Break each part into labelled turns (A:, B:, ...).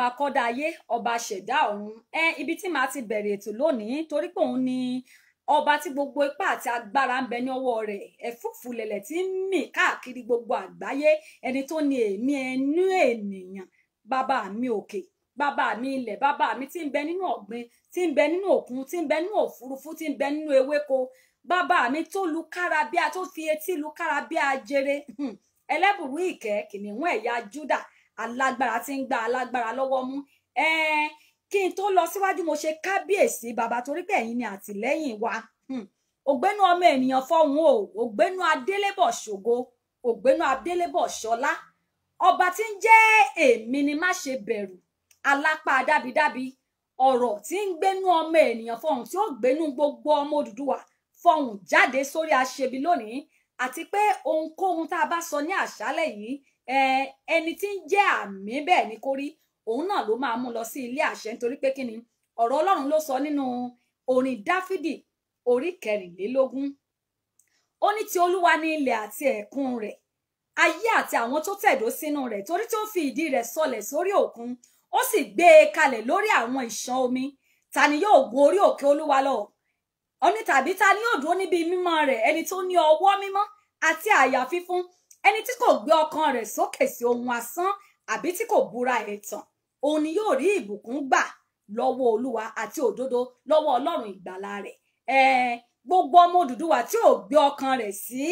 A: ọba kọ́dá ayé ọba ṣẹ̀dá ọ̀run ẹ ibi tí màá ti bẹ̀rẹ̀ ètò lónìí torí pé òun ni ọba tí gbogbo ipá àti agbára ń bẹ ní ọwọ́ rẹ̀ ẹ̀fúùfù lẹ̀lẹ̀ tí ń mì káàkiri gbogbo àgbáyé ẹni tó ní èémí ẹnu ènìyàn bàbá mi òkè bàbá mi ilẹ̀ bàbá mi tí ń bẹ nínú ọ̀gbìn tí ń bẹ nínú òkun tí ń bẹ nínú òfurufú tí ń bẹ nínú ewéko bàbá mi tó lu kára bí a tó fi etí lu kára bí a hmm. ẹlẹ́bùrú ìkẹ́ kìnìún ẹ̀yà Júdà alágbára tí ń gba alágbára lọ́wọ́ mú ẹ̀ẹ́n kí n tó lọ síwájú mo ṣe kábíyèsí bàbá torí pé ẹ̀yin ni àtìlẹ́yìn wa hmm. ògbénu ọmọ ènìyàn fọhùn o ògbénu adélébọ̀ ṣògo ògbénu adélébọ̀ ṣọlá ọba tí ń jẹ́ èmi ni má ṣe bẹ̀rù alápá dábidábi ọ̀rọ̀ tí ń gbénu ọmọ ènìyàn fọhùn tí ó gbénu gbogbo ọmọ Odùduwà fọhùn jáde sórí aṣebi lónìí àti pé ohunkóhun tá a bá sọ ní àṣálẹ́ yìí ẹni tí ń jẹ́ àmì bẹ́ẹ̀ ni kó rí òun náà ló máa mú lọ sí ilé àṣẹ nítorí pé kí ni ọ̀rọ̀ ọlọ́run ló sọ nínú orin dáfídì orí kẹrìnlélógún ó ní ti olúwa ní ilẹ̀ àti ẹ̀kún rẹ̀ ayé àti àwọn tó tẹ̀dó sínú rẹ̀ torí tó fi ìdí rẹ̀ sọlẹ̀ sórí òkun ó sì gbé e kalẹ̀ lórí àwọn ìṣàn omi ta ni yóò gun orí òkè olúwa lọ ó ní tàbí ta ni yóò dúró níbi mímọ́ rẹ̀ ẹni tó ní ọwọ́ mímọ́ àti àyà fífún ẹni tí kò gbé ọkàn rẹ̀ sókè sí ohun asán àbí tí kò búra ẹ̀tàn òun ni yóò rí ìbùkún gbà lọ́wọ́ olúwa àti òdodo lọ́wọ́ ọlọ́run ìgbàlà rẹ̀ ẹ̀ẹ́n gbogbo ọmọ Odùduwà tí ò gbé ọkàn rẹ̀ sí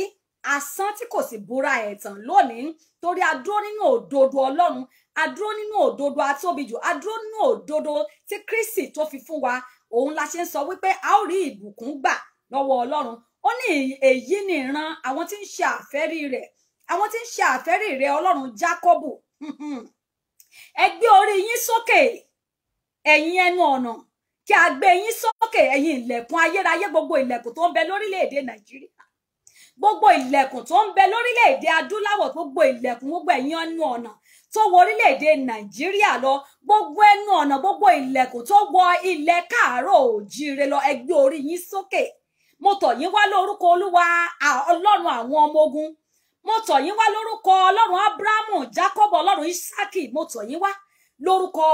A: asán tí kò sì búra ẹ̀tàn lónìí torí a dúró nínú òdodo ọlọ́run a dúró nínú òdodo atóbijù a dúró nínú òdodo tí Kristi tó fi fún wa òun la ṣe ń sọ wípé a ó rí ìbùkún gbà lọ́wọ́ ọlọ́run ó ní èyí ni ìran àwọn tí ń ṣe àfẹ́rí rẹ̀ àwọn tí ń ṣe àfẹ́rí rẹ ọlọ́run Jákọ́bù ẹ gbé orí yín sókè ẹ̀yin ẹnu ọ̀nà kí a gbé yín sókè ẹ̀yin ilẹ̀kùn ayérayé gbogbo ilẹ̀kùn tó ń bẹ lórílẹ̀‐èdè Nàìjíríà gbogbo ilẹ̀kùn tó ń bẹ lórílẹ̀‐èdè adúláwọ̀ gbogbo ilẹ̀kùn gbogbo ẹ̀yin ẹnu ọ̀nà tó wọ orílẹ̀-èdè nàìjíríà lọ gbogbo ẹnu ọ̀nà gbogbo ilẹ̀kùn tó wọ ilẹ̀ káàárọ̀ òjíire lọ ẹ gbé orí yín sókè mo tọ̀ yín wá lórúkọ olúwa ọlọ́run àwọn ọmọ ogun mo tọ̀ yín wá lórúkọ ọlọ́run abrahamu jacob ọlọ́run isaki mo tọ̀ yín wá lórúkọ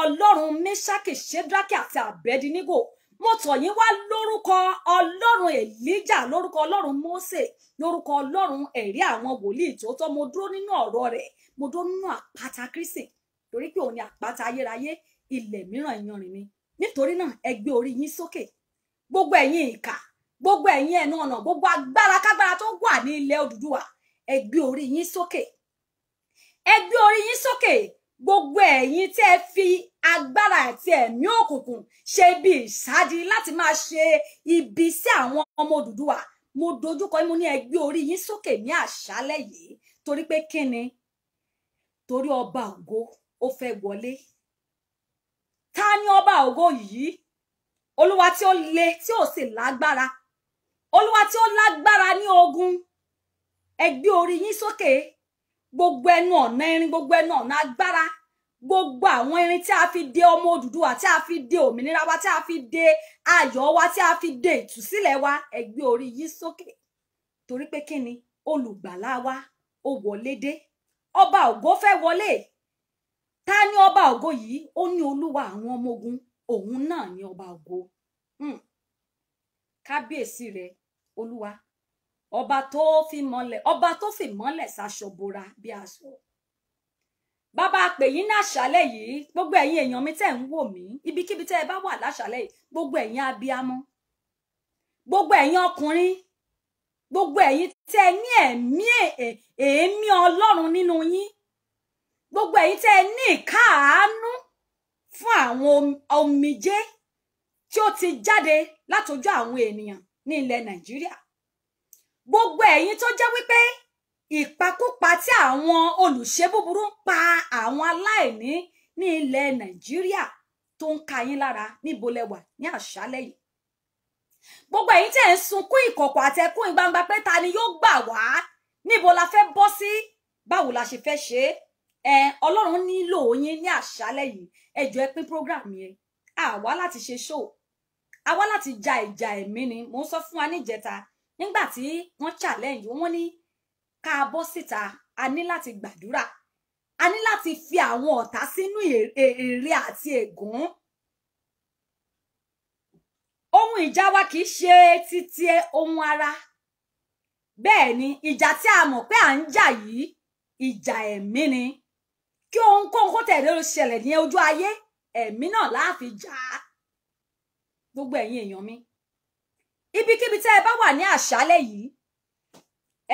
A: ọlọ́run meshaki shedraki àti abedinigo mo tọ̀ yín wá lórúkọ ọlọ́run elijah lórúkọ ọlọ́run mose lórúkọ ọlọ́run ẹ̀rí àwọn wòlíì tòótọ́ mo dúró nínú ọ̀rọ̀ rẹ̀ mo dúró nínú àpáta kristi torí pé òun ni àpáta ayérayé ilẹ̀ mìíràn ìyanrìn mi nítorí náà ẹ gbé orí yín sókè gbogbo ẹ̀yin ìkà gbogbo ẹ̀yin ẹ̀nu ọ̀nà gbogbo agbára kágbára tó wà ní ilẹ̀ Odùduwà ẹ gbé orí yín sókè ẹ gbé orí yín sókè gbogbo ẹ̀yin tẹ́ ẹ fi agbára àti ẹ̀mí òkùnkùn ṣe ibi ìsádi láti máa ṣe ibi sí àwọn ọmọ Odùduwà mo dojúkọ mo ní ẹ gbé orí yín sókè ní àṣálẹ́ yìí torí pé kí torí ọba ògo ó fẹ́ wọlé ta ni ọba ògo yìí olúwa tí ó le tí ó sì lágbára olúwa tí ó lágbára ní ogun ẹ gbé orí yín sókè gbogbo ẹnu ọ̀nà irin gbogbo ẹnu ọ̀nà agbára gbogbo àwọn irin tí a fi de ọmọ Odùduwà tí a fi de òmìnira wa tí a fi de ayọ̀ wa tí a fi de ìtúsílẹ̀ wa ẹ gbé orí yín sókè torí pé kí ni olùgbàlà wa ó wọlé dé ọba ògo fẹ́ wọlé ta ni ọba ògo yìí ó ní olúwa àwọn ọmọ ogun òun náà ni ọba ògo hmm. kábíyèsí rẹ olúwa ọba tó fi mọ́lẹ̀ ọba tó fi mọ́lẹ̀ ṣàṣọbora bí aṣọ bàbá pè yín ní àṣálẹ́ yìí gbogbo ẹ̀yin èèyàn mi tẹ́ ń wò mí ibikíbi tẹ́ ẹ bá wà láṣálẹ́ yìí gbogbo ẹ̀yin abiyamọ gbogbo ẹ̀yin ọkùnrin gbogbo ẹ̀yin tẹ́ ẹ ní ẹ̀mí èémí Ọlọ́run nínú yín gbogbo ẹ̀yin tẹ́ ní ìkáàánú fún àwọn omijé tí ó ti jáde látọjú àwọn ènìyàn ní ilẹ̀ Nàìjíríà gbogbo ẹ̀yin tó jẹ́ wípé ìpakúpa tí àwọn olùṣe búburú ń pa àwọn aláìní ní ilẹ̀ nàìjíríà tó ń ka yín lára níbo lẹwà ní àṣálẹ́ yìí gbogbo ẹ̀yin tẹ́ ń sunkún ìkọ̀kọ̀ àtẹkùn ìgbangba pé ta ni yóò gbà wá níbo la fẹ́ bọ́ sí báwo la ṣe fẹ́ ṣe é ẹ ọlọ́run nílò yín ní àṣálẹ́ yìí ẹ jọ̀ọ́ ẹ pín program yẹn àwa láti ṣe show àwa láti ja ìjà ẹ̀mí ni mò ń sọ fún wa níjẹta nígbà tí wọ́n challenge wọ́n ní ká bọ́ síta a ní láti gbàdúrà a ní láti fi àwọn ọ̀tá sínú èrè àti ègún ohun ìjà wa kì í ṣe títí ohun ara bẹ́ẹ̀ ni ìjà tí a mọ̀ pé à ń jà yìí ìjà ẹ̀mí ni kí ohunkóhun kó tẹ̀lé ó ṣẹlẹ̀ ní ojú ayé ẹ̀mí náà láàfin jà á gbogbo ẹ̀yin èèyàn mi ibikíbi tẹ́ ẹ bá wà ní àṣálẹ́ yìí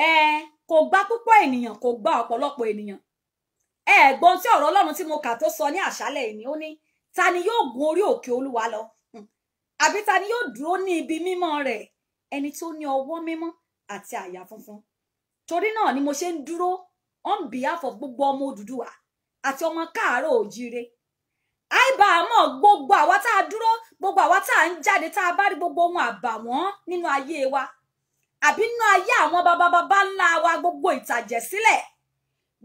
A: ẹ kò gba púpọ̀ ènìyàn kò gba ọ̀pọ̀lọpọ̀ ènìyàn ẹ gbọ́n tí ọ̀rọ̀ Ọlọ́run tí mo kà tó sọ ní àṣálẹ́ yìí ni ó ní ta ni yóò gun orí òkè Olúwa lọ hmm. àbí ta ni yóò dúró ní ibi mímọ́ rẹ̀ ẹni tó ní ọwọ́ mímọ́ àti àyà funfun torí náà ni mo ṣe ń dúró on behalf of gbogbo ọmọ Odùduwà àti ọmọ káàárọ̀ òjíire àìbá àmọ́ gbogbo àwa tá a dúró gbogbo àwa tá à ń jáde tá a bá rí gbogbo ohun àbàwọ́n nínú ayé wa àbí nínú ayé àwọn bàbá bàbá ńlá wa gbogbo ìtàjẹ̀sílẹ̀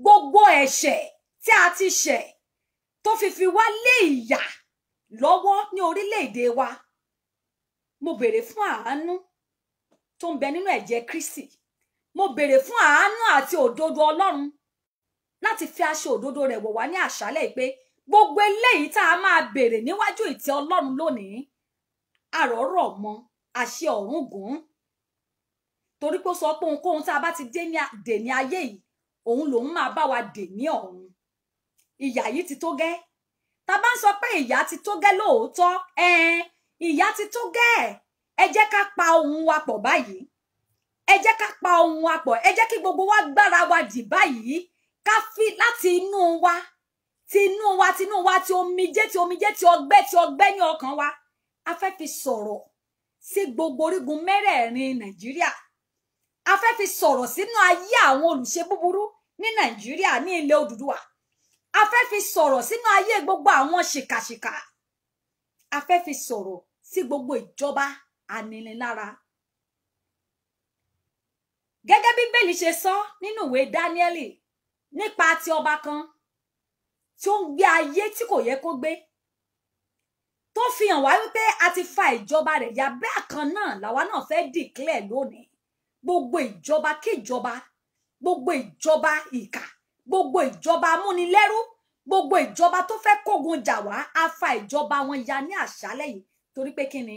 A: gbogbo ẹ̀ṣẹ̀ tí a ti ṣẹ̀ tó fi fi wá lé ìyà lọ́wọ́ ní orílẹ̀ wa mo béèrè fún àánú tó ń bẹ nínú ẹ̀jẹ̀ Kristi mo béèrè fún àánú àti òdodo Ọlọ́run láti fi aṣọ òdodo rẹ̀ wọ̀ wá ní àṣálẹ́ pé gbogbo eléyìí tá a máa béèrè níwájú ìtẹ́ ọlọ́run lónìí àrọ́rọ̀ mọ àṣẹ ọ̀run gùn torí pé ó sọ pé ohunkóhun tá a bá ti dè ní ayé yìí òun lòun máa bá wa dè ní ọ̀run ìyà yìí ti tó gẹ́ tá a bá ń sọ pé ìyà ti tó gẹ́ lóòótọ́ ẹ̀ẹ́n ìyà ti tó gẹ́ ẹ jẹ́ ká pa ohun wa pọ̀ báyìí ẹ jẹ́ ká pa ohun wa pọ̀ ẹ jẹ́ kí gbogbo wa gbára wa dì báyìí ká fi láti inú wa tinú wa tinú wa ti omijé ti omijé ti ọgbẹ́ ti ọgbẹ́ ní ọkàn wa a fẹ́ fi sọ̀rọ̀ sí gbogbo orígun mẹ́rẹ̀ẹ̀rin nàìjíríà a fẹ́ fi sọ̀rọ̀ sínú ayé àwọn olùṣe búburú ní nàìjíríà ní ilẹ̀ òdùdúwà a fẹ́ fi sọ̀rọ̀ sínú ayé gbogbo àwọn ṣìkàṣìkà a fẹ́ fi sọ̀rọ̀ sí gbogbo ìjọba aninilára gẹ́gẹ́ bí bẹ́ẹ̀lì ṣe sọ nínú ìwé dáníẹ́lì nípa ti ọba kan tí ó ń gbé ayé tí kò yẹ kó gbé tó fi hàn wá wípé a ti fa ìjọba rẹ̀ ya bẹ́ẹ̀ kan náà làwa náà fẹ́ dìklẹ̀ lónìí gbogbo ìjọba kíjọba gbogbo ìjọba ìkà gbogbo ìjọba amúnilẹ́rú gbogbo ìjọba tó fẹ́ kógun jà wá a fa ìjọba wọn ya ní àṣálẹ́ yìí torí pé kí ni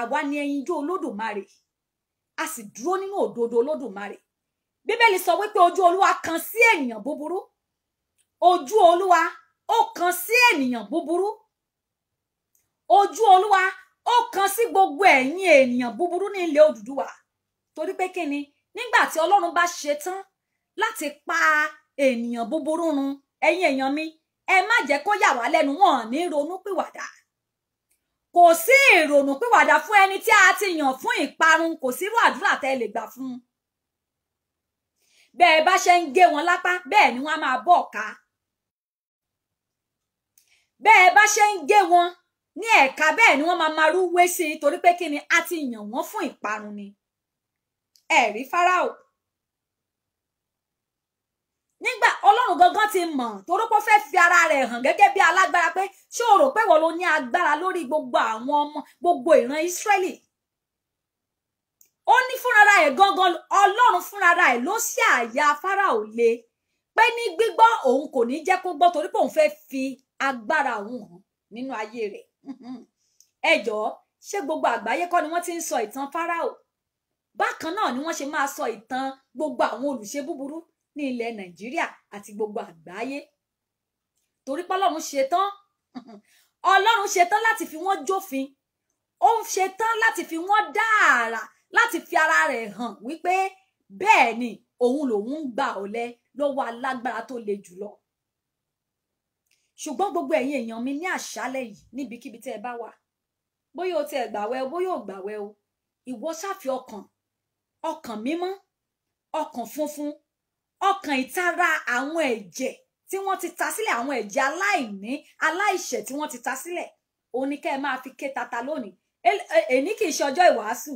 A: àwa ni ẹyinjú olódùmarè a sì dúró nínú òdodo olódùmarè bíbélì sọ wípé ojú olúwa kan sí ènìyàn búburú ojú olúwa ó kan sí ènìyàn búburú ojú olúwa ó kan sí gbogbo ẹ̀yin ènìyàn búburú ní ilẹ̀ Odùduwà torí pé kí ni nígbà tí Ọlọ́run bá ṣe tán láti pa ènìyàn búburú run ẹ̀yin èèyàn mi ẹ má jẹ́ kó yà wá lẹ́nu wọn ní ronú pìwàdà kò sí ìrònú pìwàdà fún ẹni tí a ti yàn fún ìparun kò sí irú àdúrà tẹ́ lè gbà fún un bá ṣe ń gé wọn lápá bẹ́ẹ̀ ni wọ́n á máa bọ̀ ká bẹ́ẹ̀ bá ṣe ń gé wọn ní ẹ̀ka bẹ́ẹ̀ ni wọ́n máa marú wé sí i torí pé kí ni a ti yàn wọ́n fún ìparun ni ẹ̀rí Fáráò nígbà ọlọ́run gangan ti mọ̀ torópó fẹ́ fi ara rẹ̀ hàn gẹ́gẹ́ bí alágbára pé ṣé o rò pé wọ́n ló ní agbára lórí gbogbo àwọn ọmọ gbogbo ìran Ísírẹ́lì ó ní fúnrara ẹ̀ gangan ọlọ́run fúnrara ẹ̀ ló ṣe àyà Fáráò le pé ní gbígbọ́ òun kò ní jẹ́ kó gbọ́ torí pé òun fẹ́ fi agbára òun hàn nínú ayé rẹ̀ mm-hmm. ẹ jọ̀ọ́ ṣé gbogbo àgbáyé kọ́ ni wọ́n ti ń sọ ìtàn Fáráò bákan náà ni wọ́n ṣe máa sọ ìtàn gbogbo àwọn olùṣe búburú ní ilẹ̀ Nàìjíríà àti gbogbo àgbáyé torí pọ́lọ́run ṣetán Ọlọ́run ṣetán láti fi wọ́n jófin ó ń ṣetán láti fi wọ́n dá àrà láti fi ara rẹ̀ hàn wípé bẹ́ẹ̀ ni òun lòun ń gbà ọ̀lẹ lọ́wọ́ alágbára tó le jùlọ ṣùgbọ́n gbogbo ẹ̀yin èèyàn mi ní àṣálẹ́ yìí níbikíbi tẹ́ ẹ bá wà bóyá o tẹ́ ẹ gbàwẹ̀ o bóyá o gbàwẹ̀ o ìwọ ṣàfi ọkàn ọkàn mímọ́ ọkàn funfun ọkàn ìtara àwọn ẹ̀jẹ̀ tí wọ́n ti ta sílẹ̀ àwọn ẹ̀jẹ̀ aláìní aláìṣẹ̀ tí wọ́n ti ta sílẹ̀ òun ni kẹ́ ẹ máa fi ké tata lónìí èní kì í ṣe ọjọ́ ìwàásù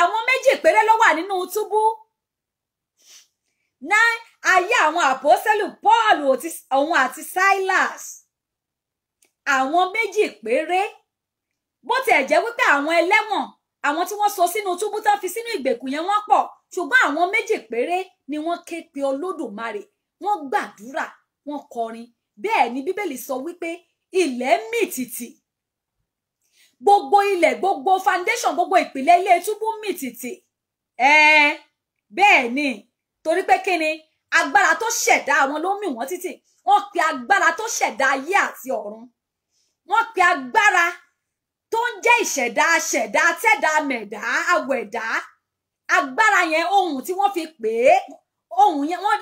A: àwọn méjì péré ló wà nínú túbú nine ayé àwọn àpọ́sẹ́lù Paul òun àti Silas àwọn méjì péré bó tiẹ̀ jẹ́ wípé àwọn ẹlẹ́wọ̀n àwọn tí wọ́n sọ sínú túbú tán fi sínú ìgbèkùn yẹn wọ́n pọ̀ ṣùgbọ́n àwọn méjì péré ni wọ́n ké pe olódùmarè wọ́n gbàdúrà wọ́n kọrin bẹ́ẹ̀ ni bíbélì sọ wípé ilẹ̀ mì tìtì gbogbo ilẹ̀ gbogbo foundation gbogbo ìpìlẹ̀ ilé túbú mì tìtì ẹ̀ẹ́ bẹ́ẹ̀ ni torí pé kíni agbára tó ṣẹ̀dá àwọn ló mì wọ́n títì wọ́n pe agbára tó ṣẹ̀dá ayé àti ọ̀run wọ́n pe agbára tó ń jẹ́ ìṣẹ̀dá ṣẹ̀dá tẹ̀dá mẹ̀dá awẹ̀dá agbára yẹn ohun tí wọ́n fi pè é ohun yẹn wọ́n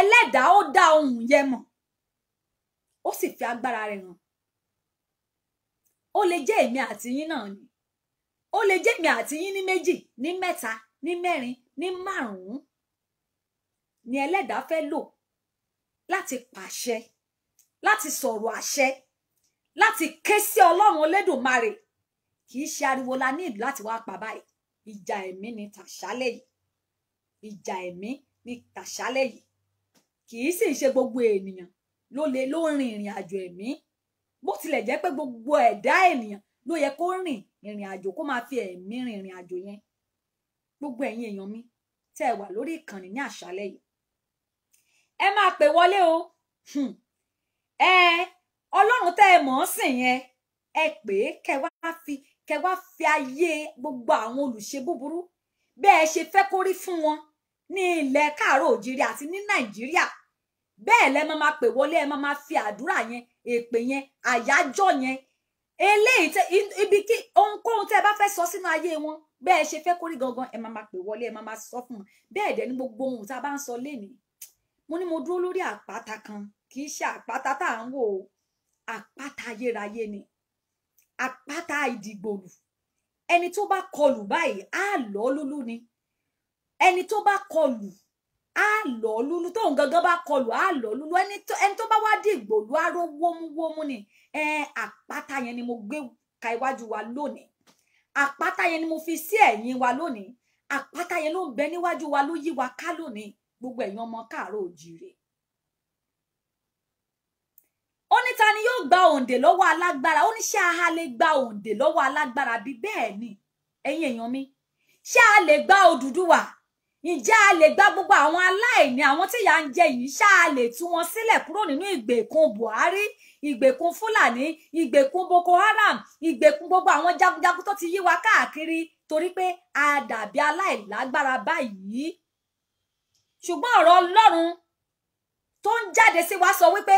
A: ẹlẹ́dàá ó dá ohun yẹn mọ̀ ó sì fi agbára rẹ̀ hàn ó lè jẹ́ èmi àti yín náà ni ó lè jẹ́ èmi àti yín ní méjì ní mẹ́ta ní mẹ́rin ní márùn-ún ni ẹlẹ́dàá fẹ́ lò láti pàṣẹ láti sọ̀rọ̀ àṣẹ láti ké sí ọlọ́run Olódùmarè kì í ṣe ariwo la ní láti wá pa báyìí ìjà ẹ̀mí ni tàṣálẹ̀ yìí ìjà ẹ̀mí ni tàṣálẹ̀ yìí kì í sì ṣe gbogbo ènìyàn ló lè ló rin ìrìn àjò ẹ̀mí bó tilẹ̀ jẹ́ pé gbogbo ẹ̀dá ènìyàn ló yẹ kó rìn ìrìn àjò kó máa fi ẹ̀mí rin ìrìn àjò yẹn gbogbo ẹ̀yin èèyàn mi tẹ́ ẹ wà lórí ìkànnì ní àṣálẹ́ yìí ẹ máa pè wọlé o hmm. ẹ ọlọ́run tẹ́ ẹ mọ̀ ọ́n sìn yẹn ẹ pè é kẹ wá fi kẹ wá fi ayé gbogbo àwọn olùṣe búburú bẹ́ẹ̀ ṣe fẹ́ kó rí fún wọn ní ilẹ̀ káàárọ̀ òjìrí àti ní nàìjíríà bẹ́ẹ̀ lẹ máa máa pè wọlé ẹ máa máa fi àdúrà yẹn èpè yẹn àyájọ́ yẹn eléyìí tẹ ibi kí ohunkóhun tẹ ẹ bá fẹ́ sọ sínú ayé wọn bẹ́ẹ̀ ṣe fẹ́ kó rí gangan ẹ máa máa pè wọlé ẹ máa máa sọ fún wọn bẹ́ẹ̀ dẹ̀ ní gbogbo ohun tá a bá ń sọ lénìí mo ní mo dúró lórí àpáta kan kì í ṣe àpáta tá à ń wò ó àpáta ayérayé ni àpáta ìdìgbòlù ẹni tó bá kọlù báyìí á lọ lúlú ni ẹni tó bá kọlù á lọ lúlú tóun gangan bá kọlù á lọ lúlú ẹni tó bá wá dìgbòlù á ró wómúwómú ni ẹ àpáta yẹn ni mo gbé ka iwájú wa lónìí àpáta yẹn ni mo fi sí ẹ̀yìn wa lónìí àpáta yẹn ló ń bẹ níwájú wa ló yí wa ká lónìí gbogbo ẹ̀yin ọmọ káàárọ̀ òjìrè ó ni yóò gba òǹdè lọ́wọ́ alágbára ó ní gba òǹdè lọ́wọ́ alágbára bí bẹ́ẹ̀ ni ẹ̀yin èèyàn mi ṣé a lè gba Odùduwà ǹjẹ́ a lè gba gbogbo àwọn aláìní àwọn tí ìyà ń jẹ yìí ṣá a lè tú wọn sílẹ̀ kúrò nínú ìgbèkùn Buhari ìgbèkùn Fúlàní ìgbèkùn Boko Haram ìgbèkùn gbogbo àwọn jagunjagun tó ti yí wa káàkiri torí pé a dàbí aláìlágbára báyìí ṣùgbọ́n ọ̀rọ̀ Ọlọ́run tó ń jáde sí wa sọ wípé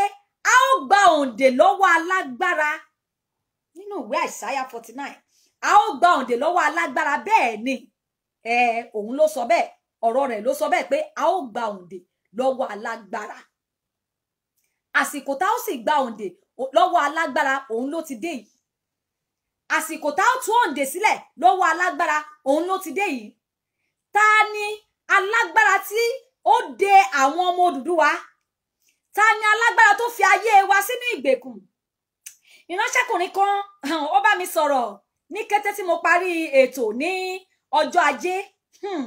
A: a ó gba òǹdè lọ́wọ́ alágbára nínú ìwé àìsáyà forty nine a ó gba òǹdè lọ́wọ́ alágbára bẹ́ẹ̀ ni òun ló sọ bẹ́ẹ̀ ọ̀rọ̀ rẹ̀ ló sọ bẹ́ẹ̀ pé a ó gba òǹdè lọ́wọ́ alágbára àsìkò tá ó sì gba òǹdè lọ́wọ́ alágbára òun ló ti dé yìí àsìkò tá ó tú òǹdè sílẹ̀ lọ́wọ́ alágbára òun ló ti dé yìí ta ni alágbára tí ó de àwọn ọmọ Odùduwà ta ni alágbára tó fi ayé wa sínú ìgbèkùn ìránṣẹ́kùnrin kan ó bá mi sọ̀rọ̀ ní kété tí mo parí ètò ní ọjọ́ ajé hmm.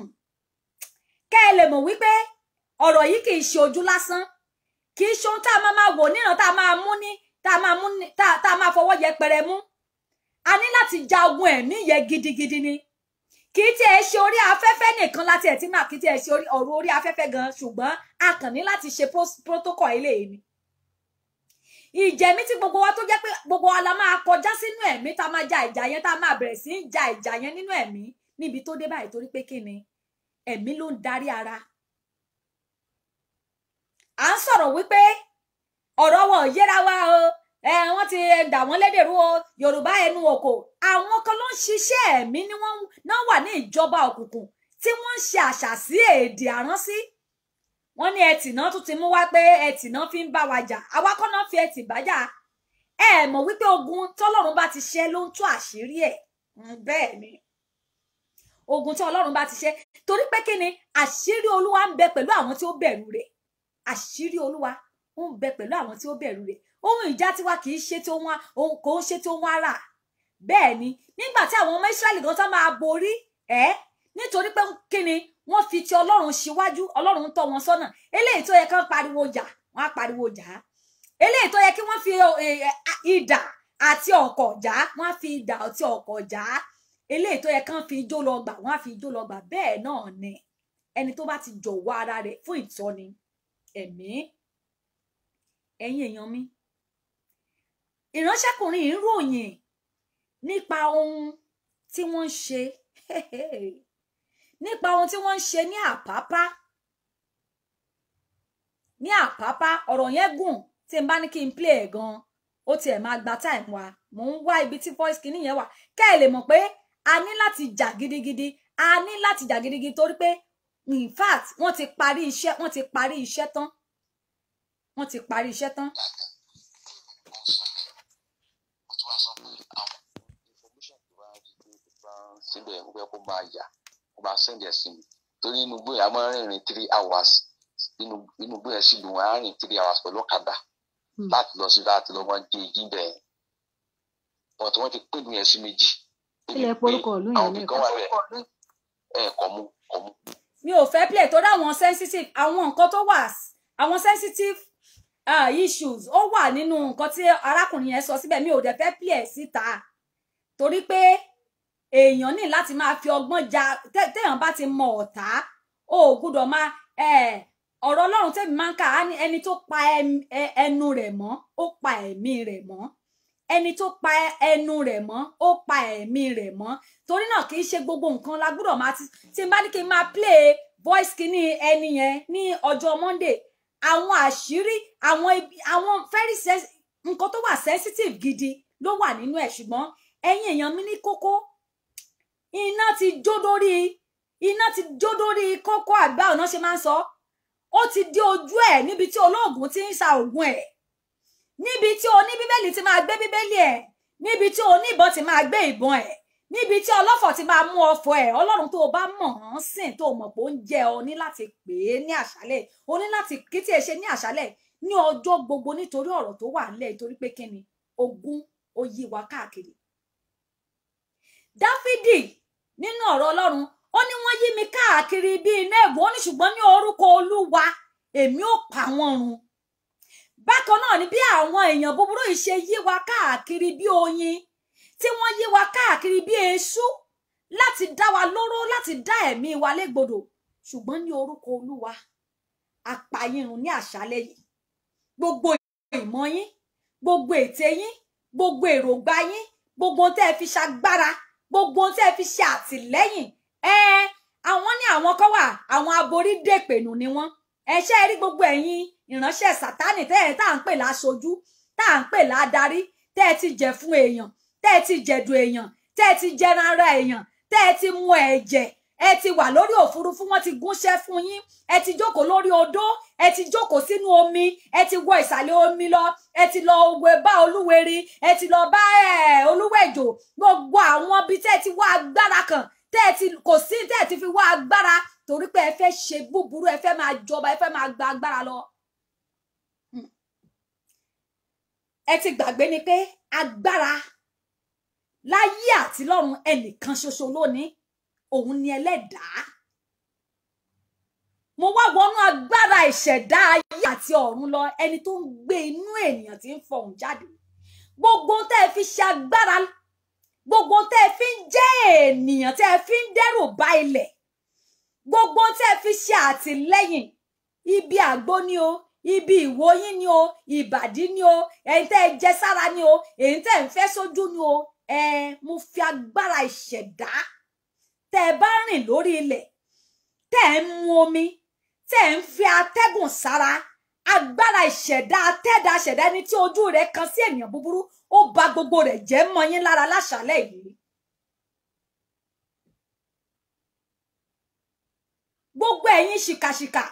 A: kẹ́ ẹ lè mọ̀ wípé ọ̀rọ̀ yìí kì í ṣe ojú lásán kì í ṣe ohun tá a máa máa wò níran tá a máa mú ní tá a máa mú ní tá a máa fọwọ́ yẹpẹrẹ mú a ní láti ja ogun ẹ̀mí yẹn gidigidi ni kì í tiẹ̀ ṣe orí afẹ́fẹ́ nìkan láti ẹ̀ tí máa kì í tiẹ̀ ṣe ọ̀rọ̀ orí afẹ́fẹ́ gan ṣùgbọ́n a kàn ní láti ṣe protocol eléyìí ni ìjẹ̀mí tí gbogbo wa tó jẹ́ pé gbogbo wa la máa kọjá sínú ẹ̀mí tá a máa ja ìjà yẹn tá a máa bẹ̀rẹ̀ sí í ja ìjà yẹn nínú ẹ̀mí níbi tó dé báyìí torí pé kí ni ẹ̀mí ló ń darí ara à ń sọ̀rọ̀ wípé ọ̀rọ̀ wọn ò wa o ẹ wọ́n ti dà wọ́n lédèrú o yorùbá ẹnu òkò àwọn kan ló ń ṣiṣẹ́ ẹ̀mí ni wọ́n náà wà ní ìjọba òkùnkùn tí wọ́n ń ṣe àṣà sí èdè àránsí wọ́n ní ẹtì náà tún ti mú wá pé ẹtì náà fi ń bá wa jà àwa kọ́ náà fi ẹtì bá jà ẹ mọ̀ wípé ogun tọ́lọ́run bá ti ṣe ló ń tú àṣírí ẹ̀ bẹ́ẹ̀ ni ogun tí ọlọ́run bá ti ṣe torí pé kí ni àṣírí olúwa ń bẹ pẹ̀lú àwọn tí ó bẹ̀rù rẹ̀ àṣírí olúwa ń bẹ pẹ̀lú àwọn tí ó bẹ̀rù rẹ̀ ohun ìjà tiwa kì í ṣe ti ohun kò ń ṣe ti ohun ara bẹ́ẹ̀ ni nígbà tí àwọn ọmọ Ísírẹ́lì gan tó máa borí ẹ nítorí pé kí ni wọ́n fi ti Ọlọ́run síwájú Ọlọ́run ń tọ́ wọn sọ́nà eléyìí tó yẹ kán pariwo jà wọ́n á pariwo jà eléyìí tó yẹ kí wọ́n fi idà àti ọ̀kọ̀ jà á á fi idà àti ọ̀kọ̀ jà eléyìí tó yẹ kán fi ijó lọ gbà wọ́n á fi ijó lọ gbà bẹ́ẹ̀ náà ni ẹni tó bá ti jọ̀wọ́ ara rẹ̀ fún ìtọ́ni ẹ̀mí ẹ̀yin èèyàn mi ìránṣẹ́kùnrin ń ròyìn nípa ohun tí wọ́n ń ṣe nípa ohun tí wọ́n ń ṣe ní àpápá ní àpápá ọ̀rọ̀ yẹn gùn tí n bá ní kí n play ẹ̀ gan ó tiẹ̀ máa gba time wa mò ń wá ibi tí voice kìíní yẹn wà kẹ́ ẹ̀ lè mọ̀ pé a ní láti jà gidigidi a ní láti jà gidigidi torí pé in fact wọ́n ti parí iṣẹ́ wọ́n ti parí iṣẹ́ tán wọ́n ti parí
B: iṣẹ́ tán
C: sọ pé àwọn information tó bá rí pé tó bá ń síbẹ̀ ó fẹ́ kó máa yà kó máa send ẹ̀ sí mi torí
D: inú gbé àmọ́ rìnrìn three hours inú gbé ẹ̀ sílùú wọn á rìn three hours pẹ̀lú ọ̀kadà láti lọ sí láti lọ wọn dé igi bẹ́ẹ̀ wọn tí wọ́n ti pè ní ẹ̀ sí
E: méjì ilẹ̀ porúkọ ìlú yẹn ní
A: ẹ̀kọ́ mi ò fẹ́ play tó dáwọn sensitive àwọn nǹkan tó wà àwọn sensitive Ah, issues ó wà nínú nǹkan tí arákùnrin yẹn sọ síbẹ̀ mi ò dẹ̀ fẹ́ plẹ̀ síta torí pé èèyàn ní láti máa fi ọgbọ́n ja téèyàn bá ti mọ ọ̀tá ó gbúdọ̀ máa ọ̀rọ̀ ọlọ́run tẹ́mi máa ń kà á ní ẹni tó pa ẹnu rẹ̀ mọ́ ó pa ẹ̀mí rẹ̀ mọ́ ẹni tó pa ẹnu rẹ̀ mọ́ ó pa ẹ̀mí rẹ̀ mọ́ torí náà kì í ṣe gbogbo nǹkan la gbúdọ̀ máa ti tí bá ní kí n máa play voice kínní ẹni yẹn ní ọjọ́ Monday àwọn àṣírí àwọn ibi àwọn very nǹkan tó wà sensitive gidi ló wà nínú ẹ̀ ṣùgbọ́n ẹ̀yin èèyàn mi ní kókó iná ti jó dórí iná ti jó dórí kókó àgbá ọ̀nà ṣe máa ń sọ ó ti dé ojú ẹ̀ níbi tí olóògùn ti ń sa òògùn ẹ̀ níbi tí oníbíbélì ti máa gbé bíbélì ẹ̀ níbi tí oníbọn ti máa gbé ìbọn ẹ̀ níbi tí ọlọ́fọ̀ ti máa mú ọfọ̀ ẹ̀ ọlọ́run tó o bá mọ̀ ọ́n sìn tó o mọ̀ pé ó ń jẹ́ ọ ní láti pè é ní àṣálẹ̀ o ní láti kí tí ẹ ṣe ní àṣálẹ̀ ní ọjọ́ gbogbo nítorí ọ̀rọ̀ tó wà nílẹ̀ torí pé kí ni ogun ó yí wa káàkiri. dáfídì nínú ọ̀rọ̀ ọlọ́run ó ní wọ́n yí mi káàkiri bí iná ẹ̀gbọ́n ó ní ṣùgbọ́n ní orúkọ olúwa èmi ò pa wọ́n run. bákan náà ni bí àwọn èèyàn búburú yìí ṣe yí wa káàkiri bí oyin tí wọ́n yí wa káàkiri bí eṣú láti dá wa lóró láti dá ẹ̀mí wa légbodò ṣùgbọ́n ní orúkọ olúwa apàyìrùn ní àṣálẹ́ yìí gbogbo ìmọ̀ yín gbogbo ète yín gbogbo èròǹgbà yín gbogbo ohun tẹ́ ẹ fi ṣagbára gbogbo ohun tẹ́ ẹ fi ṣe àtìlẹ́yìn ẹ àwọn ní àwọn kan wà àwọn aborí dèpènù ni wọ́n ẹ ṣe rí gbogbo ẹ̀yin ìránṣẹ́ sátánì tẹ́ ẹ tá à ń pè láṣojú tá à ń pè ládarí tẹ́ ẹ ti jẹ fún èèyàn tẹ́ ẹ ti jẹ̀dù èèyàn tẹ́ ẹ ti jẹran ara èèyàn tẹ́ ẹ ti mu ẹ̀jẹ̀ ẹ ti wà lórí òfurufú wọ́n ti gúnṣẹ́ fún yín ẹ ti jókòó lórí odó ẹ ti jókòó sínú omi ẹ ti wọ ìsàlẹ̀ omi lọ ẹ ti lọ ògbé bá olúwerí ẹ ti lọ bá ẹ olúwẹ̀jò gbogbo àwọn ibi tẹ́ ti wá agbára kan tẹ́ ẹ ti kò sí tẹ́ ti fi wá agbára torí pé ẹ fẹ́ ṣe búburú ẹ fẹ́ máa jọba ẹ fẹ́ máa gba agbára lọ. ẹ ti gbàgbé ni pé agbára láyé àti lọ́run ẹnìkan ṣoṣo lónìí òun ni ẹlẹ́dàá mo wá wọnú agbára ìṣẹ̀dá ayé àti ọ̀run lọ ẹni tó ń gbé inú ènìyàn tí ń fọhùn jáde gbogbo tẹ́ ẹ fi ṣe agbára gbogbo tẹ́ ẹ fi ń jẹ́ ènìyàn tẹ́ ẹ fi ń dẹ́rù bá ilẹ̀ gbogbo tẹ́ ẹ fi ṣe àtìlẹ́yìn ibi àgbo ni o ibi ìwòyín ni o ìbàdí ni o ẹ̀yin tẹ́ ẹ jẹ sára ni o èyí tẹ́ ẹ ń fẹ́ sójú ni o ẹ mo fi agbára ìṣẹ̀dá tẹ́ ẹ bá rìn lórí ilẹ̀ tẹ́ ẹ ń mu omi tẹ́ ẹ ń fi atẹ́gùn sára agbára ìṣẹ̀dá atẹ́dá ṣẹ̀dá ẹni tí ojú rẹ̀ kan sí ènìyàn búburú ó ba gbogbo rẹ̀ jẹ́ mọ́ yín lára láṣálẹ̀ yìí. gbogbo ẹ̀yin ṣìkàṣìkà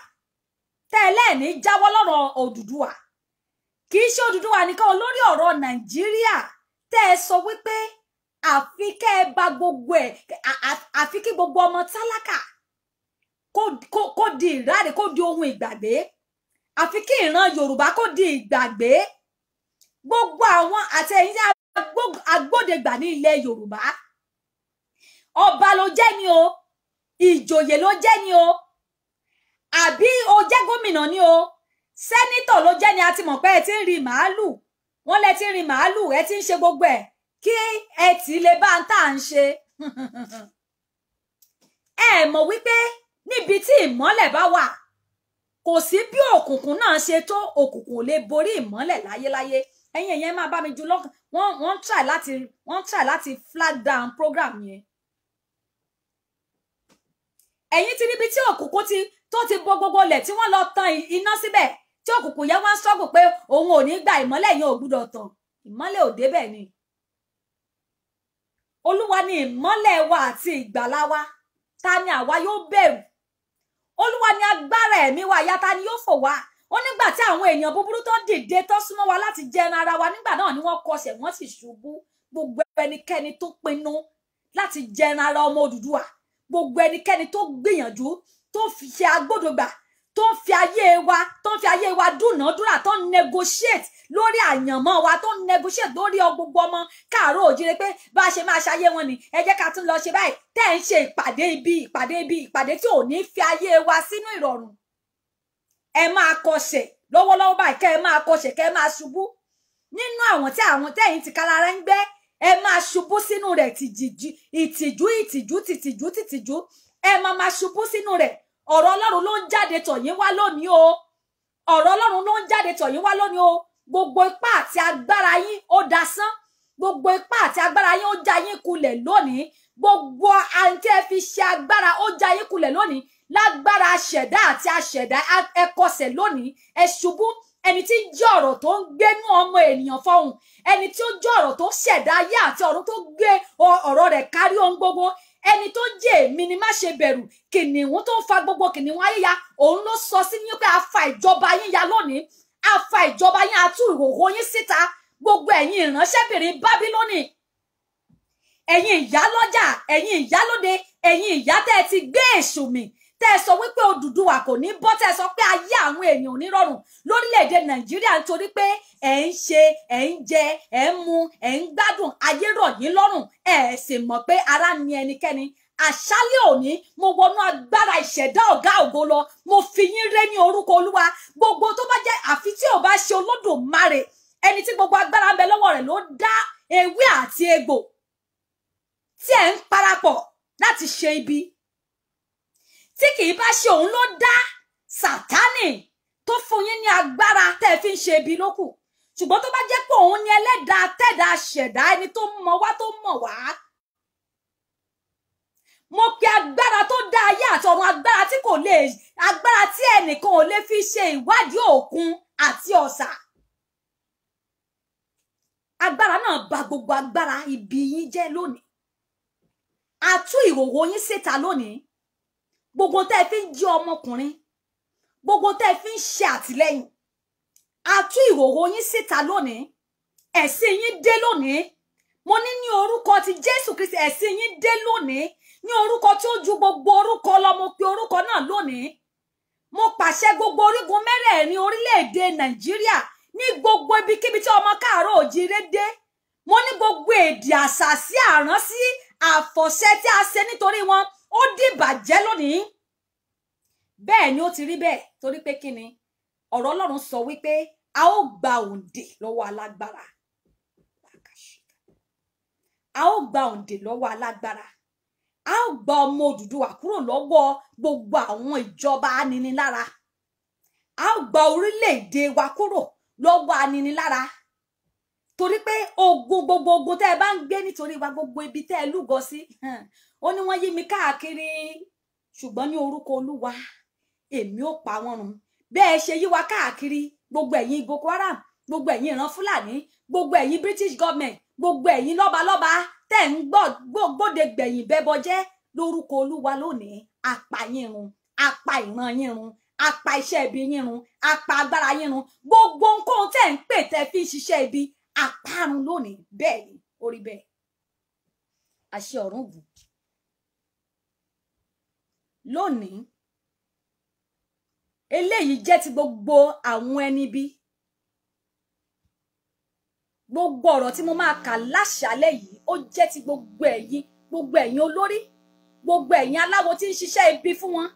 A: tẹ́lẹ̀ ní jáwọ́ lọ́rọ̀ Odùduwà kì í ṣe Odùduwà nìkan olórí ọ̀rọ̀ Nàìjíríà tẹ́ ẹ sọ wípé àfi kẹ́ ẹ bá gbogbo ẹ̀ àfi kí gbogbo ọmọ tálákà kó di ìráre kó di ohun ìgbàgbé àfi kí ìran Yorùbá kó di ìgbàgbé gbogbo àwọn àtẹ̀yìn agbódegbà ní ilẹ̀ Yorùbá ọba ló jẹ́ ni o ìjòyè ló jẹ́ ni o àbí o jẹ́ gómìnà ni o sẹ́nítọ̀ ló jẹ́ ni a ti mọ̀ pé ẹ ti ń rí màálù wọ́n lẹ ti ń rin màálù ẹ ti ń ṣe gbogbo ẹ̀ kí ẹ tì í lè bá ń tà ń ṣe. ẹ mọ̀ wípé níbi tí ìmọ́lẹ̀ bá wà kò sí bí òkùnkùn náà ṣe tó òkùnkùn ò lè borí ìmọ́lẹ̀ láyéláyé ẹ̀yin ẹ̀yẹn máa bá mi ju lọ́kàn wọ́n try láti wọ́n try láti flag down program yẹn. ẹ̀yin ti níbi tí òkùnkùn ti tó ti bo gbogbo lẹ̀ tí wọ́n lọ tan iná síbẹ̀ tí òkùnkùn yẹn wá ń struggle pé òun ò ní gba ìmọ́lẹ̀ yẹn ò gbúdọ̀ tàn ìmọ́lẹ̀ ò débẹ̀ ni olúwa ni ìmọ́lẹ̀ wa àti ìgbàlà wa ta ni àwa yóò bẹ̀rù olúwa ni agbára ẹ̀mí wa ìyà ta ni yóò fò wá ó nígbà tí àwọn èèyàn búburú tó dìde tó súnmọ́ wa láti jẹun ara wa nígbà náà ni wọ́n kọsẹ̀ wọ́n sì ṣubú gbogbo ẹnikẹ́ni tó pinnu láti jẹun ara ọmọ Odùduwà gbogbo ẹnikẹ́ni tó gbìyànjú tó fi ṣe agbódògbà tó ń fi ayé wa tó ń fi ayé wa dúnàádúrà tó ń negotiate lórí àyànmọ́ wa tó ń negotiate lórí gbogbo ọmọ káàárọ̀ òjire pé bá a ṣe máa ṣayé wọn ni ẹ jẹ́ ká tún lọ ṣe báyìí tẹ́ ń ṣe ìpàdé ibi ìpàdé ibi ìpàdé tí ò ní fi ayé wa sínú ìrọ̀rùn ẹ máa kọsẹ̀ lọ́wọ́lọ́wọ́ báyìí kẹ́ ẹ máa kọsẹ̀ kẹ́ ẹ máa ṣubú nínú àwọn tí àwọn tẹ́yìn ti kálára ń gbé ẹ máa ṣubú sínú rẹ̀ ìtìjú ìtìjú ìtìjú tìtìjú tìtìjú ẹ máa máa ṣubú sínú rẹ̀ ọ̀rọ̀ ọlọ́run ló ń jáde tọ̀yín wá lónìí o ọ̀rọ̀ ọlọ́run ló ń jáde tọ̀yín wá lónìí o gbogbo ipá àti agbára yín ó dasán gbogbo ipá àti agbára yín ó já yín kulẹ̀ lónìí gbogbo àǹtí ẹ fi ṣe agbára ó já yín kulẹ̀ lónìí lágbára aṣẹ̀dá àti aṣẹ̀dá ẹ kọsẹ̀ lónìí ẹ ṣubú ẹni tí jẹ́ ọ̀rọ̀ tó ń gbénú ọmọ ènìyàn fọhùn ẹni tí ó jẹ́ ọ̀rọ̀ tó ṣẹ̀dá ayé àti ọ̀run tó gbé ọ̀rọ̀ rẹ̀ kárí ohun gbogbo ẹni tó jẹ́ èmi ni má ṣe bẹ̀rù kìnìún tó ń fa gbogbo kìnìún ayé ya òun ló sọ sí yín pé a fa ìjọba yín ya lónìí a fa ìjọba yín a tú ìhòòhò yín síta gbogbo ẹ̀yin ìránṣẹ́bìnrin bábílónì ẹ̀yin ìyálọ́jà ẹ̀yin ìyálóde ẹ̀yin ìyá ti gbé èṣù mì tẹ́ ẹ sọ wípé Odùduwà kò ní bọ́ tẹ́ ẹ sọ pé ayé àwọn èèyàn ò ní rọrùn lórílẹ̀‐èdè Nàìjíríà nítorí pé ẹ̀ ń ṣe ẹ̀ ń jẹ ẹ̀ ń mu ẹ̀ ń gbádùn ayé rọ̀ yín lọ́rùn ẹ̀ sì mọ̀ pé ara ni ẹnikẹ́ni àṣálẹ́ òní mo wọnú agbára ìṣẹ̀dá ọ̀gá ògo lọ mo fi yín ré ní orúkọ Olúwa gbogbo tó bá jẹ́ àfi tí ò bá ṣe Olódùmarè ẹni tí gbogbo agbára ń bẹ lọ́wọ́ rẹ̀ ló dá ewé àti egbò tí ẹ̀ ń parapọ̀ láti ṣe ibi tí kì í bá ṣe òun ló dá sátánì tó fún yín ní agbára tẹ́ fi ń ṣe ibi lókù ṣùgbọ́n tó bá jẹ́ pé òun ni ẹlẹ́dàá tẹ̀dá ṣẹ̀dá ẹni tó mọ wá tó mọ̀ wá mo pe agbára tó dá ayé àtọ̀run agbára tí kò lè agbára tí ẹnìkan ò lè fi ṣe ìwádìí òkun àti ọ̀sà agbára náà bà gbogbo agbára ibi yín jẹ́ lónìí a tú ìhòòhò yín síta lónìí gbogbo tẹ́ ẹ fi ń jẹ́ ọmọkùnrin gbogbo tẹ́ fi ń ṣe àtìlẹ́yìn a tú ìhòòhò yín síta lónìí ẹ̀sìn yín dé lónìí mo ní ní orúkọ ti Jésù Kristi ẹ̀sìn yín dé lónìí ní orúkọ tí ó ju gbogbo orúkọ lọ mo pe orúkọ náà lónìí mo pàṣẹ gbogbo orígun mẹ́rẹ̀ẹ̀rin orílẹ̀ Nàìjíríà ní gbogbo ibikíbi tí ọmọ káàárọ̀ òjíire dé mo ní gbogbo èdè àṣà sí àránsí àfọ̀ṣẹ tí a ṣe nítorí wọn ó dìbàjẹ́ lónìí bẹ́ẹ̀ ni ó ti rí bẹ́ẹ̀ torí pé kí ni ọ̀rọ̀ Ọlọ́run sọ wípé a ó gba òǹdè lọ́wọ́ alágbára a ó gba òǹdè lọ́wọ́ alágbára a ó gba ọmọ Odùduwà kúrò lọ́wọ́ gbogbo àwọn ìjọba aninilára a ó gba orílẹ̀-èdè wa kúrò lọ́wọ́ aninilára torí pé ogun gbogbo ogun tẹ́ ẹ bá ń gbé nítorí wa gbogbo ibi tẹ́ ẹ lúgọ sí ó ní wọ́n yí mi káàkiri ṣùgbọ́n ní orúkọ olúwa èmi ò pa wọ́n run bẹ́ẹ̀ ṣe yí wa káàkiri gbogbo ẹ̀yin boko haram gbogbo ẹ̀yin ìran fúlàní gbogbo ẹ̀yin british government gbogbo ẹ̀yin lọ́balọ́ba tẹ̀ ń gbòde gbẹ̀yìn bẹ́bọ jẹ́ lórúkọ olúwa lónìí apá yín run apá ìran yín run apá iṣẹ́ ibi yín run apá agbára yín run gbogbo nǹkan tẹ̀ ń pè tẹ́ fi ń ṣiṣẹ́ ibi apárun lónìí bẹ́ẹ̀ ni ó rí àṣẹ ọ̀run gùn lónìí eléyìí jẹ́ ti gbogbo àwọn ẹni bí gbogbo ọ̀rọ̀ tí mo máa kà láṣálẹ́ yìí ó jẹ́ ti gbogbo ẹ̀yin gbogbo ẹ̀yin olórí gbogbo ẹ̀yin aláwo tí ń ṣiṣẹ́ ibi fún wọn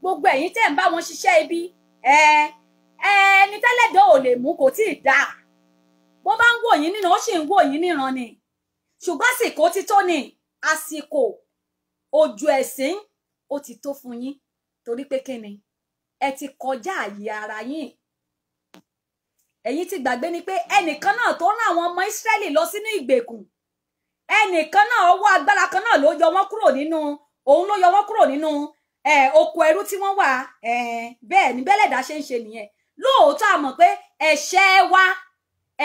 A: gbogbo ẹ̀yin tẹ́ ń bá wọn ṣiṣẹ́ ibi ẹ ẹni tẹ́lẹ̀dọ́ ò lè mú kò tí ì dáa bó bá ń wò yín níran ó sì ń wò yín níran ni ṣùgbọ́n àsìkò ti tó ni àsìkò òjò ẹ̀sìn ó ti tó fún yín torí pé kíni ẹ ti kọjá àyè ara yín ẹ̀yin ti gbàgbé ni pé ẹnìkan náà tó rán àwọn ọmọ Ísírẹ́lì lọ sínú ìgbèkùn ẹnìkan náà ọwọ́ agbára kan náà ló yọ wọ́n kúrò nínú òun ló yọ wọ́n kúrò nínú oko ẹrú tí wọ́n wà bẹ́ẹ̀ ni bẹ́lẹ̀dá ṣe ń ṣe nìyẹn lóòótọ́ a mọ̀ pé ẹ̀ṣẹ̀ wa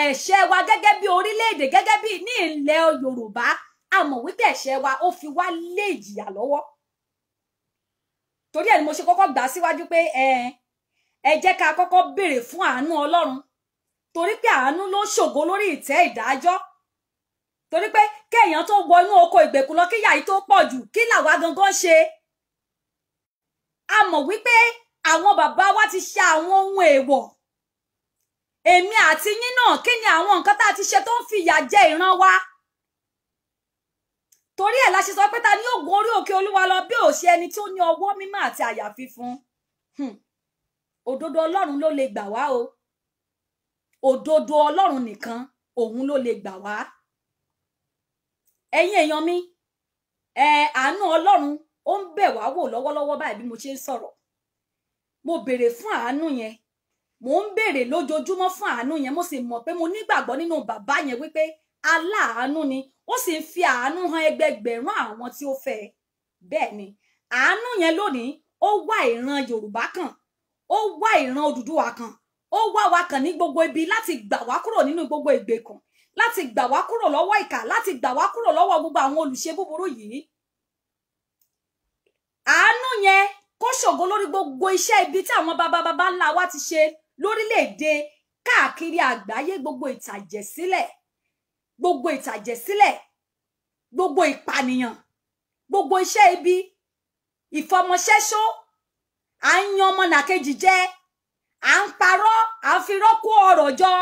A: ẹ̀ṣẹ̀ wa gẹ́gẹ́ bí orílẹ̀-èdè gẹ́gẹ́ bí ní ilẹ̀ Yorùbá a wípé ẹ̀ṣẹ̀ wa ó fi wá lé ìjìyà lọ́wọ́ torí ẹ̀ ni mo ṣe kọ́kọ́ gbà síwájú pé ẹ ẹ jẹ́ ká kọ́kọ́ béèrè fún àánú Ọlọ́run torí pé àánú ló ṣògo lórí ìtẹ́ ìdájọ́ torí pé kéèyàn tó wọ inú oko ìgbèkùn lọ kíyà yìí tó pọ̀ jù kí làwa gangan ṣe a mọ̀ wípé àwọn bàbá wa ti ṣe àwọn ohun èèwọ̀ èmi àti yín náà kí ni àwọn nǹkan tá a ti ṣe tó ń fìyà jẹ ìran wa torí ẹ̀ la ṣe sọ pé ta ni yóò gun orí òkè olúwa lọ bí ò ṣe ẹni tí ó ní ọwọ́ mímọ́ àti àyà fífún hmm. òdodo ọlọ́run ló lè gbà wá o òdodo ọlọ́run nìkan òun ló lè gbà wá ẹ̀yin èèyàn mi ẹ àánú ọlọ́run ó ń bẹ̀ wá wò lọ́wọ́lọ́wọ́ báyìí bí mo ṣe ń sọ̀rọ̀ mo béèrè fún àánú yẹn mo ń béèrè lójoojúmọ́ fún àánú yẹn mo sì mọ̀ pé mo nígbàgbọ́ nínú bàbá yẹn wípé aláàánú ni ó sì ń fi àánú han ẹgbẹgbẹ̀rún àwọn tí ó fẹ́ bẹ́ẹ̀ ni àánú yẹn lónìí ó wá ìran yorùbá kan ó wá ìran odùduwà kan ó wá wa kàn ní gbogbo ibi láti gbà wá kúrò nínú gbogbo ìgbèkùn láti gbà wá kúrò lọ́wọ́ ìkà láti gbà wá kúrò lọ́wọ́ gbogbo àwọn olùṣe búburú yìí àánú yẹn kó ṣògo lórí gbogbo iṣẹ́ ibi tí àwọn bàbá bàbá ńlá wa ti ṣe lórílẹ̀ káàkiri àgbáyé gbogbo ìtàjẹ̀sílẹ̀ gbogbo ìtàjẹ̀sílẹ̀ gbogbo ìpànìyàn gbogbo iṣẹ́ ibi ìfọmọṣẹ́ṣó à ń yan ọmọ nàkejì jẹ à ń parọ́ à ń fi rọ́kú ọ̀rọ̀ jọ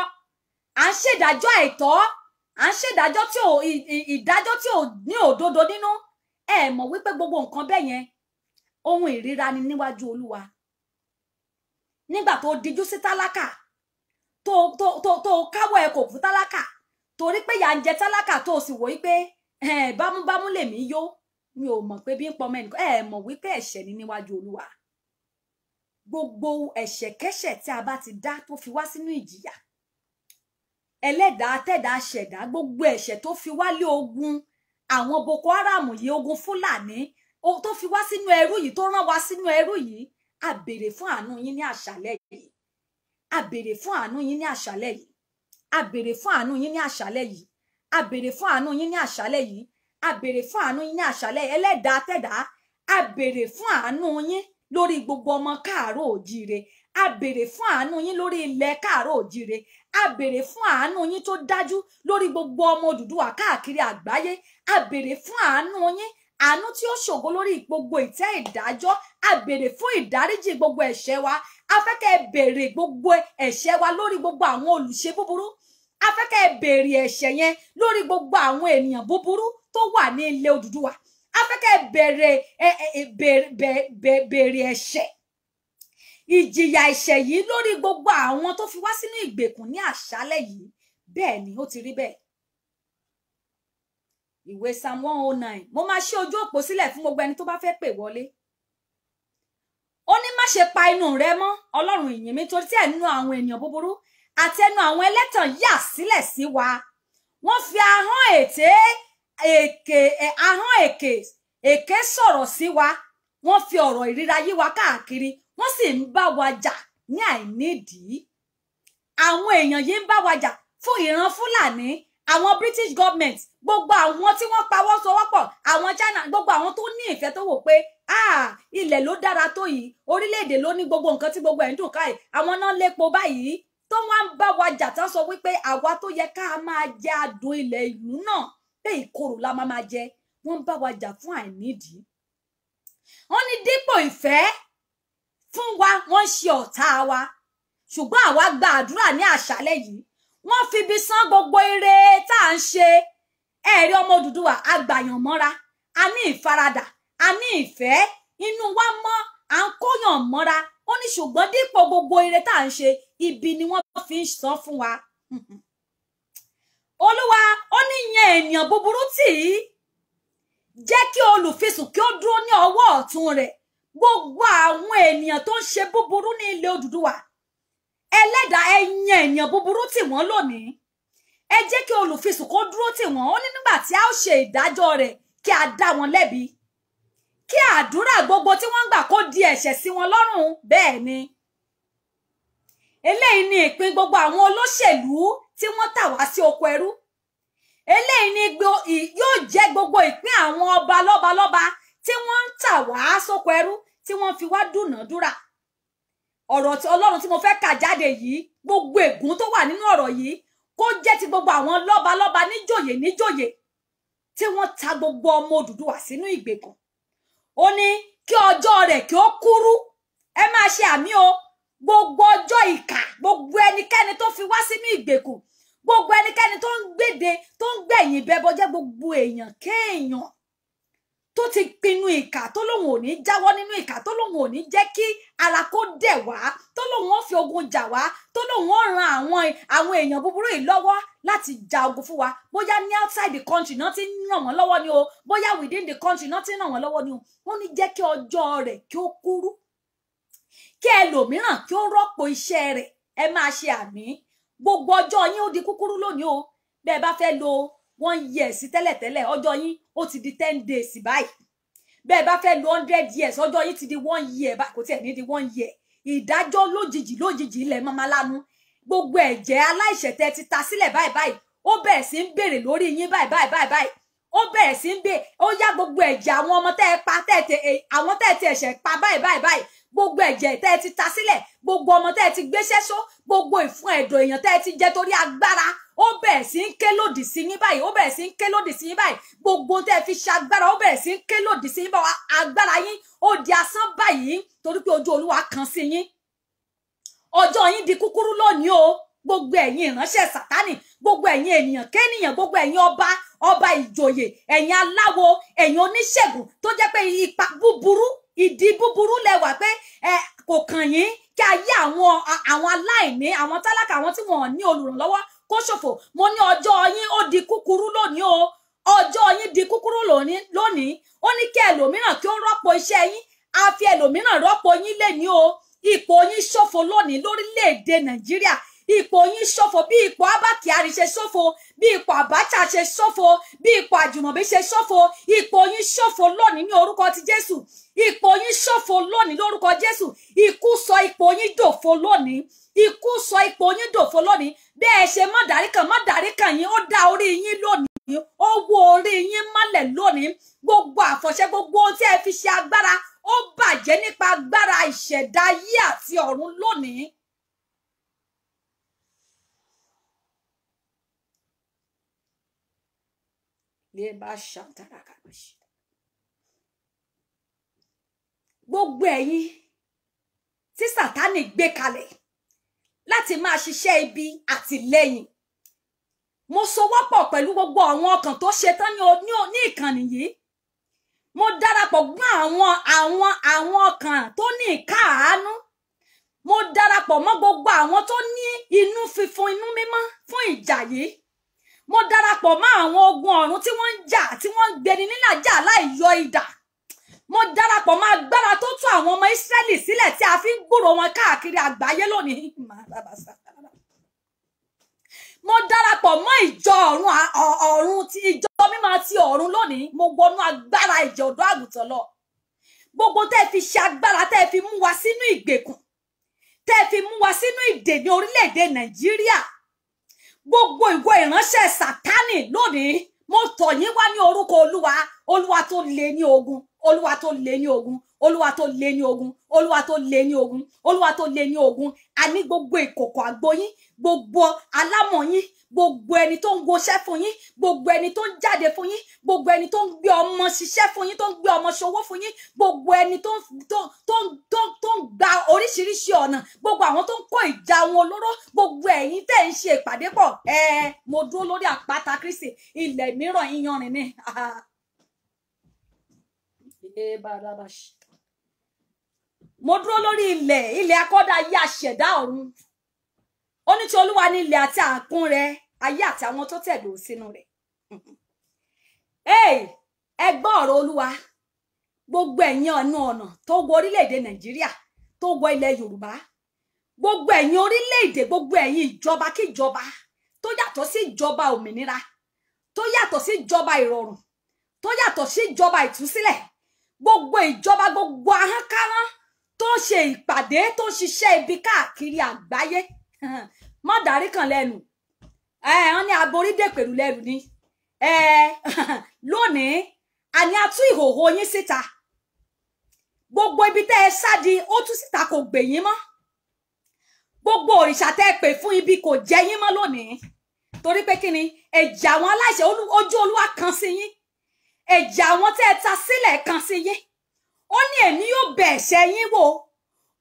A: à ń ṣèdájọ́ àìtọ́ à ń ṣèdájọ́ tí ò ìdájọ́ tí ò ní òdodo nínú ẹ mọ̀ wípé gbogbo nǹkan bẹ́ẹ̀ yẹn ohun ìríra ni níwájú olúwa nígbà tó díjú sí tálákà tó tó tó káwọ́ ẹ̀ kò fún tálákà torí pé yà ń jẹ tálákà tó o sì wò wípé bámúbámú lèmi yó mi ò mọ̀ pé bí ń pọ mẹ́rin ẹ mọ̀ wípé ẹ̀ṣẹ̀ ni níwájú olúwa gbogbo ẹ̀ṣẹ̀kẹ́ṣẹ̀ tí a bá ti dá tó fi wá sínú ìjìyà ẹlẹ́dàá tẹ̀dá ṣẹ̀dá gbogbo ẹ̀ṣẹ̀ tó fi wá lé ogun àwọn boko haram yìí ogun fúlàní tó fi wá sínú ẹrú yìí tó rán wá sínú ẹrú yìí a béèrè fún àánú yín ní àṣálẹ́ yìí a béèrè fún àánú yín ní àṣálẹ́ yìí a béèrè fún àánú yín ní àṣálẹ́ yìí a béèrè fún àánú yín ní àṣálẹ́ yìí a béèrè fún àánú yín ní àṣálẹ́ ẹlẹ́dàá tẹ̀dá a béèrè fún àánú yín lórí gbogbo ọmọ káàárọ̀ òjíire a béèrè fún àánú yín lórí ilẹ̀ káàárọ̀ òjíire a béèrè fún àánú yín tó dájú lórí gbogbo ọmọ Odùduwà káàkiri àgbáyé a béèrè fún àánú yín àánú tí ó ṣògo lórí gbogbo ìtẹ́ ìdájọ́ a béèrè fún ìdáríjì gbogbo ẹ̀ṣẹ̀ wa a fẹ́ gbogbo ẹ̀ṣẹ̀ wa lórí gbogbo àwọn olùṣe búburú afẹ́kẹ́ béèrè ẹ̀ṣẹ̀ yẹn lórí gbogbo àwọn ènìyàn búburú tó wà ní ilé Odùduwà afẹ́kẹ́ béèrè béèrè ẹ̀ṣẹ̀ ìjìyà ẹ̀ṣẹ̀ yìí lórí gbogbo àwọn tó fi wá sínú ìgbèkùn ní àṣálẹ́ yìí bẹ́ẹ̀ ni ó ti rí bẹ́ẹ̀ ìwé psalm one oh nine mo máa ṣí ojú òpó sílẹ̀ fún gbogbo ẹni tó bá fẹ́ pè wọlé ó ní má ṣe pa inú rẹ mọ́ ọlọ́run ìyìn torí tí ẹ̀ nínú àwọn ènìyàn búburú àtẹnu àwọn ẹlẹ́tàn yà sílẹ̀ sí wa wọ́n fi ahọ́n ètè èké ahọ́n èké èké sọ̀rọ̀ sí wa wọ́n fi ọ̀rọ̀ ìríra yí wa káàkiri wọ́n sì ń bá wa jà ní àìnídìí àwọn èèyàn yìí ń bá wa jà fún ìran fúlàní àwọn british government gbogbo àwọn tí wọ́n pawọ́ sowọ́pọ̀ àwọn china gbogbo àwọn tó ní ìfẹ́ tó wò pé ah, ilẹ̀ ló dára tó yìí orílẹ̀-èdè ló ní gbogbo nǹkan tí gbogbo ẹ̀ ń dùn káyìí àwọn náà lépo báyìí tó wá ń bá wa jà tá sọ wípé àwa tó yẹ ká máa jẹ adùn ilẹ̀ ìlú náà pé ìkorò la máa máa jẹ wọ́n ń bá wa jà fún àìnídìí wọ́n ní dípò ìfẹ́ fún wa wọ́n ṣe ọ̀tá wa ṣùgbọ́n àwa gba àdúrà ní àṣálẹ́ yìí wọ́n fi ibi san gbogbo ire tá à ń ṣe ẹ̀rí ọmọ Odùduwà agbàyàn mọ́ra a ní ìfaradà a ní ìfẹ́ inú wa mọ́ à ń kóyàn mọ́ra ó ní ṣùgbọ́n dípò gbogbo ire tá à ń ṣe ibi ni wọ́n fi ń sọ fún wa olúwa ó ní yan ènìyàn búburú tì í jẹ́ kí olùfisùn kí ó dúró ní ọwọ́ ọ̀tún rẹ̀ gbogbo àwọn ènìyàn tó ń ṣe búburú ní ilẹ̀ Odùduwà ẹlẹ́dàá ẹ yan ènìyàn búburú tì wọ́n lónìí ẹ jẹ́ kí olùfisùn kó dúró tì wọ́n ó ní nígbà tí a ó ṣe ìdájọ́ rẹ̀ kí a dá wọn lẹ́bi kí àdúrà gbogbo tí wọ́n gbà kó di ẹ̀ṣẹ̀ sí wọn lọ́rùn bẹ́ẹ̀ ni eléyìí ni ìpín gbogbo àwọn olóṣèlú tí wọ́n tà wá sí oko ẹrú eléyìí ni yóò jẹ́ gbogbo ìpín àwọn ọba lọ́ba lọ́ba tí wọ́n ń tà wá sóko ẹrú tí wọ́n fi wá dúnàádúrà ọ̀rọ̀ tí Ọlọ́run tí mo fẹ́ kà jáde yìí gbogbo ègún tó wà nínú ọ̀rọ̀ yìí kó jẹ́ ti gbogbo àwọn lọ́ba lọ́ba níjòyè níjòyè tí wọ́n ta gbogbo ọmọ Odùduwà sínú ìgbèkùn ó ní kí ọjọ́ rẹ̀ kí ó kúrú ẹ máa ṣe àmì o gbogbo ọjọ́ ìkà gbogbo ẹnikẹ́ni tó fi wá sínú ìgbèkùn gbogbo ẹnikẹ́ni tó ń gbèdè tó ń gbẹ̀yìn bẹ́bọ jẹ́ gbogbo èèyàn kéèyàn tó ti pinnu ìkà tó lóun ò ní jáwọ́ nínú ìkà tó lóun ò ní jẹ́ kí ara kó dẹ̀ wá tó lóun ó fi ogun jà wá tó lóun ó ran àwọn àwọn èèyàn búburú yìí lọ́wọ́ láti ja ogun fún wa bóyá ní outside the country náà ti ń ràn wọ́n lọ́wọ́ ni o bóyá within the country náà ti ń ràn wọ́n lọ́wọ́ ni o wọ́n ní jẹ́ kí ọjọ́ rẹ̀ kí ó kúrú kí ẹlòmíràn kí ó rọ́pò iṣẹ́ rẹ̀ ẹ máa ṣe àmì gbogbo ọjọ́ yín ó di kúkúrú lónìí o bẹ́ẹ̀ bá fẹ́ lo one year sí tẹ́lẹ̀tẹ́lẹ̀ ọjọ́ yín ó ti di ten days báyìí bẹ́ẹ̀ bá fẹ́ lo hundred years ọjọ́ yín ti di one year báyìí kò tiẹ̀ ní di one year ìdájọ́ lójijì lójijì ilẹ̀ mọ́mọ́ lánú gbogbo ẹ̀jẹ̀ aláìṣẹ̀tẹ̀ ti ta sílẹ̀ báyìí báyìí ó bẹ̀rẹ̀ sí ń béèrè lórí yín báyìí báyìí báyìí báyìí ó bẹ̀rẹ̀ sí ń bè ó yá gbogbo ẹ̀jẹ̀ àwọn ọmọ tẹ́ ẹ pa tẹ́ ẹ àwọn tẹ́ ẹ ti ẹ̀ṣẹ̀ pa báyìí báyìí báyìí gbogbo ẹ̀jẹ̀ tẹ́ ẹ ti ta sílẹ̀ gbogbo ọmọ tẹ́ ẹ ti gbéṣẹ́ só gbogbo ìfun ẹ̀dọ̀ èèyàn tẹ́ ẹ ti jẹ torí agbára ó bẹ̀rẹ̀ sí ń ké lòdì sí yín báyìí ó bẹ̀rẹ̀ sí ń ké lòdì sí yín báyìí gbogbo tẹ́ ẹ fi ṣagbára ó bẹ̀rẹ̀ sí ń ké lòdì sí yín báwa agbára yín ó di asán báyìí torí pé ojú olúwa kan sí yín ọjọ́ yín di kúkúrú lónìí o gbogbo ẹ̀yin ìránṣẹ́ sátánì gbogbo ẹ̀yin ènìyàn kéènìyàn gbogbo ẹ̀yin ọba ọba ìjòyè ẹ̀yin aláwo ẹ̀yin oníṣègùn tó jẹ́ pé ipa búburú ìdí búburú lẹwà pé ẹ kò kàn yín kí ayé àwọn àwọn aláìní àwọn tálákà àwọn tí wọn ní olùrànlọ́wọ́ kó ṣòfò mo ní ọjọ́ yín ó di kúkúrú lónìí o ọjọ́ yín di kúkúrú lónìí ó ní kí ẹlòmíràn kí ó rọ́pò iṣẹ́ yín a fi ẹlòmíràn rọ́pò yín lé ní o ipò yín ṣòfò lónìí lórílẹ̀-èdè Nàìjíríà ipò yín ṣòfò bí ipò abákì àrí ṣe ṣòfò bí ipò àbáchà ṣe ṣòfò bí ipò àjùmọ̀bí ṣe ṣòfò ipò yín ṣòfò lónìí ní orúkọ ti jésù ipò yín ṣòfò lónìí lórúkọ jésù ikú sọ ipò yín dòfo lónìí ikú sọ ipò yín dòfo lónìí bẹ́ẹ̀ ṣe má dárí kan má dárí kan yín ó dá orí yín lónìí ó wo orí yín mọ́lẹ̀ lónìí gbogbo àfọ̀ṣẹ gbogbo ohun tí ẹ fi ṣe agbára ó bàjẹ́ nípa agbára ìṣẹ̀dá ayé àti ọ̀run lónìí gbogbo ẹ̀yin tí sátánì gbé kalẹ̀ láti máa ṣiṣẹ́ ibi àtìlẹ́yìn mo sowọ́pọ̀ pẹ̀lú gbogbo àwọn ọkàn tó ṣetán ní ìkànnì yìí mo darapọ̀ gbọ́n àwọn àwọn àwọn ọkàn tó ní ìkáàánú mo darapọ̀ mọ́ gbogbo àwọn tó ní inú fífún inú mímọ́ fún ìjà yìí mo darapọ̀ mọ́ àwọn ogun ọ̀run tí wọ́n ń jà tí wọ́n ń gbeni nílàjà láì yọ idà mo darapọ̀ mọ́ agbára tó tú àwọn ọmọ Ísírẹ́lì sílẹ̀ tí a fi ń gbúrò wọn káàkiri àgbáyé lónìí mo darapọ̀ mọ́ ìjọ ọ̀run ọ̀run ti ìjọ mímọ́ ti ọ̀run lónìí mo wọnú agbára ìjọ ọ̀dọ́ àgùntàn lọ gbogbo tẹ́ fi ṣe agbára tẹ́ fi mú wa sínú ìgbèkùn tẹ́ fi mú wa sínú ìdè ní orílẹ̀-èdè Nàìjíríà gbogbo ìwọ ìránṣẹ́ sátánì lónìí mo tọ̀ yín wá ní orúkọ olúwa olúwa tó lé ní ogun olúwa tó lé ní ogun olúwa tó lé ní ogun olúwa tó lé ní ogun olúwa tó lé ní ogun a ní gbogbo ìkòkò àgbo gbogbo alámọ̀ gbogbo ẹni tó ń woṣẹ́ fún yín gbogbo ẹni tó ń jáde fún yín gbogbo ẹni tó ń gbé ọmọ ṣiṣẹ́ fún yín tó ń gbé ọmọ ṣòwò fún yín gbogbo ẹni tó ń gba oríṣiríṣi ọ̀nà gbogbo àwọn tó ń kó ìjà wọn olóró gbogbo ẹ̀yin tẹ̀ ń ṣe ìpàdé pọ̀ ẹ mo dúró lórí àpáta Kristi ilẹ̀ mìíràn yíyanrìn ni. mo dúró lórí ilẹ̀ ilẹ̀ akọ́dá yí àṣẹ̀dá ọ̀run ó ní ti olúwa ní ilẹ̀ àti àkún rẹ̀ ayé àti àwọn tó tẹ̀dó sínú rẹ̀ ẹ gbọ́ ọ̀rọ̀ olúwa gbogbo ẹ̀yin ọ̀nà ọ̀nà tó wọ orílẹ̀-èdè nàìjíríà tó wọ ilẹ̀ yorùbá gbogbo ẹ̀yin orílẹ̀-èdè gbogbo ẹ̀yin ìjọba kíjọba tó yàtọ̀ sí ìjọba òmìnira tó yàtọ̀ sí ìjọba ìrọ̀rùn tó yàtọ̀ sí ìjọba ìtúsílẹ̀ gbogbo ìjọba gbogbo ahọ́nkárán tó ń ṣe ìpàdé tó ṣiṣẹ́ ibi káàkiri àgbáyé má kan lẹ́nu Eh, wọ́n ní aborí dèpèrú lẹ́rù ni eh, lónìí àní atú ìhòòhò yín síta gbogbo ibi tẹ́ ẹ sádi ó tú síta kò gbè yín mọ́ gbogbo òrìṣà tẹ́ ẹ pè fún ibi kò jẹ yín mọ́ lónìí torí pé kí ni ẹ̀jẹ̀ àwọn aláìṣẹ̀ ojú olúwa kan sí yín ẹ̀jẹ̀ àwọn tẹ́ ẹ ta sílẹ̀ kan sí yín ó ní èmi yóò bẹ̀ ẹ̀ṣẹ̀ yín wò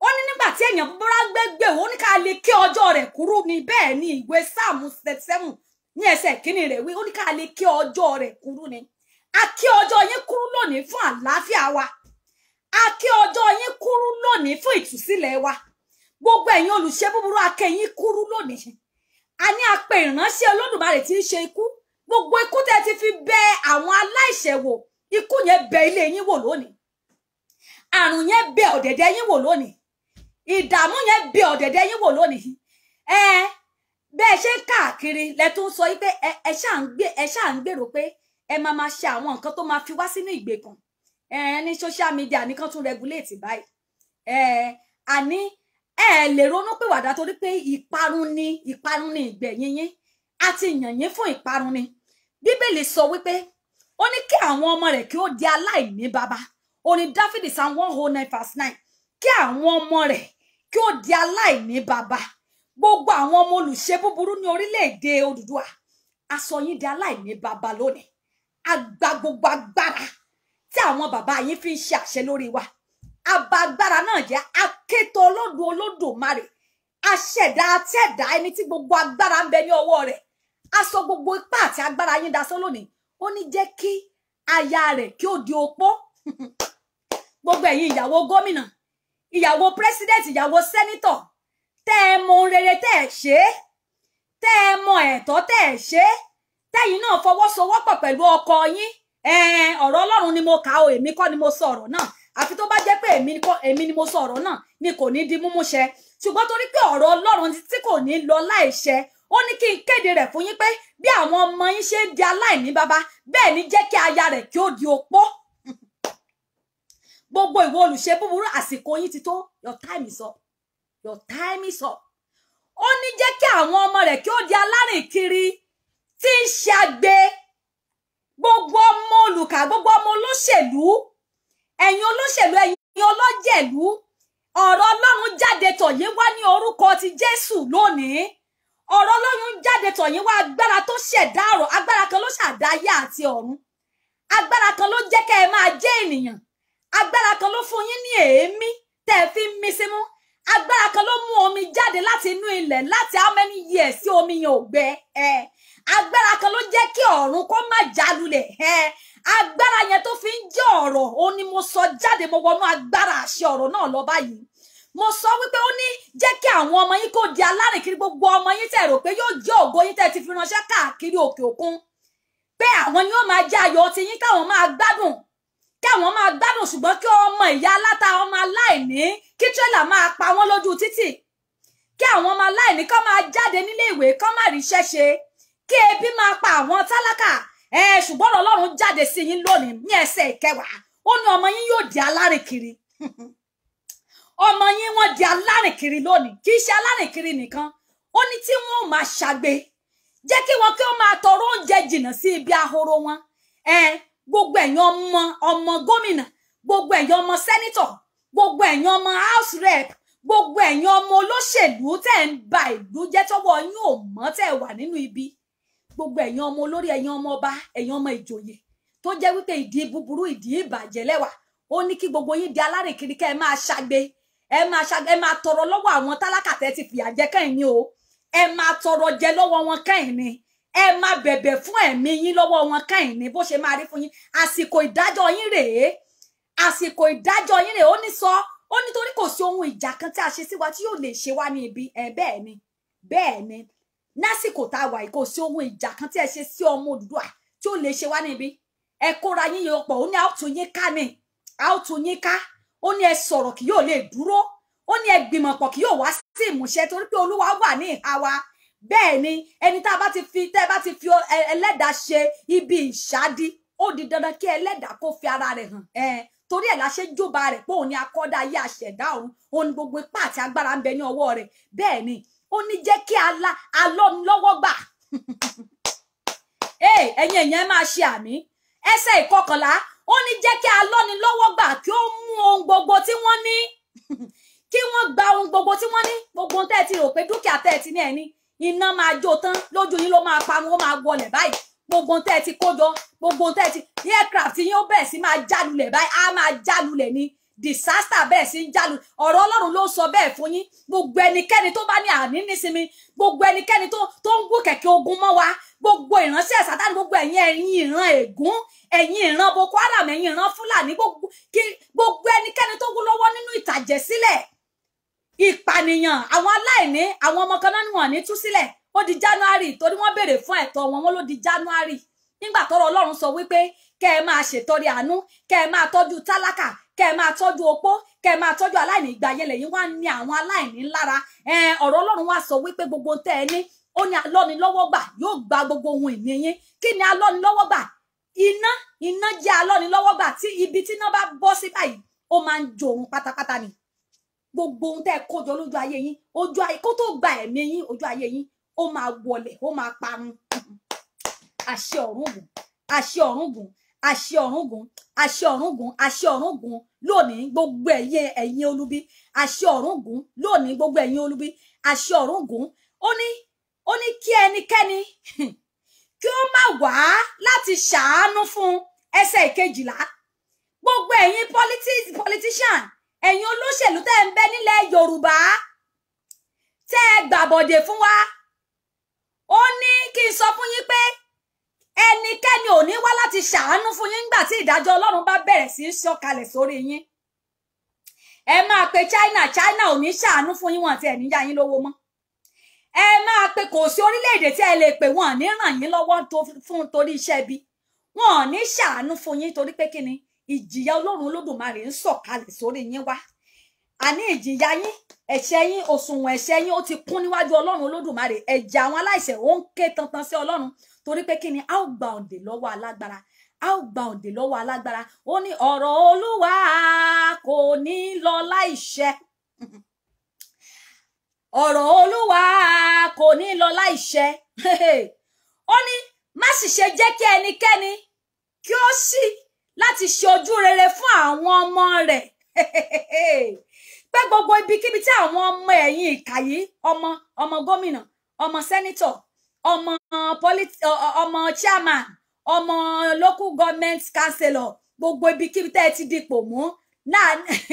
A: ó ní nígbà tí èèyàn búburú gbẹgbẹ ó ní ká lè ké ọjọ́ rẹ̀ kúrú ni bẹ́ẹ̀ ni ìwé sáàmù sẹsẹmù ní ẹsẹ̀ kínní rẹ̀ wí ó ní ká lè ké ọjọ́ rẹ̀ kúrú ni a ké ọjọ́ yín kúrú lónìí fún àlàáfíà wa a ké ọjọ́ yín kúrú lónìí fún ìtúsílẹ̀ wa gbogbo ẹ̀yin olùṣe búburú a ké yín kúrú lónìí a ní a pè ìránṣẹ́ Olódùmarè tí í ṣe ikú gbogbo ikú tẹ́ ti fi bẹ àwọn aláìṣẹ̀ wò ikú yẹn bẹ ilé yín wò lónìí àrùn yẹn bẹ ọ̀dẹ̀dẹ̀ yín wò lónìí ìdààmú yẹn bí ọ̀dẹ̀dẹ̀ yín wò lónìí ẹ bẹ́ẹ̀ ṣe ń káàkiri lẹ tún sọ yí pé ẹ ṣáà ń gbé ẹ ṣáà ń gbèrò pé ẹ máa máa ṣe àwọn nǹkan tó máa fi wá sínú ìgbèkùn ẹ ní social media nìkan tún regulate báyìí ẹ àní ẹ lè ronú pé wàdà torí pé ìparun ni ìparun ni ìgbẹ̀yìn yín àti yàn yín fún ìparun ni bíbélì sọ wípé ó ní kí àwọn ọmọ rẹ̀ kí ó di aláìní baba ó ní dáfídì psalm one oh nine verse nine kí àwọn ọmọ rẹ̀ kí ó di aláìní bàbá gbogbo àwọn ọmọ olùṣe búburú ní orílẹ̀-èdè Odùduwà a sọ yín di aláìní bàbá lónìí a gba gbogbo agbára tí àwọn bàbá yín fi ń ṣe àṣẹ lórí wa àbá agbára náà jẹ́ akéto olódùn olódùmarè aṣẹ̀dá atẹ́dá ẹni tí gbogbo agbára ń bẹ ní ọwọ́ rẹ̀ a gbogbo ipá àti agbára yín dasán lónìí ó ní jẹ́ kí aya rẹ̀ kí ó di opó gbogbo ẹ̀yin ìyàwó gómìnà ìyàwó president ìyàwó senator tẹ́ ẹ mọ ohun rere tẹ́ ẹ ṣe é tẹ́ ẹ mọ ẹ̀tọ́ tẹ́ ẹ ṣe é tẹ́yìn náà fọwọ́sowọ́pọ̀ pẹ̀lú ọkọ yín ọ̀rọ̀ Ọlọ́run ni mo kà o èmi kọ́ ni mo sọ ọ̀rọ̀ náà àfi tó bá jẹ́ pé èmi ni mo sọ ọ̀rọ̀ náà ni kò ní di múmú ṣẹ ṣùgbọ́n torí pé ọ̀rọ̀ Ọlọ́run tí kò ní lọ láìṣẹ ó ní kí n kéde rẹ̀ fún yín pé bí àwọn ọmọ yín ṣe ń di aláìní bàbá bẹ́ẹ̀ ni jẹ́ kí aya rẹ̀ kí ó di opó gbogbo ìwọ olùṣe búburú àsìkò yín ti tó your time is up your time is up ó ní jẹ́ kí àwọn ọmọ rẹ̀ kí ó di alárìnkiri tí ń ṣàgbé gbogbo ọmọ olùkà gbogbo ọmọ olóṣèlú ẹ̀yin olóṣèlú ẹ̀yin ọlọ́jẹ̀lú ọ̀rọ̀ ọlọ́run jáde tọ̀yín wá ní orúkọ ti jésù lónìí ọ̀rọ̀ ọlọ́run jáde tọ̀yín wá agbára tó ṣẹ̀dá ọ̀rọ̀ agbára kan ló ṣàdá ayé àti ọ̀run agbára kan ló jẹ́ kẹ́ ẹ máa jẹ́ ènìyàn agbára kan ló fún yín ní èémí tẹ́ ẹ fi ń mí símú agbára kan ló mú omi jáde láti inú ilẹ̀ láti how many years sí omi yẹn ò gbẹ ẹ agbára kan ló jẹ́ kí ọ̀run kó má jálulẹ̀ ẹ agbára yẹn tó fi ń jẹ́ ọ̀rọ̀ ó ní mo sọ jáde mo wọnú agbára àṣẹ ọ̀rọ̀ náà lọ báyìí mo sọ wípé ó ní jẹ́ kí àwọn ọmọ yín kó di alárìnkiri gbogbo ọmọ yín tẹ́ rò pé yóò jẹ́ ògo yín tẹ́ ti fi ránṣẹ́ káàkiri òkè òkun pé àwọn yóò máa jẹ́ ayọ̀ ti yín káwọn máa gbádùn káwọn máa gbádùn ṣùgbọ́n kí ọmọ ìyá aláta ọmọ aláìní kí tírélà máa pa wọ́n lójú títì kí àwọn ọmọ aláìní kán máa jáde nílé ìwé kán má ríṣẹ́ ṣe kí ebi máa pa àwọn tálákà ẹ ṣùgbọ́n ọlọ́run jáde sí yín lónìí ní ẹsẹ̀ ìkẹwàá ó ní ọmọ yín yóò di alárìnkiri ọmọ yín wọ́n di alárìnkiri lónìí kì í ṣe alárìnkiri nìkan ó ní tí wọ́n ò máa ṣàgbé jẹ́ kí wọn kí wọ́n máa tọrọ oúnjẹ jìnnà sí ibi ahoro wọn ẹ gbogbo ẹ̀yin ọmọ ọmọ gómìnà gbogbo ẹ̀yin ọmọ sẹ́nítọ̀ gbogbo ẹ̀yin ọmọ house rep gbogbo ẹ̀yin ọmọ olóṣèlú tẹ́ ń ba ìlú jẹ́ tọ́wọ́ yín ò mọ́ tẹ́ wà nínú ibi gbogbo ẹ̀yin ọmọ olórí ẹ̀yin ọmọ ọba ẹ̀yin ọmọ ìjòyè tó jẹ́ wípé ìdí búburú ìdí ìbàjẹ́ lẹ́wà ó ní kí gbogbo yín di alárìnkiri kẹ́ ẹ máa ṣagbe ẹ máa ṣagbe ẹ máa tọrọ lọ́wọ́ àwọn tálákà tẹ́ ti fìyà jẹ kẹ́yìn ni o ẹ máa tọrọ jẹ lọ́wọ́ wọn kẹ́yìn ni ẹ máa bẹ̀bẹ̀ fún ẹ̀mí yín lọ́wọ́ wọn káyìn ní bó ṣe máa rí fún yín àsìkò ìdájọ́ yín rèé àsìkò ìdájọ́ yín rèé ó ní sọ ó nítorí kò sí ohun ìjà kan tí a ṣe sí wa tí yóò lè ṣe wá ní ibi ẹ bẹ́ẹ̀ ni bẹ́ẹ̀ ni lásìkò tá a wà yìí kò sí ohun ìjà kan tí ẹ ṣe sí ọmọ Odùduwà tí ó lè ṣe wá níbi ẹ kóra yín yọ pọ̀ ó ní a yín ká ni a yín ká ó ní ẹ sọ̀rọ̀ kì yóò lè dúró ó ní ẹ gbìmọ̀ kì yóò wá sí ìmúṣẹ torí pé Olúwa wà ní ìhà wa bẹ́ẹ̀ ni ẹni tá a bá ti fi tẹ́ ẹ bá ti fi ẹlẹ́dàá ṣe ibi ìṣádi ó di dandan kí ẹlẹ́dàá kó fi ara rẹ̀ hàn ẹ̀ torí ẹ̀ láṣẹ jọba rẹ̀ pé òun ni akọ́dá ayé àṣẹ̀dá òun òun ni gbogbo ipá àti agbára ń bẹ ní ọwọ́ rẹ̀ bẹ́ẹ̀ ni ó ní jẹ́ kí alá alọ́nulọ́wọ́ gbà ẹ̀yin èèyàn máa ṣe àmì ẹsẹ̀ ìkọkànlá ó ní jẹ́ kí alọ́nilọ́wọ́ gbà kí ó mú ohun gbogbo tí wọ́n ní kí wọ́n gba ohun gbogbo tí wọ́n ní gbogbo ohun ti rò pé dúkìá tẹ́ ti ní ẹ ní iná máa jó tán lójú yín ló máa parun ó máa wọlẹ̀ báyìí gbogbo tẹ́ ẹ ti kó jọ gbogbo tẹ́ ẹ ti aircraft yín ó bẹ̀rẹ̀ sí máa jálulẹ̀ báyìí á máa jálulẹ̀ ni disaster bẹ́ẹ̀ sí ń jálu ọ̀rọ̀ ọlọ́run ló sọ bẹ́ẹ̀ fún yín gbogbo ẹnikẹ́ni tó bá ní àní nísinmi gbogbo ẹnikẹ́ni tó ń gún kẹ̀kẹ́ ogun mọ́ wa gbogbo ìránṣẹ́ sátánì gbogbo ẹ̀yin ẹ̀yin ìran ègún ẹ̀yin ìran boko haram ẹ̀yin ìran fúlàní gbogbo ẹnikẹ́ni tó gún lọ́wọ́ nínú ìtàjẹ̀sílẹ̀ ìpànìyàn àwọn aláìní àwọn ọmọ kan náà ni wọn ní tú sílẹ̀ ó di january torí wọ́n béèrè fún ẹ̀tọ́ wọn wọ́n ló di january nígbà tọ́rọ̀ Ọlọ́run sọ wípé kẹ́ ẹ máa ṣètọrẹ àánú kẹ́ ẹ máa tọ́jú tálákà kẹ́ ẹ máa tọ́jú opó kẹ́ ẹ máa tọ́jú aláìní ìgbà yẹn lẹ́yìn wá ní àwọn aláìní lára ọ̀rọ̀ Ọlọ́run wá sọ wípé gbogbo tẹ́ ẹ ní ó ní alọ́nilọ́wọ́gbà yóò gba gbogbo ohun ìní yín kí ni alọ́nilọ́wọ́gbà iná iná jẹ́ alọ́nilọ́wọ́gbà tí ibi tí iná bá bọ́ sí báyìí ó máa ń jò òun pátápátá ni gbogbo ohun tẹ́ ẹ kó jọ lójú ayé yín ojú ayé kó tó gba ẹ̀mí yín ojú ayé yín ó máa wọlẹ̀ ó máa parun àṣẹ ọ̀run gùn àṣẹ ọ̀run gùn àṣẹ ọ̀run àṣẹ ọ̀run àṣẹ ọ̀run lónìí gbogbo ẹ̀yin ẹ̀yin olubi àṣẹ ọ̀run gùn lónìí gbogbo ẹ̀yin olubi àṣẹ ọ̀run gùn ó ní ó ní kí ẹnikẹ́ni kí ó má wá láti ṣàánú fún ẹsẹ̀ ìkejìlá gbogbo ẹ̀yin politician ẹ̀yin olóṣèlú tẹ́ ń bẹ nílẹ̀ yorùbá tẹ́ ẹ gbàbọ̀dè fún wa ó ní kí n sọ fún yín pé ẹnikẹ́ni ò ní wá láti ṣàánú fún yín nígbà tí ìdájọ́ ọlọ́run bá bẹ̀rẹ̀ sí í sọ̀kalẹ̀ sórí yín ẹ máa pe china china ò ní ṣàánú fún yín wọn àti ẹ̀ níyà yín lówó mọ́ ẹ máa pe kò sí orílẹ̀-èdè tí ẹ lè pè wọn ní ràn yín lọ́wọ́ fún torí iṣẹ́ bí wọn ò ní ṣàánú fún yín torí pé kí ìjìyà ọlọ́run olódùmarè ń sọ̀kalẹ̀ sórí yín wá àní ìjìyà yín ẹ̀ṣẹ̀ yín òṣùwọ̀n ẹ̀ṣẹ̀ yín ó ti kún níwájú ọlọ́run olódùmarè ẹ̀jẹ̀ àwọn aláìṣẹ̀ ó ń ké tantan sí ọlọ́run torí pé kí ni a ó gba òǹdè lọ́wọ́ alágbára a ó gba òǹdè lọ́wọ́ alágbára ó ní ọ̀rọ̀ olúwa kò ní lọ láìṣẹ ọ̀rọ̀ olúwa kò ní lọ láìṣẹ ó ní má sì ṣe jẹ́ kí ẹnikẹ́ni kí ó sì. Si láti ṣe ojú rere fún àwọn ọmọ rẹ̀ pé gbogbo ibikíbi tí àwọn ọmọ ẹ̀yìn ìkà yìí ọmọ ọmọ gómìnà ọmọ sẹ́nítọ̀ ọmọ ọmọ chairman ọmọ local government councillor gbogbo ibikíbi tẹ́ ẹ ti dipò mú náà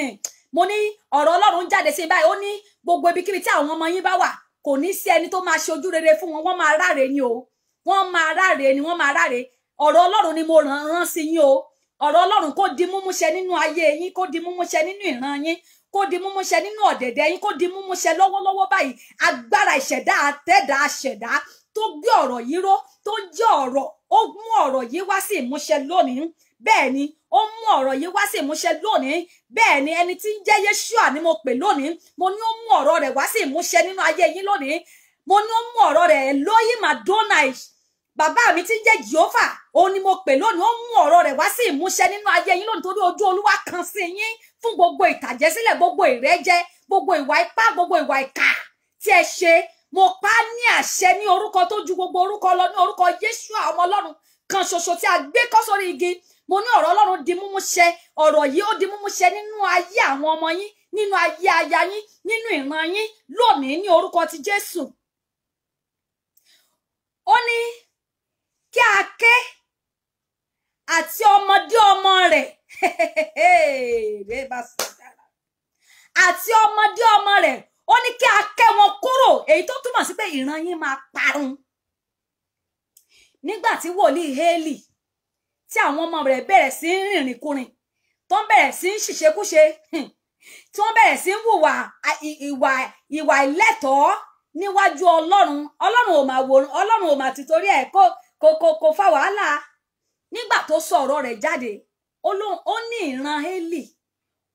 A: mo ní ọ̀rọ̀ ọlọ́run jáde sí báyìí ó ní gbogbo ibikíbi tí àwọn ọmọ yín bá wà kò ní sí ẹni tó máa ṣe ojú rere fún wọn wọ́n máa ráre ni o wọ́n máa ráre ni wọ́n máa ráre ọ̀rọ̀ ọlọ́run ni mo rán sí yín o ọ̀rọ̀ ọlọ́run kó di múmúṣẹ nínú ayé yín kó di múmúṣẹ nínú ìran yín kó di múmúṣẹ nínú ọ̀dẹ̀dẹ̀ yín kó di múmúṣẹ lọ́wọ́lọ́wọ́ báyìí agbára ìṣẹ̀dá àtẹ̀dá àṣẹ̀dá tó gbé ọ̀rọ̀ yìí ró tó jẹ́ ọ̀rọ̀ ó mú ọ̀rọ̀ yìí wá sí ìmúṣẹ lónìí bẹ́ẹ̀ ni ó mú ọ̀rọ̀ yìí wá sí ìmúṣẹ lónìí bẹ́ẹ̀ ni ẹni tí ń jẹ́ Yeshua ni mo pè lónìí mo ní ó mú ọ̀rọ̀ rẹ̀ wá sí ìmúṣẹ nínú ayé yín lónìí mo ní ó mú ọ̀rọ̀ rẹ̀ lóyìn madonai bàbá mi tí ń jẹ́ Jehovah òun ni mo pè lónìí ó mú ọ̀rọ̀ rẹ̀ wá sí ìmúṣẹ nínú ayé yín lónìí torí ojú olúwa kan sí yín fún gbogbo ìtàjẹ̀ gbogbo ìrẹ́jẹ gbogbo ìwà ipá gbogbo ìwà ìkà tí ẹ ṣe mo pa ní àṣẹ ní orúkọ tó ju gbogbo orúkọ lọ ní orúkọ Yésùà ọmọ Ọlọ́run kan ṣoṣo tí a gbé kọ́ sórí igi mo ní ọ̀rọ̀ Ọlọ́run di múmú ṣẹ ọ̀rọ̀ yìí ó di múmú ṣẹ nínú ayé àwọn ọmọ yín nínú ayé aya yín nínú ìran yín lónìí ní orúkọ ti Jésù ó ní kí a ké àti ọmọdé ọmọ rẹ̀ àti ọmọdé ọmọ rẹ̀ ó ní kí a kẹ́ wọn kúrò èyí tó túmọ̀ sí pé ìran yín máa parun nígbà tí wòlíì Hélì tí àwọn ọmọ rẹ̀ bẹ̀rẹ̀ sí ń rìnrìn kurin tó ń bẹ̀rẹ̀ sí ń ṣìṣekúṣe tí wọ́n bẹ̀rẹ̀ sí ń hùwà ìwà ìwà ìlẹ́tọ̀ọ́ níwájú Ọlọ́run Ọlọ́run ò máa wòrán Ọlọ́run ò máa tìtorí ẹ̀ kó kó kó fa wàhálà nígbà tó sọ ọ̀rọ̀ rẹ̀ jáde ó ní ìran hélì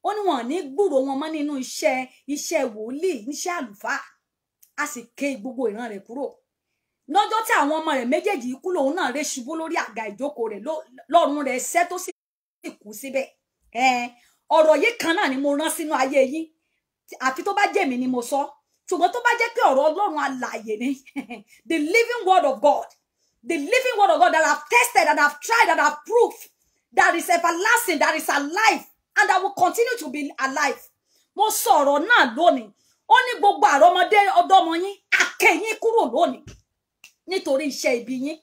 A: ó ní wọn ní gbúrò wọn mọ́ nínú iṣẹ́ iṣẹ́ wòlíì níṣẹ́ àlùfáà a sì ké gbogbo ìran rẹ̀ kúrò lọ́jọ́ tí àwọn ọmọ rẹ̀ méjèèjì kú lòun náà rẹ̀ ṣubú lórí àga ìjókòó rẹ̀ lọ́rùn rẹ̀ ṣẹ́ tó sì kú síbẹ̀ ọ̀rọ̀ yìí kan náà ni mo rán sínú ayé yín àfi tó bá jẹ́ mi ni mo sọ ṣùgbọ́n tó bá jẹ́ pé ọ̀rọ̀ Ọlọ́run alààyè ni the living word of God the living word of God that I've tested, that I've tried, that I've proved, that is everlasting, that is alive, and that will continue to be alive. Mo sọ̀rọ̀ náà lónìí. Ó ní gbogbo àrọ́mọdé ọdọ́mọ yín, akẹ́yìn kúrò lónìí nítorí iṣẹ́ ibi yín.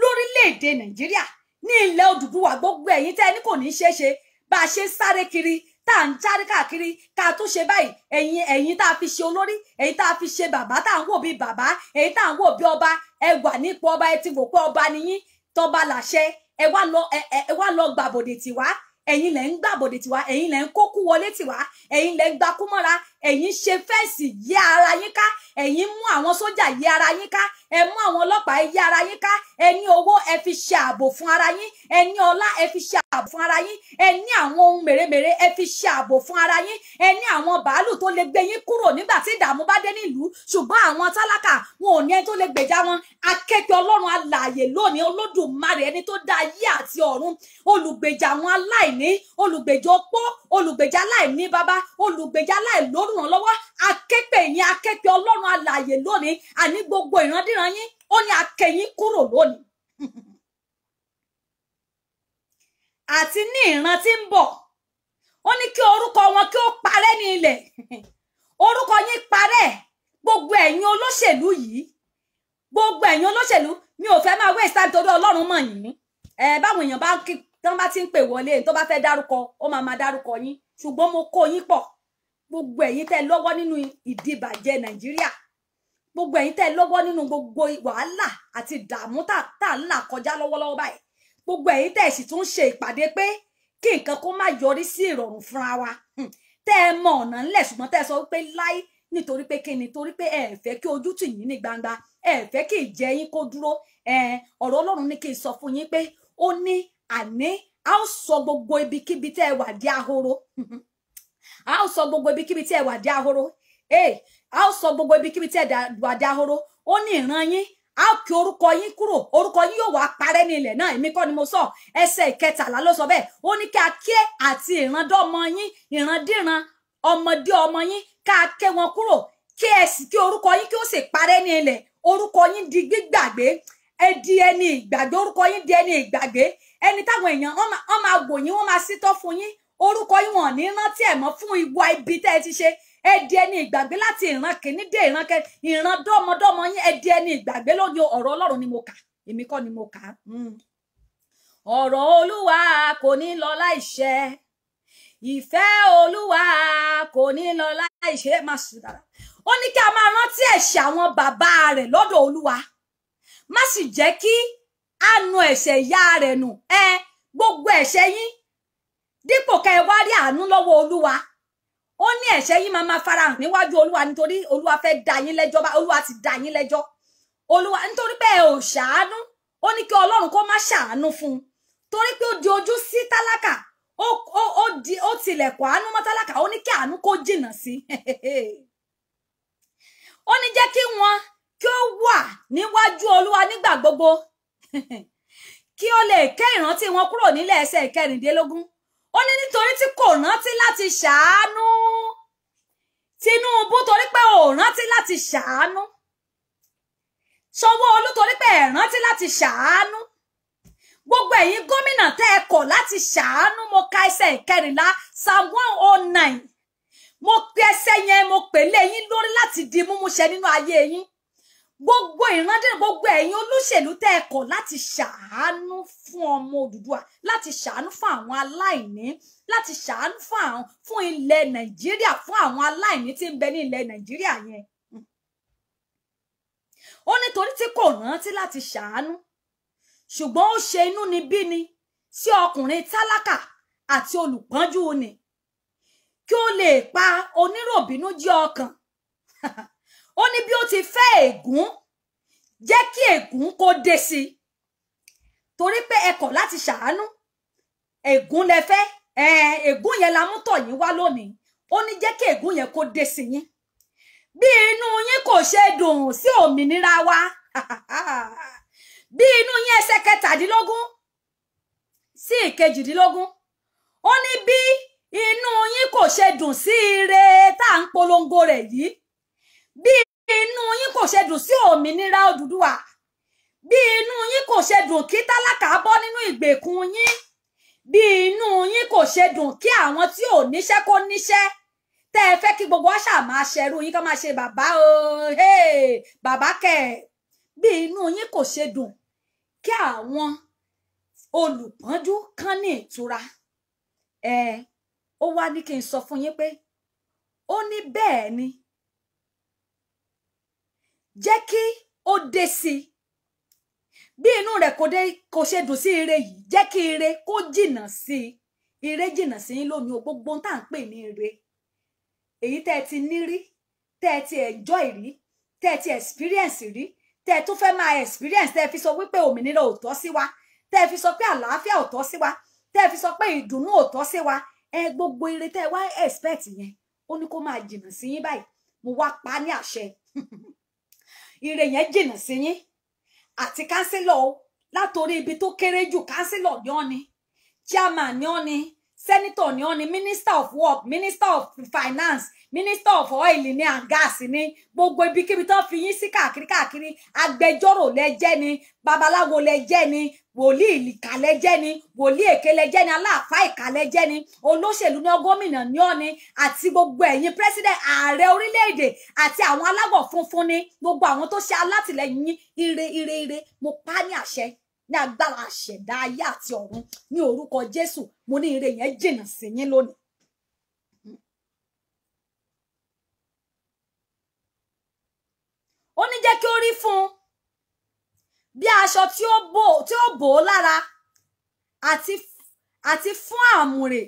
A: Lórílẹ̀-èdè Nàìjíríà ní ilẹ̀ Odùduwà gbogbo ẹ̀yin tẹ́ ní kò ní ṣeé ṣe bá a ṣe sáré kiri tá à ń jáde káàkiri tá a tún ṣe báyìí ẹ̀yin ẹ̀yin tá a fi ṣe olórí ẹ̀yin tá a fi ṣe bàbá tá à ń wò bí bàbá ẹ̀yin tá à ń wò bí ọba ẹ wà nípò ọba ẹ ti wò pé ọba niyín tọba làṣẹ ẹ wá lọ ẹ wá lọ gbàbòdè tiwa ẹ̀yin lẹ ń gbàbòdè tiwa ẹ̀yin lẹ ń kókú wọlé tiwa ẹ̀yin lẹ ń gbakú mọ́ra ẹ̀yin ṣe fẹ́ǹsì yé ara yín ká ẹ̀yin mú àwọn sójà yé ara yín ká ẹ mú àwọn ọlọ́pàá yé ara yín ká ẹ ní owó ẹ fi ṣe ààbò fún ara yín ẹ ní ọlá ẹ fi ṣe ààbò fún ara yín ẹ ní àwọn ohun mèremère ẹ fi ṣe ààbò fún ara yín ẹ ní àwọn bàálù tó lè gbé yín kúrò nígbà tí ìdààmú bá dé nílùú ṣùgbọ́n àwọn tálákà wọn ò ní ẹni tó lè gbèjà wọn akẹ́kẹ́ ọlọ́run alààyè lónìí olódùmarè ẹni tó dá ayé àti ọ̀run olùgbèjà àwọn aláìní olùgbèjà opó olùgbèjà aláìní bàbá olùgbèjà aláìlórùn lọ́wọ́ akẹ́pẹ́ yín akẹ́pẹ́ ọlọ́run alààyè lónìí àní gbogbo ìrandíran yín ó ní akẹ́yìn kúrò lónìí àti ní ìran tí ń bọ̀ ó ní kí orúkọ wọn kí ó parẹ́ ní ilẹ̀ orúkọ yín parẹ́ gbogbo ẹ̀yin olóṣèlú yìí gbogbo ẹ̀yin olóṣèlú mi ò fẹ́ máa waste time torí ọlọ́run mọ̀ yín ẹ báwọn èèyàn bá kí tán bá ti ń pè wọlé tó bá fẹ́ dárúkọ ó máa máa dárúkọ yín ṣùgbọ́n mo kó yín pọ̀ gbogbo ẹ̀yin tẹ́ lọ́wọ́ nínú ìdìbàjẹ́ nàìjíríà gbogbo ẹ̀yin tẹ́ lọ́wọ́ nínú gbogbo wàhálà àti ìdààmú tá à ń là kọjá lọ́wọ́lọ́wọ́ báyìí gbogbo ẹ̀yin tẹ́ sì tún ṣe ìpàdé pé kí nǹkan kó má yọrí sí ìrọ̀rùn fúnra wa hmm. tẹ́ ẹ mọ ọ̀nà ńlẹ̀ ṣùgbọ́n tẹ́ ẹ sọ wípé láí nítorí pé kí ni torí pé ẹ fẹ́ kí ojú tì yín ní gbangba ẹ fẹ́ kí ìjẹ́ yín kó dúró ọ̀rọ̀ Ọlọ́run ní kí n sọ fún yín pé ó ní àní a ó sọ gbogbo ibikíbi tẹ́ ẹ wà dí ahoro hmm. a ó sọ gbogbo ibikíbi tẹ́ ẹ wà dí ahoro a ó sọ gbogbo ibikíbi tẹ́ ẹ wà dí ahoro ó ní ìran yín a ó kí orúkọ yín kúrò orúkọ yín yóò wá parẹ́ ní ilẹ̀ náà èmi kọ́ ni mo sọ ẹsẹ̀ ìkẹtàlá ló sọ bẹ́ẹ̀ ó ní kí a ké àti ìrandọ́mọ yín ìrandíran ọmọdé ọmọ yín ká ké wọn kúrò kí ẹ sì kí orúkọ yín kí ó sì parẹ́ ní ilẹ̀ orúkọ yín di gbígbàgbé ẹ di ẹni ìgbàgbé orúkọ yín di ẹni ìgbàgbé ẹni táwọn èèyàn wọn máa gbò yín wọn máa sítọ́ fún yín orúkọ yín wọn ní rántí ẹ̀ fún ìwà ibi tẹ́ ẹ ti ṣe ẹ di ẹni ìgbàgbé láti ìran kìíní dé ìran kẹ ìran dọ́mọdọ́mọ yín ẹ di ẹni ìgbàgbé lónìí ọ̀rọ̀ Ọlọ́run ni mo kà èmi kọ́ ni mo kà á. Hmm. ọ̀rọ̀ Olúwa kò ní lọ láìṣẹ ìfẹ́ Olúwa kò ní lọ láìṣẹ má sùn dára ó ní kí a máa rántí ẹ̀ṣẹ̀ àwọn bàbá rẹ̀ lọ́dọ̀ Olúwa má sì jẹ́ kí á nu ẹ̀ṣẹ̀ ìyá rẹ̀ nù ẹ gbogbo ẹ̀ṣẹ̀ yín dípò kẹ́ ẹ wá rí àánú lọ́wọ́ Olúwa ó ní ẹ̀ṣẹ̀ yìí máa máa farahàn níwájú olúwa nítorí olúwa fẹ́ dá yín lẹ́jọ́ bá olúwa ti dá yín lẹ́jọ́ olúwa nítorí pé ẹ ò ṣàánú ó ní kí ọlọ́run kó má ṣàánú fún un torí pé ó di ojú sí tálákà ó ó ó di ó tilẹ̀kùn àánú mọ́ tálákà ó ní kí àánú kó jìnnà sí ó ní jẹ́ kí wọ́n kí ó wà níwájú olúwa nígbà gbogbo kí ó lè ké ìrántí wọn kúrò nílẹ̀ ẹsẹ̀ ìkẹrìndínlógún ó ní nítorí tí kò rántí láti ṣàánú Tinubu torí pé ò rántí láti ṣàánú Sanwó-Olú torí pé ẹ rántí láti ṣàánú gbogbo ẹ̀yin gómìnà tẹ́ ẹ kọ̀ láti ṣàánú mo ka ẹsẹ̀ ìkẹrìnlá psalm one oh nine mo pe ẹsẹ̀ yẹn mo pè yín lórí láti di múmúṣẹ nínú ayé yín gbogbo ìrandẹ́rìn gbogbo ẹ̀yin olóṣèlú tẹ́ ẹ kọ̀ láti ṣàánú fún ọmọ Odùduwà láti ṣàánú fún àwọn aláìní láti ṣàánú fún àwọn fún ilẹ̀ Nàìjíríà fún àwọn aláìní tí ń bẹ ní ilẹ̀ Nàìjíríà yẹn ó nítorí tí kò rántí láti ṣàánú ṣùgbọ́n ó ṣe inú ni bí ni sí ọkùnrin tálákà àti olùpọ́njú ni kí ó lè pa oníròbínú jẹ́ ọkàn ó ní bí ó ti fẹ́ ègún jẹ́ kí ègún kó dé sí i torí pé ẹ kọ̀ láti ṣàánú ègún lẹ fẹ́ ègún yẹn la mú tọ̀ yín wá lónìí ó ní jẹ́ kí ègún yẹn kó dé sí yín bí inú yín kò ṣe dùn sí òmìnira wa bí inú yín ẹsẹ̀ kẹtàdínlógún sí ìkejìdínlógún ó ní bí inú yín kò ṣe dùn sí ire tá à ń polongo rẹ̀ yìí bí inú yín kò ṣe dùn sí òmìnira Odùduwà bí inú yín kò ṣe dùn kí tálákà bọ́ nínú ìgbèkùn yín bí inú yín kò ṣe dùn kí àwọn tí ò níṣẹ́ kó níṣẹ́ tẹ́ ẹ fẹ́ kí gbogbo wa ṣáà máa ṣẹrú yín ká máa ṣe bàbá o bàbá kẹ bí inú yín kò ṣe dùn kí àwọn olùpọ́njú kan ní ìtura ẹ ó wá ní kí n sọ fún yín pé ó ní bẹ́ẹ̀ ni jẹ́ kí ó dé sí i bí inú rẹ̀ kò dé kò ṣe dùn sí ire yìí jẹ́ kí ire kó jìnnà sí i ire jìnnà sí yín lónìí o gbogbo tá à ń pè ní ire èyí tẹ́ ẹ ti ní rí tẹ́ ẹ ti enjoy rí tẹ́ ẹ ti experience rí tẹ́ ẹ tún fẹ́ máa experience tẹ́ ẹ fi sọ wípé òmìnira ò tọ́ sí wa tẹ́ ẹ fi sọ pé àlàáfíà ò tọ́ sí wa tẹ́ ẹ fi sọ pé ìdùnnú ò tọ́ sí wa ẹ gbogbo ire tẹ́ ẹ wá expect yẹn ó ní kó máa jìnnà sí yín báyìí mo wá pa á ní àṣẹ ire yẹn jìnnà sí yín àti kánsílọ̀ o látòrí ibi tó kéré jù kánsílọ̀ ni ọ́ ni chairman ni ọ́ ni senator ni ọ́ ni minister of work minister of finance minister of oil ni and gas ni gbogbo ibikíbi tó fi yín sí káàkiri káàkiri agbẹjọ́rò lẹ ni babaláwo lẹ ni wòlíì ìkàlẹ́jẹ́ ni wòlíì èkélẹ́jẹ́ ni aláàfá ìkàlẹ́jẹ́ ni olóṣèlú ní gómìnà ní ọ̀ni àti gbogbo ẹ̀yin president ààrẹ orílẹ̀-èdè àti àwọn aláwọ̀ funfun ni gbogbo àwọn tó ṣe alátìlẹyìn ire ire ire mo pa ní àṣẹ ní agbára àṣẹ̀dá ayé àti ọ̀run ní orúkọ Jésù mo ní ire yẹn jìnnà sí yín lónìí. ó ní jẹ́ kí ó rí fún un bí aṣọ tí ó bò tí ó bò ó lára àti àti fún àmùrè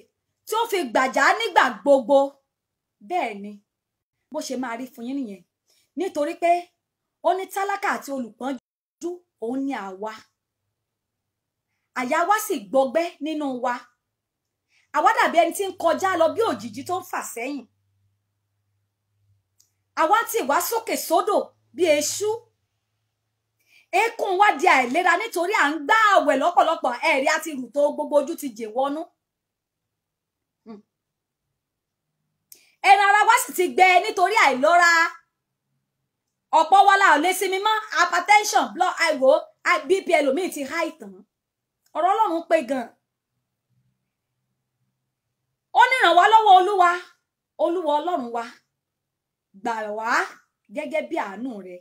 A: tí ó fi gbàjà nígbà gbogbo bẹ́ẹ̀ ni bó ṣe máa rí fún yín nìyẹn nítorí pé ó ní tálákà àti olùpọ́njú òun ni àwa àyà wa sì gbọgbẹ́ nínú wa àwa dàbí ẹni tí ń kọjá lọ bí òjìji tó ń fà sẹ́yìn àwa ti wá sókè sódò bí eṣú eékún wá di àìlera nítorí à ń gbá àwẹ̀ lọ́pọ̀lọpọ̀ ẹ̀rí àti rùtò gbogbo ojú ti jè wọnú. Hmm. ẹran wa sì ti gbẹ nítorí àìlọ́ra ọ̀pọ̀ wa la ò lè sinmi mọ́ hypertension blood iwo bp ẹlòmíì ti há ìtàn ọ̀rọ̀ ọlọ́run pé gan-an ó nírànwá lọ́wọ́ oluwa olúwa ọlọ́run wa gbà wá gẹ́gẹ́ bí àánú rẹ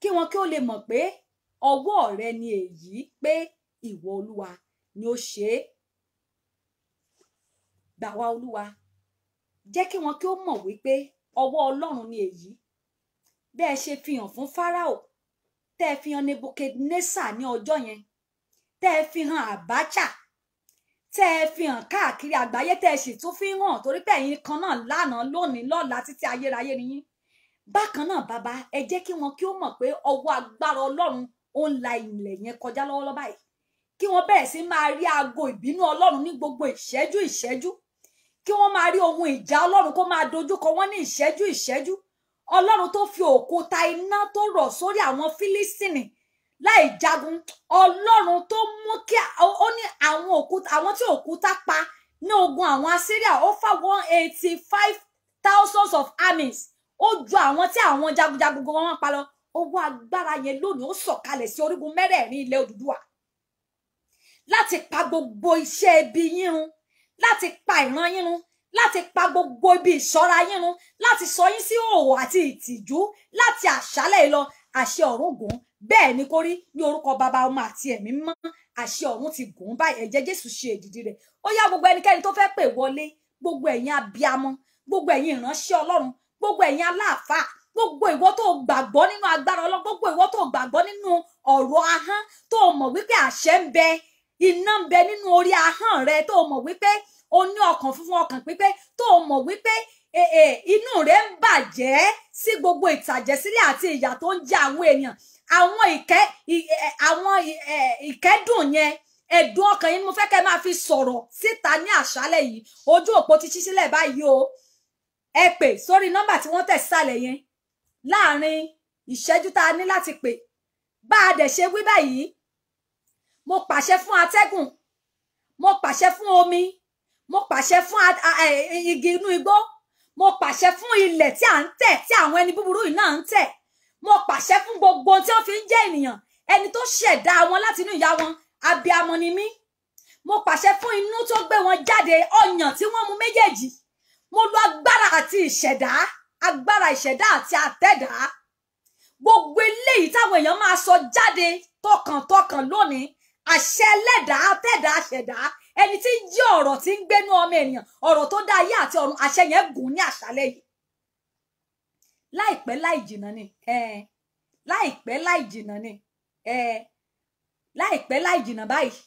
A: kí wọn kí ó lè mọ̀ pé ọwọ́ rẹ ni èyí pé ìwọ olúwa ni ó ṣe é gbà wá olúwa jẹ́ kí wọn kí ó mọ̀ wípé ọwọ́ ọlọ́run ni èyí bẹ́ẹ̀ ṣe fihàn fún Fáráò tẹ́ ẹ fi hàn Nebukadnessar ní ọjọ́ yẹn tẹ́ ẹ fi hàn Abacha tẹ́ ẹ fi hàn káàkiri àgbáyé tẹ́ sì tún fi hàn torí pé ẹ̀yin kan náà lánàá lónìí lọ́la títí ayérayé ni yín bákan náà bàbá ẹ jẹ́ kí wọn kí ó mọ̀ pé ọwọ́ agbára ọlọ́run ó ń la ilẹ̀ yẹn kọjá lọ́wọ́lọ́wọ́ báyìí kí wọ́n bẹ̀rẹ̀ sí máa rí aago ìbínú ọlọ́run ní gbogbo ìṣẹ́jú ìṣẹ́jú kí wọ́n máa rí ohun ìjà ọlọ́run kó máa dojúkọ wọ́n ní ìṣẹ́jú ìṣẹ́jú ọlọ́run tó fi òkúta iná tó rọ̀ sórí àwọn fílísìnì láì jagun ọlọ́run tó mú kí ó ní àwọn òkúta àwọn tí òkúta pa ní ogun àwọn assyria ó fà one eighty five thousands of armies ó ju àwọn tí àwọn jagunjagun gan wọn pa lọ ọwọ́ agbára yẹn lónìí ó sọ̀kalẹ̀ sí orígun mẹ́rẹ̀ẹ̀rin ilẹ̀ Odùduwà láti pa gbogbo iṣẹ́ ibi yín láti pa ìran yín run láti pa gbogbo ibi ìṣọ́ra yín run láti sọ yín sí òwò àti ìtìjú láti àṣálẹ̀ lọ àṣẹ ọ̀run gùn bẹ́ẹ̀ ni kórí ní orúkọ bàbá ọmọ àti ẹ̀mí mọ́ àṣẹ ọ̀run ti gùn báyìí ẹ̀jẹ̀ Jésù ṣe èdìdì rẹ̀ ó yá gbogbo ẹnikẹ́ni tó fẹ́ pè wọlé gbogbo ẹ̀yin abiamọ gbogbo ẹ̀yin ìránṣẹ́ Ọlọ́run gbogbo ẹ̀yin aláàfáà gbogbo ìwọ tó gbàgbọ́ nínú agbára ọlọ́run gbogbo ìwọ tó gbàgbọ́ nínú ọ̀rọ̀ ahọ́n tó mọ̀ wípé àṣẹ ń bẹ iná ń bẹ nínú orí ahọ́n rẹ tó mọ̀ wípé o ní ọkàn funfun ọkàn pípé tó mọ̀ wípé e, e, inú rẹ ń bàjẹ́ sí gbogbo ìtàjẹ̀sílẹ̀ àti ìyà tó ń jẹ àwọn èèyàn àwọn ìkẹ́ e, àwọn ìkẹ́dùn yẹn ẹ̀dùn ọkàn yìí mo fẹ́ kẹ́ máa fi sọ̀rọ̀ síta ní àṣálẹ̀ yìí ojú òpó ti ṣí báyìí o ẹ pè sórí nọ́mbà tí wọ́n tẹ̀ sísàlẹ̀ yẹn láàrin ìṣẹ́jú tá a ní láti pè bá a dẹ̀ ṣe wí báyìí mo pàṣẹ fún atẹ́gùn mo pàṣẹ fún omi mo pàṣẹ fún igi inú igbó mo pàṣẹ fún ilẹ̀ tí à ń tẹ̀ tí àwọn ẹni búburú yìí náà ń tẹ̀ mo pàṣẹ fún gbogbo tí wọ́n fi ń jẹ́ ènìyàn ẹni tó ṣẹ̀dá wọn láti inú ìyá wọn abiamọ ni mí mo pàṣẹ fún inú tó gbé wọn jáde ọyàn tí wọ́n mu méjèèjì mo lo agbára àti ìṣẹ̀dá agbára ìṣẹ̀dá àti àtẹ̀dá gbogbo eléyìí táwọn èèyàn máa sọ jáde tọkàntọkàn lónìí àṣẹ ẹlẹ́dàá àtẹ̀dá àṣẹ̀dá ẹni tí ń jí ọ̀rọ̀ tí ń gbénú ọmọ ènìyàn ọ̀rọ̀ tó dá ayé àti ọ̀run àṣẹ yẹn gùn ní àṣálẹ́ yìí láìpẹ́ láì jìnnà ni láìpẹ́ láì jìnnà ni láìpẹ́ láì jìnnà báyìí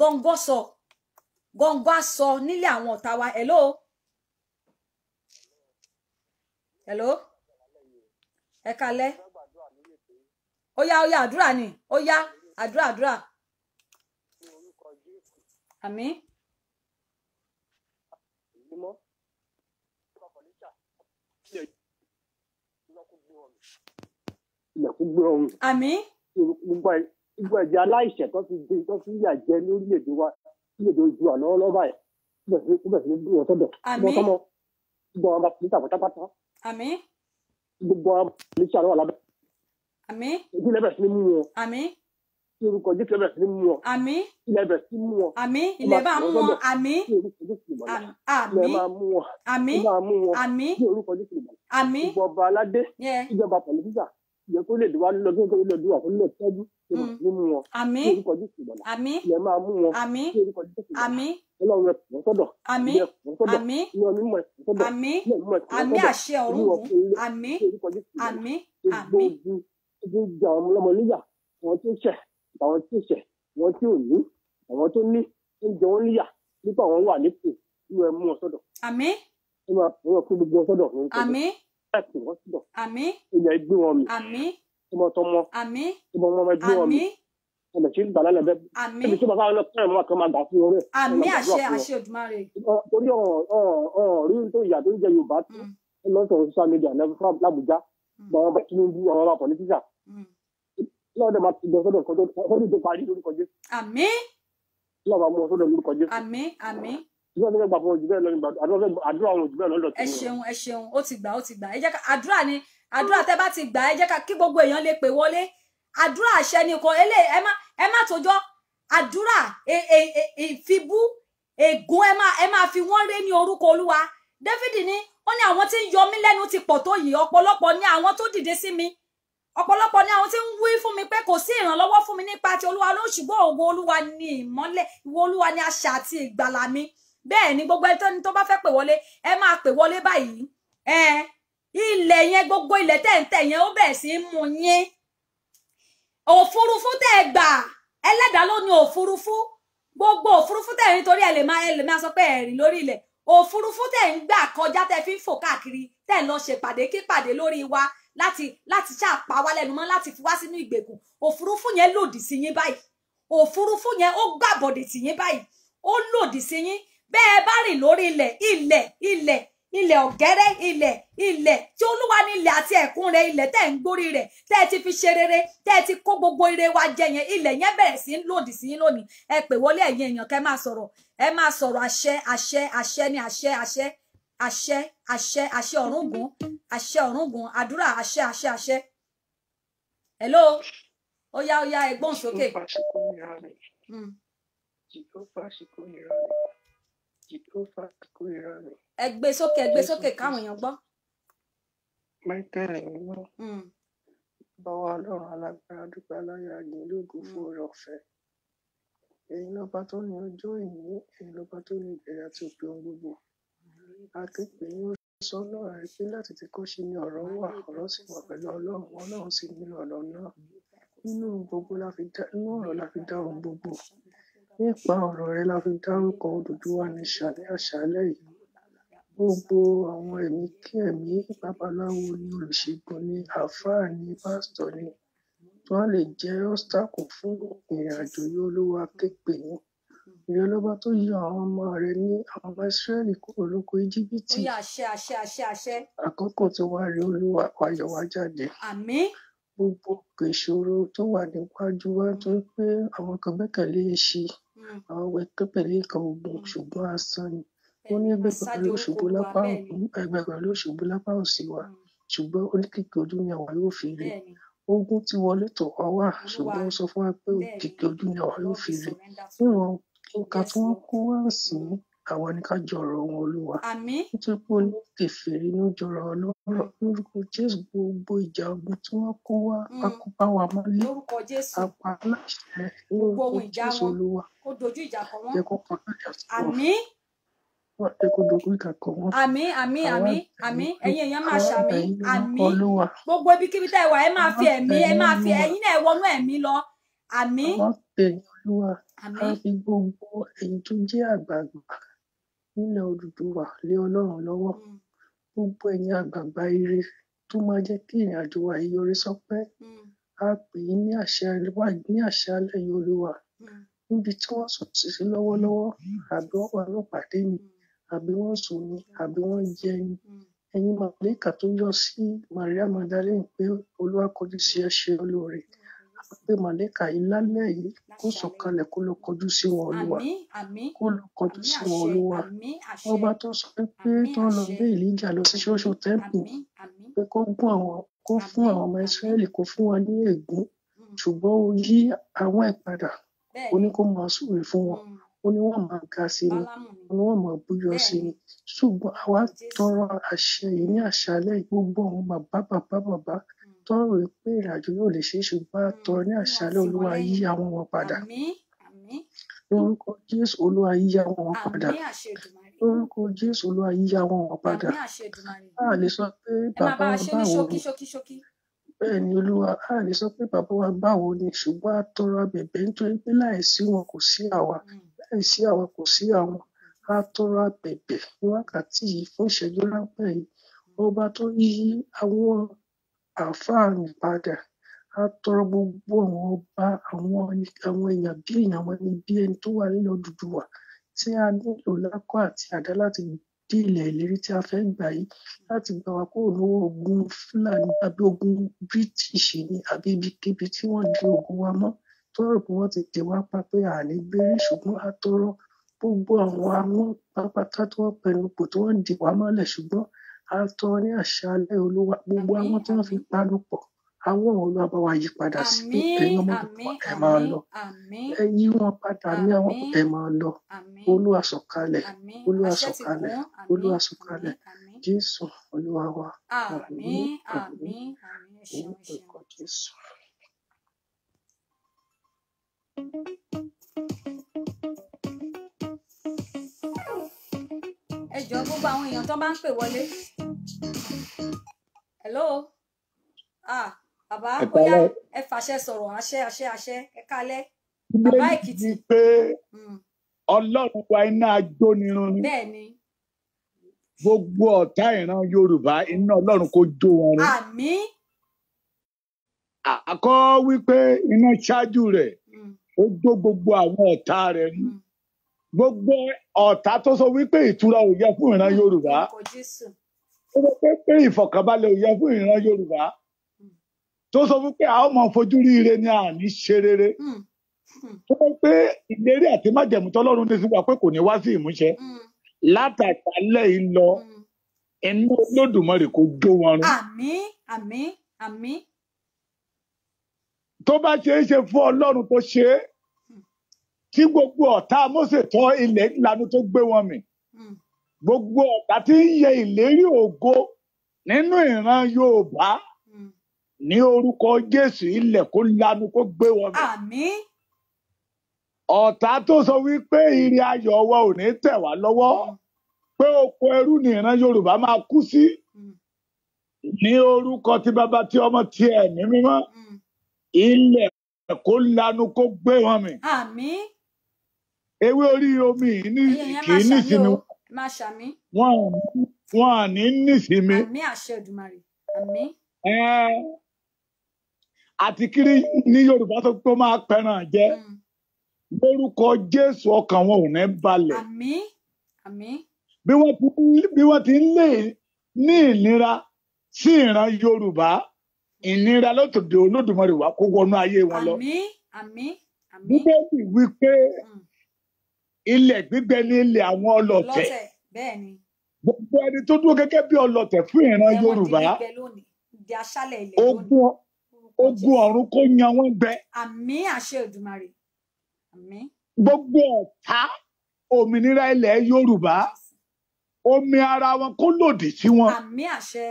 A: gọ́ngọ́ sọ gọ́ngọ́ sọ nílé àwọn ọ̀tá wa hello hello ẹ kalẹ́ ó yá ó yá àdúrà ni ó
B: yá àdúrà àdúrà àmín.
C: ilẹ̀kùn gbé ọrùn. àmín. tó ti di tó ti yà jẹ ní orílẹ̀-èdè wa orílẹ̀-èdè ojú àná lọ́ba ẹ̀ kúbẹ̀ sí ní bí wọ́n sọ́dọ̀. àmín. gbogbo ọmọ gbogbo ọmọ bá ti àmín. gbogbo àwọn àlejò àlọ́ àlábẹ́.
B: àmín.
A: ojú lẹ́bẹ̀
C: sí mú wọn.
B: àmín. orúkọ ojú lẹ́bẹ̀ sí mú wọn. àmín. ilẹ̀bẹ̀ sí mú wọn. àmín. ilẹ̀ bá mú wọn. àmín. àmín.
C: ilẹ̀ máa mú wọn. àmín. ilẹ̀ máa mú wọn. àmín. orúkọ ojú ìjọba aládé. ìjọba pọ̀lẹ́tíjà yẹ kó lè wá lọ́dún tó lọ́dún wà kó lè tẹ́jú mm. nínú wọn. àmì àmì àmì àmì ọlọ́run
B: ẹ̀kọ́ sọ́dọ̀ àmì àmì àmì àmì àṣẹ ọ̀rùn
C: àmì àmì àmì. gbogbo àwọn ọmọ níyà àwọn tó ṣẹ̀ àwọn tó ṣẹ̀ àwọn tí ní àwọn tó ní ń jẹ wọn níyà nípa àwọn wà nípò ní ẹ mú ọ sọ́dọ̀. àmì. ẹ máa fọwọ́ kó gbogbo ọ sọ́dọ̀. àmì
B: ẹ̀kú wọn síbọ̀. àmín. ilẹ̀ gbé wọn mi. àmín. ọmọ tó mọ. àmín. ọmọ ọmọ ẹgbẹ́ wọn mi.
C: ọmọ tí ń gbà lálẹ́ bẹ́ẹ̀. àmín. ibi tí bàbá wọn náà kẹ́rin mọ́ kan máa gbà fún àṣẹ àṣẹ Òdùmarè. torí rí tó ìyà tó ń jẹ Yorùbá tó mm. lọ́sọ̀rọ̀ social media lábùjá àwọn ọba Tinubu àwọn ọba pọ̀lítíṣà lọ́dọ̀ máa lọ́dọ̀ máa mú ọ sọ́dọ̀ lórúkọ Jésù ṣùgbọ́n mi fẹ́ gbà fún ojú
A: àdúrà àwọn ni àdúrà tẹ́ bá ti gbà ẹ jẹ́ ká kí gbogbo èèyàn lè pè wọlé àdúrà àṣẹ ni kò ẹlẹ́ ẹ má ẹ má tójọ́ àdúrà e- e- e- ìfibú ègún ẹ má ẹ má fi wọ́n ré ní orúkọ olúwa Dáfídì ni ó ní àwọn tí ń yọ mí lẹ́nu ti pọ̀ tó yìí ọ̀pọ̀lọpọ̀ ni àwọn tó dìde sí mi ọ̀pọ̀lọpọ̀ ni àwọn tí ń wí fún mi pé kò sí ìrànlọ́wọ́ fún mi nípa ti olúwa ló ṣùgbọ́n olúwa ni ìmọ́lẹ̀ ìwọ olúwa ni àṣà àti ìgbàlà mi bẹ́ẹ̀ ni gbogbo ẹni tó ní tó bá fẹ́ pè wọlé ẹ máa pè wọlé báyìí ẹ ilẹ̀ yẹn gbogbo ilẹ̀ tẹ̀ǹtẹ̀ yẹn ó bẹ̀rẹ̀ sí í mú yín òfurufú tẹ̀ gbà ẹlẹ́dàá ló ní òfurufú gbogbo òfurufú tẹ̀ ń torí ẹ lè máa ẹ lè máa sọ pé ẹ rìn lórí ilẹ̀ òfurufú tẹ̀ ń gbà kọjá tẹ̀ fi ń fò káàkiri tẹ̀ lọ ṣèpàdé kípàdé lórí wa láti láti ṣàpá wa lẹ́nu mọ́ láti fi wá sínú ìgbèkùn òfurufú yẹn lòdì sí yín báyìí òfurufú yẹn ó gbàbọ̀dè sí yín báyìí ó lòdì sí yín bẹ́ẹ̀ bá rìn lórí ilẹ̀ ilẹ̀ ilẹ̀ ilẹ̀ ọ̀gẹ́rẹ́ ilẹ̀ ilẹ̀ tí olúwa ní ilẹ̀ àti ẹ̀kún rẹ̀ ilẹ̀ tẹ́ ń gbórí rẹ̀ tẹ́ ẹ ti fi ṣe rere tẹ́ ẹ ti kó gbogbo ire wa jẹ yẹn ilẹ̀ yẹn bẹ̀rẹ̀ sí ń lòdì sí yín lónìí ẹ pè wọlé ẹ̀yin èèyàn kẹ́ máa sọ̀rọ̀ ẹ máa sọ̀rọ̀ àṣẹ àṣẹ àṣẹ ní àṣẹ àṣẹ àṣẹ àṣẹ àṣẹ ọ̀rúngún àṣẹ ọ̀rúngún àdúrà àṣẹ àṣẹ àṣẹ. hello ó yá ó yá ẹgbọ́n sókè. ìkópa
E: àsìkò nira rẹ̀. ìkópa àsìkò nira rẹ̀
A: ẹ gbé sókè ẹ gbé sókè káwọn èèyàn gbọ́.
E: michael ìwúlò hmm. báwa ọlọ́run alágbára dúpẹ́ aláyọ̀ àgbẹ̀ lóògùn fún oore ọ̀fẹ́ èyí lọ́ba tó ní ọjọ́ ìní èyí lọ́ba tó ní ìbẹ̀rẹ̀ àti òpin ohun gbogbo akéèpé ni ó sọ náà rí pé láti ti kọ́ sí ni ọ̀rọ̀ wà ọ̀rọ̀ sì wà pẹ̀lú ọlọ́run ọlọ́run sì ní ọ̀rọ̀ náà nínú gbogbo la fi dá ohun gbogbo nípa ọ̀rọ̀ rẹ̀ la fi dárúkọ Odùduwà nation ní àṣálẹ́ yìí gbogbo àwọn ẹ̀mí kí ẹ̀mí babaláwo ni olùṣègùn ni àáfàá ni pásítọ̀ ni tí wọ́n lè jẹ́ ọ́sítákù fún ìrìn àjò yìí olúwa képe ni ìrẹ́ ọlọ́ba tó yọ àwọn ọmọ rẹ ní àwọn ọmọ ìsírẹ́lì kúrò lóko íjíbítì àkókò tó wá rí olúwa ayọ̀ wá jáde gbogbo ìṣòro tó wà níwájú wa tó pé àwọn kan gbẹ́kẹ̀lé èṣì e àwọn wẹkẹ pẹ̀lú nǹkan ogun hmm. ṣùgbọ́n asán ni wọn ní ẹgbẹgbẹ ló ṣubú lápá ọ̀hún ẹgbẹgbẹ ló ṣubú lápá òsì wa hmm. ṣùgbọ́n oníkìkì ojú ni àwa yóò fi rí ogun ti wọlé tọ̀ wá wá ṣùgbọ́n ó sọ fún wa pé òkìkì ojú ni àwa yóò fi rí níwọn nǹkan tí wọn kó wá sí hmm àwa ni ká jọrọ wọn olúwa nítorí pé oní kẹfìrí ló jọrọ ọlọ́rọ̀ lórúkọ jésù gbogbo ìjà ogun tí wọ́n kó wá mm. akópa wa mọ́lẹ̀ apá aláṣẹ lórúkọ jésù olúwa jẹ́ kó kàn lọ́jà sí wọn àmín
A: àmín ẹ̀yin èèyàn máa ṣàmì àmín gbogbo ibikíbi tá ẹ wà ẹ máa fi ẹ̀mí ẹ máa fi ẹ̀yin náà wọnú ẹ̀mí lọ
E: àmín. àmín. àfi gbogbo ẹ̀yin tó jẹ́ àgbààgbà nílẹ òdúdúwá lé ọlọrun lọwọ mm. gbogbo ẹyin àgbààgbà ire tó máa jẹ kí ìrìn àjò wa yìí yọrí sọpẹ mm. a pè yín ní àṣẹ ní àṣẹ alẹ yìí olúwa mm. níbi tí wọn sùn sí sí lọwọlọwọ àbí wọn wà lọpàdé mi àbí wọn sùn mi àbí wọn jẹ mi ẹyin màlẹkà tó yọ sí maria magdalene pé olúwa kọjú sí ẹ ṣe olóore pé màlẹ́kà yìí lálẹ́ yìí kó sọ̀kalẹ̀ kó lọ kọjú sí wọn olúwa kó lọ kọjú sí wọn olúwa ọba tó sọ pé tó lọ gbé ìlíjà lọ sí ṣoṣo tẹ́ǹpù pé kó gún àwọn kó fún àwọn ọmọ ìsírẹ́lì kó fún wọn ní ègún mm. ṣùgbọ́n ó yí àwọn ẹ̀ padà ó ní kó máa súre fún wọn mm. ó ní wọ́n máa ga sí ni ó ní wọ́n máa búyọ sí ni ṣùgbọ́n àwa tọrọ àṣẹ yìí ní àṣálẹ́ gbogbo àwọn bàbá bàbá bàbá Lóòótọ́ wípé ìrìnàjò yóò lè ṣe é ṣùgbọ́n a tọrọ ní àṣálẹ́ Olúwa yí àwọn wọn padà. Lórúkọ Jésù Olúwa yí àwọn wọn padà. Lórúkọ Jésù Olúwa yí àwọn wọn padà. A lè sọ pé bàbá wa báwo ni. Bẹ́ẹ̀ ni Olúwa, a lè sọ pé bàbá wa báwo ni ṣùgbọ́n a tọrọ abẹ̀bẹ̀ nítorí pé láìsí wọn kò sí àwa. Hmm. Láìsí àwa kò sí àwọn. A tọrọ abẹ̀bẹ̀ ní wákàtí yìí fún ìṣẹ́jú ráńpẹ́ yìí. Ọba tó yí àwọn àáfàá ìbàdà á tọrọ gbogbo àwọn ọba àwọn àwọn èèyàn bí èèyàn wọn ni bí ẹni tó wà nílẹ̀ Odùduwà tí a nílò lákọ̀ àti àdá láti dí ilẹ̀ ìlérí tí a fẹ́ gbà yìí láti gbà wá kúrò lọ́wọ́ ogun Fúlàní àbí ogun British ni àbí ibikíbi tí wọ́n di ogun wa mọ́ tó pé wọ́n ti dè wá pa pé àní gbérí ṣùgbọ́n a tọrọ gbogbo àwọn àwọn pápátá tí wọ́n pẹnu kò tí wọ́n dè wá mọ́lẹ̀ ṣùgbọ́n a tọ ní àṣálẹ́ olúwa gbogbo àwọn tí wọ́n fi pálopọ̀ àwọn olúwa bá wa yí padà sí pé ẹ̀yin ọmọ púpọ̀ ẹ máa lọ ẹ yí wọn padà ní àwọn ẹ máa lọ olúwa sọ̀kalẹ̀ olúwa sọ̀kalẹ̀ olúwa sọ̀kalẹ̀ jésù olúwa wa àmín àmín orúkọ jésù. thank
B: you
A: ẹ jọ gbogbo àwọn èèyàn tó bá ń pè wọlé hello ah bàbá bóyá ẹ fàṣẹ sọ̀rọ̀ àṣẹ àṣẹ àṣẹ ẹ kálẹ́
C: bàbá èkìtì. pé hmm. ọlọ́run wa iná ajónirun ni. bẹ́ẹ̀ni. gbogbo ọ̀tá ìran yorùbá iná ọlọ́run kò jó wọn run. àmín. àkọ́ wípé iná ṣáájú rẹ̀ hmm. ó jó gbogbo àwọn ọ̀tá rẹ̀ run. Mm gbogbo ọ̀tá tó sọ wípé ìtura ò yẹ fún ìran yorùbá tó sọ pé pé ìfọ̀kànbalẹ̀ ò yẹ fún ìran yorùbá hmm. tó sọ wípé a ó fojú ríire ni a ní ṣe rere hmm. Hmm. tó sọ pé ìlérí àti májẹ̀mú tọ́lọ́run ní síwá pé kò ní wá sí ìmúṣẹ látàgbálẹ̀ yìí lọ inú olódùmarè kò jó wọn rún. àmín
B: àmín àmín.
C: tó bá ṣeé ṣe fún ọlọ́run tó ṣe é tí gbogbo ọ̀tá Mósè tọ́ ilẹ̀ lanu tó gbé wọn mì hmm. gbogbo ọ̀tá tí ń yẹ ìlérí ògo nínú ìran Yorùbá hmm. ní orúkọ Jésù ilẹ̀ kó lanu kó gbé wọn mì. ọ̀tá tó sọ wípé ìrìn ayọ̀ wa ò ní tẹ̀ wá lọ́wọ́ hmm. pé oko ẹrú ni ìran Yorùbá máa kú sí ní orúkọ tí bàbá tí ọmọ tí ẹ̀mí mímọ́ ilẹ̀ kó lanu kó gbé wọn mì ewé orí omi ní kì í nísinmi wọn à ní nísinmi. àmì
B: àṣẹ Èdùmàrè
C: àmì. àti kiri ní Yorùbá tó tó máa pẹran jẹ hmm. lórúkọ Jésù ọkàn wọn ò ní balẹ̀. àmì àmì. bí wọ́n ti ń lè ní ìnira sí ìran Yorùbá ìnira lọ́tọ̀dẹ̀ Olódùmarè wá kó wọnú ayé wọn lọ. àmì àmì àmì. bíbélì Mm ilẹ̀ gbígbẹ ní ilẹ̀ àwọn ọlọ̀tẹ̀ gbogbo ẹni tó dúró gẹ́gẹ́ bí ọlọ̀tẹ̀ fún ìran Yorùbá ogun ọ̀run kò yan wọ́n gbẹ.
B: àmín àṣẹ Èdùmàrè àmín.
C: gbogbo ọ̀tá òmìnira ilẹ̀ Yorùbá omi ara wọn kó lòdì sí wọn. àmín àṣẹ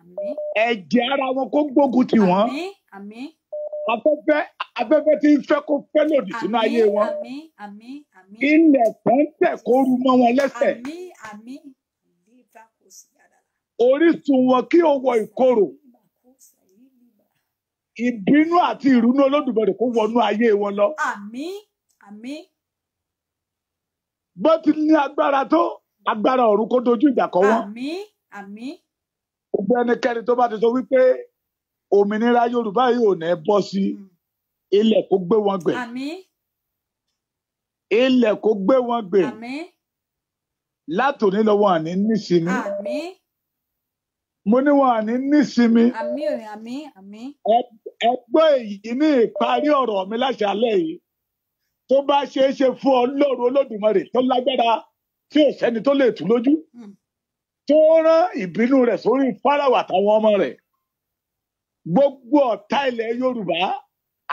C: àmín. ẹ̀jẹ̀ ara wọn kó gbógun tì wọ́n. àmín afẹ́fẹ́ afẹ́fẹ́ tí ń fẹ́ kó fẹ́ lòdì sínú ayé wọn ilẹ̀ kan tẹ̀ kó ru mọ́ wọn lẹ́sẹ̀ orísun wọn kí ó wọ ìkorò ìbínú àti ìrúnú Olódùmarè kó wọnú ayé wọn lọ. àmín àmín. bó ti ní agbára tó agbára ọ̀run kó dojú ìjà kọ wọn.
B: àmín àmín.
C: gbogbo ẹnikẹ́ni tó bá ti sọ wípé òmìnira yorùbá yìí ò ní bọ́ sí hmm. ilẹ̀ kó gbé wọn gbẹ̀ ilẹ̀ kó gbé wọn gbẹ̀ látòní lọ wọn àní nísìmí mo ní wọn àní nísìmí ẹgbẹ́ èyí ní ìparí ọ̀rọ̀ mi láṣálẹ́ yìí tó bá ṣeé ṣe fún ọlọ́run olódùmarè tó lágbára tí ò sẹ́ni tó lè tú lójú hmm. tó rán ìbínú rẹ̀ sórí fáráwà táwọn ọmọ rẹ̀ gbogbo ọ̀tá ilẹ̀ yorùbá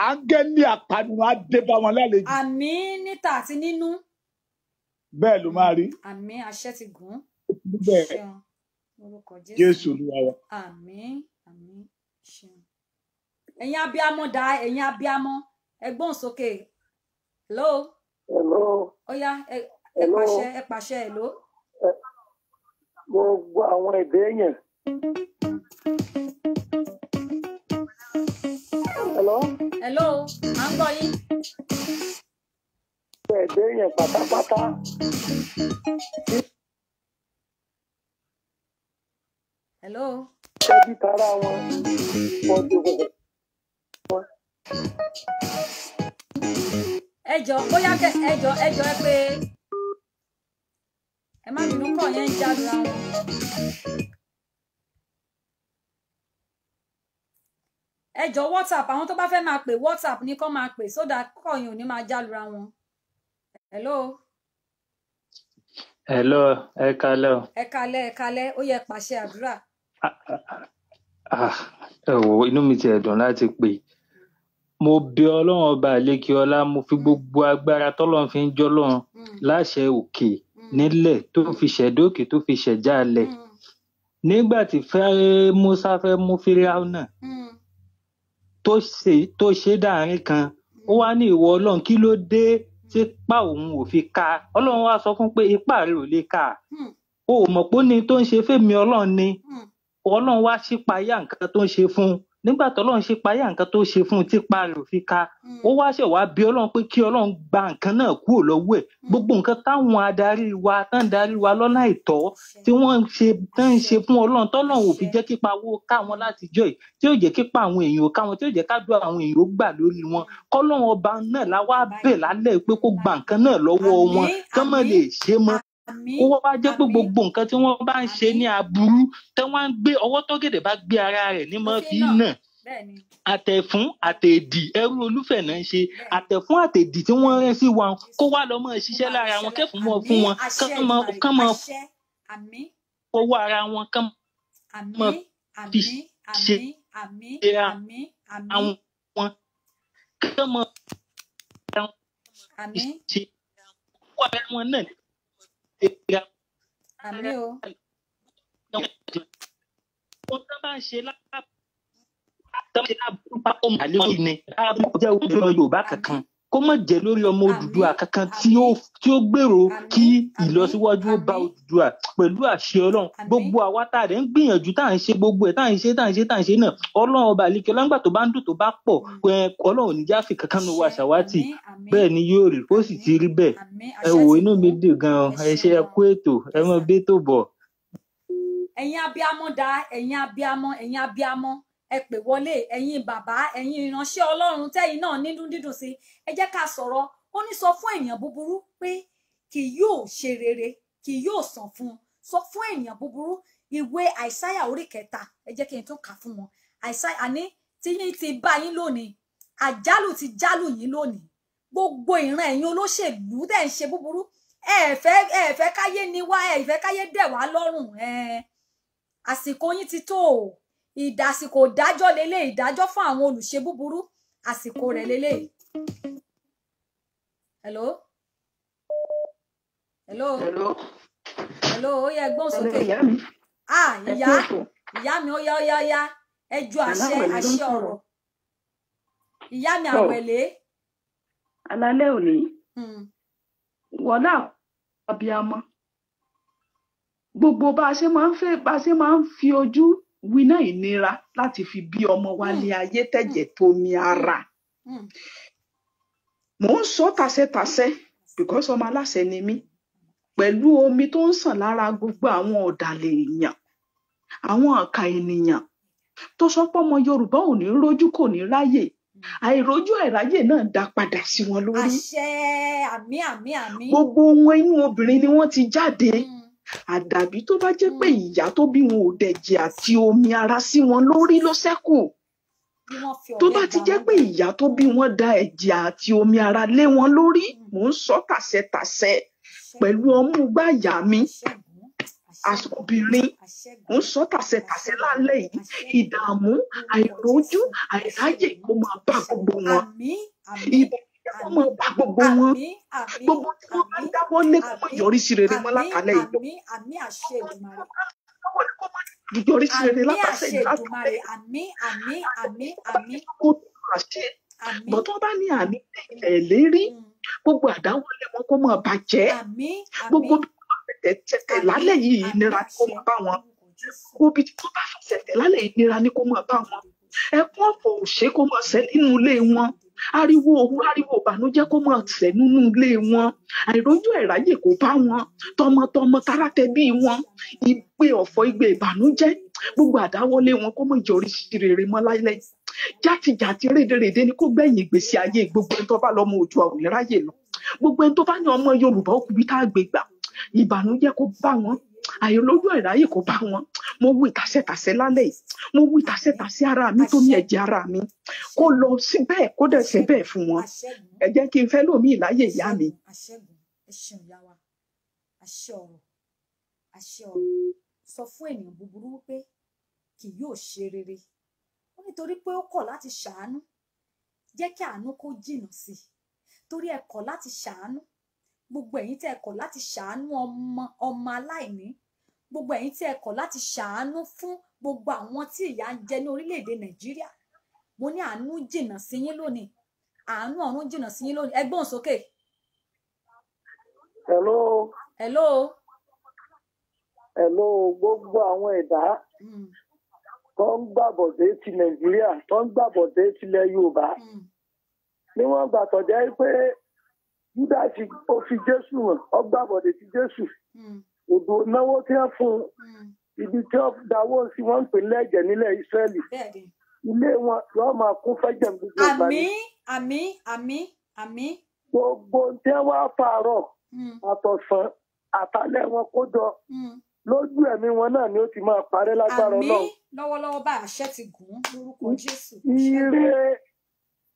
C: áńgẹ́lì àpànìyàn á wọn lálejò. àmì níta àti nínú. bẹ́ẹ̀ ló máa rí. àmì
B: àṣẹ ti gùn.
C: bẹ́ẹ̀ jésù olúwa wa.
B: àmín àmín ṣeun. ẹ̀yin abiyamọ dá ẹ̀yin abiyamọ ẹgbọ́n
A: sókè. hello. hello. ó ẹ pàṣẹ ẹ pàṣẹ hello.
C: gbogbo àwọn ẹ̀dẹ́ yẹn hello. hello à ń gbọ́ yín. bẹ́ẹ̀ dé yẹn pátápátá. hello. ṣẹ́bí tara wọn wọ́n dé wọn.
B: ẹ jọ bóyá kẹ ẹ jọ ẹ jọ ẹ pé ẹ má bínú kọ yẹn ń jáde ra wọn. ẹ
A: jọ whatsapp àwọn tó bá fẹ́ máa pè whatsapp ní kó máa pè sódà
B: kọ̀yìn ò ní máa jálura wọn. hello.
F: hello ẹ kalẹ́ o.
B: ẹ kalẹ́ ẹ kalẹ́ ó yẹ pàṣẹ àdúrà. Ah, ah,
F: ah, ẹ wò inú mi ti ẹ̀dùn láti pè mo bẹ̀ ọlọ́run ọba àlekè ọlá mo fi gbogbo agbára tọ́lọ́run fi ń jọ́lọ́run hmm. láṣẹ òkè hmm. nílẹ̀ tó fi ṣẹ̀dókè tó fi ṣẹ̀já alẹ̀ hmm. nígbà tí fẹ́ musa fẹ́ mú fíráúnà. Mm tó ṣe dáàrin kan ó wá ní ìwọ ọlọ́run kí ló dé tí pa òun ò fi ka ọlọ́run wá sọ fún pé ipá rẹ ò lè ka hmm. o ò mọ̀ pé ó ní tó ń ṣe fẹ́mi ọlọ́run ni hmm. ọlọ́run wá ṣípayá nǹkan tó ń ṣe fún un nígbà tọ́lọ́run ṣe payá nǹkan tó ṣe fún un tipa rẹ̀ ò fi ka hmm. ó wá ṣẹ̀ wá bí ọlọ́run pé kí ọlọ́run gba nǹkan náà kúrò lọ́wọ́ ẹ̀ hmm. gbogbo nǹkan táwọn adarí wa tán darí wa lọ́nà ìtọ́ tí wọ́n ṣe tán ń ṣe fún ọlọ́run tọ́lọ́run ò fi jẹ́ kípa wo káwọn látijọ́ yìí tí yóò jẹ́ kípa àwọn èèyàn káwọn tí yóò jẹ́ kádùn àwọn èèyàn ó gbà lórí wọn hmm. kọ́lọ́run ọba náà la wá bẹ̀ lálẹ́ pé kó gba nǹkan náà lọ́wọ́ wọn kán mọ̀ lè ó wọ́n wá jẹ́ pé gbogbo nǹkan tí wọ́n bá ń ṣe ní aburú tí wọ́n ń gbé ọwọ́ tó gèdè bá gbé ara rẹ̀ ní mọ́ fi nà àtẹ̀fún àtẹ̀dì ẹrú olúfẹ̀ náà ń ṣe àtẹ̀fún àtẹ̀dì tí wọ́n rẹ́ sí wa kó wá lọ́mọ ṣiṣẹ́ lára wọn kẹ́fún mọ́ fún wọn kán mọ́ owó ara wọn kán
B: mọ́ fi
F: ṣe àwọn wọn kán mọ́ fi ṣe owó wọn náà àmì o. ó tán bá ń ṣe láàbù tán bá ń ṣe láàbù pápọ̀ màlúù ni láàbù jẹ́ òjò Yorùbá kankan kó má jẹ́ lórí ọmọ Odùduwà kankan tí ó gbèrò kí ìlọsíwájú ó bá Odùduwà pẹ̀lú àṣẹ Ọlọ́run gbogbo àwa tá a rẹ̀ ń gbìyànjú tá à ń ṣe gbogbo ẹ̀ tá à ń ṣe tá à ń ṣe tá à ń ṣe náà Ọlọ́run ọba àlekè lágbà tó bá ń dùn tó bá pọ̀ Ọlọ́run ò ní jáfe kankan ló wa ṣàwátì bẹ́ẹ̀ ni yóò rí ó sì ti rí bẹ́ẹ̀ ẹ wò inú mi dùn gan ẹ ṣe ẹ kú ètò ẹ mọ bí ètò bọ̀.
A: ẹ̀yin abiamọ da ẹ̀yin abiamọ ẹ̀yin abiamọ ẹ pè wọlé ẹ̀yin bàbá ẹ̀yin ìránṣẹ́ Ọlọ́run tẹ̀yin náà nínú dídùn sí ẹ jẹ́ ká sọ̀rọ̀ ó ní sọ fún èèyàn búburú pé kì yóò ṣe rere kì yóò sàn fún sọ fún èèyàn búburú ìwé àìsáyà orí kẹta ẹ jẹ́ kí n tún kà fún wọn àìsáyà àní tíyín ti bá yín lónìí àjálù ti jálù yín lónìí gbogbo ìran ẹ̀yin olóṣèlú dẹ̀ ń ṣe búburú ẹ fẹ́ ẹ káyé ni wá ẹ fẹ́ káyé dẹ̀ wá ẹ àsìkò yín ti tó o ìdásìkò ìdájọ́ lélẹ̀ ìdájọ́ fún àwọn olùṣe búburú àsìkò rẹ̀ lélẹ̀ hello hello hello hello ó yẹ gbọ́n sókè ah ìyá ìyá mi ó yá ó yá ó yá ẹ ju àṣẹ àṣẹ ọ̀rọ̀ ìyá mi àwẹlé.
E: alálẹ́ òní hmm. wọ́lá abiyamọ gbogbo bá a ṣe máa ń fi ojú winá ìnira
C: láti fi bí ọmọ wálé hmm. ayé hmm. tẹ̀jẹ̀ tómi ara hmm. mò ń sọ tasẹ́tasẹ́ because ọmọ aláṣẹ ni mí pẹ̀lú omi tó ń sàn lára gbogbo àwọn ọ̀dàlẹ̀ èèyàn àwọn àka ènìyàn tó sọ pé ọmọ Yorùbá ò ní rójú kò ní ráyè àìrójú àìráyè náà dá padà sí wọn lórí àṣẹ
B: àmì àmì àmì
C: gbogbo wọn inú obìnrin ni wọ́n ti jáde. Mm àdàbí tó bá jẹ́ pé hmm. ìyá tó bí wọn ò dẹ̀jẹ̀ àti omi ara sí wọn lórí ló ṣẹ́kù tó bá ti jẹ́ pé ìyá tó bí wọn da ẹ̀jẹ̀ àti omi ara lé wọn lórí hmm. mò ń sọ tàṣẹtàṣẹ pẹ̀lú ọmú gbàyà mi àṣọbìnrin ń sọ tàṣẹtàṣẹ lálẹ́ yìí ìdààmú àìrójú àìráyè kó máa bá gbogbo wọn ìbẹ̀rù kó mọ̀ bá gbogbo wọn gbogbo tí wọ́n bá ń dáwọ́ lé kó mọ̀ yọrí sí rere mọ́ látàlẹ́ ìlú yọrí sí rere látàlẹ́ ìlú látàlẹ́ ìlú bọ́tọ́ bá ní àmì ẹ̀lérí mm. gbogbo àdáwọlé wọn kó mọ̀ bàjẹ́ gbogbo tẹ̀tẹ̀ lálẹ́ yìí ìnira kó mọ̀ bá wọn gbogbo tí wọ́n bá fẹsẹ̀ tẹ̀ lálẹ́ ìnira ni kó mọ̀ bá wọn ẹkún ọ̀fọ̀ òṣè kó máa ṣẹ nínú ilé wọn ariwo òru ariwo ìbànújẹ́ kó máa ṣẹ nínú ilé wọn àìrójú ẹ̀ráyè kó bá wọn tọmọtọmọ tárátẹbí wọn igbe ọ̀fọ̀ igbe ìbànújẹ́ gbogbo àdáwọ́lé wọn kó mọ ìjọrí sí rere mọ́ láíláí játijàti rédèrèdè ni kó gbẹ̀yìn ìgbésí ayé gbogbo ẹni tó bá lọ́mọ òjò àwòrán ráyè lọ gbogbo ẹni tó bá ní ọmọ Yorùbá ó tá a gbé gbà ìbànújẹ́ kó bá wọn àìlójú àìráyè kò bá wọn mo wí tàṣẹtàṣẹ lálẹ́ yìí mo wí tàṣẹtàṣẹ ara mi tó ní ẹ̀jẹ̀ ara mi kó lọ síbẹ̀ kó dẹ̀ ṣe fún wọn ẹ kí n fẹ́ lómi ìláyè ìyá mi.
A: sọ fún ènìyàn búburú wípé kì yóò ṣe rere nítorí pé ó kọ̀ láti ṣàánú jẹ́ kí àánú kó jìnnà sí i torí ẹ kọ̀ láti ṣàánú gbogbo ẹ̀yin tẹ́ ẹ kọ̀ láti ṣàánú ọmọ ọmọ aláìní gbogbo ẹ̀yin tẹ́ ẹ kọ̀ láti ṣàánú fún gbogbo àwọn tí ìyà ń jẹ ní orílẹ̀-èdè nàìjíríà mo ní àánú jìnnà sí yín lónìí àánú ọ̀run jìnnà sí yín lónìí ẹ sókè.
C: hello. hello. hello gbogbo àwọn ẹ̀dá hmm. tó ń gbàbọ̀dé ti nàìjíríà tó ń gbàbọ̀dé tilẹ̀ yorùbá hmm. níwọ̀n gbàtọ̀jẹ́ pé júdásì ó fi jésù hàn ọgbà àbọ̀dé ti jésù òdò hmm. náwó tí wọ́n fún hmm. ibi tí wọ́n dáwọ́ sí wọ́n ń pè lẹ́jẹ̀ nílẹ̀ ìsírẹ́lì ilé wọn wọ́n máa kún fẹ́jẹ̀ gbogbo ìgbà ni.
B: àmín àmín
C: àmín. gbogbo tí wọ́n wá fàárọ̀ hmm. àtọ̀sán àtàlẹ́ wọn kó jọ lójú ẹ̀mí wọn náà ni ó ti máa parẹ́ lágbára náà. àmín
B: lọ́wọ́lọ́wọ́ bá àṣẹ ti gùn
C: lórúkọ jésù. ire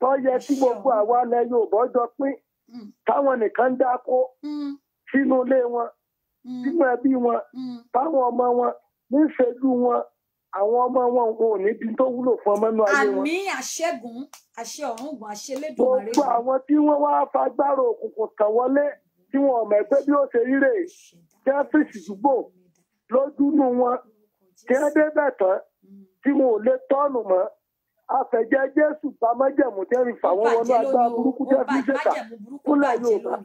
C: tó yẹ tí gbogbo àwa lẹ yorùbá pín Mm. táwọn nìkan dáko mm. sínú ilé wọn mm. sínú ẹbí wọn táwọn ọmọ wọn ní ìṣẹ́jú wọn àwọn ọmọ wọn wọn ò ní bí tó wúlò fún ọmọ inú ayé wọn. àmì
A: àṣẹ́gun àṣẹ ọ̀rùngbọ̀n àṣẹlẹ́dùn àrẹ. gbogbo àwọn
C: tí wọ́n wá fagbára òkùnkùn kàn wọlé tí wọn ò mọ̀ pé bí ó ṣe ríre jẹ́fíìsì dùgbò lójúnú wọn kí wọ́n débẹ̀ tán tí wọn ò lè tọ́ọ̀nù mọ́ afẹ̀jẹ̀ jésù bá májẹ̀mú tẹ́rì fàwọn wọnú agbára burúkú tẹ́rì ṣẹ̀ta a yorùbá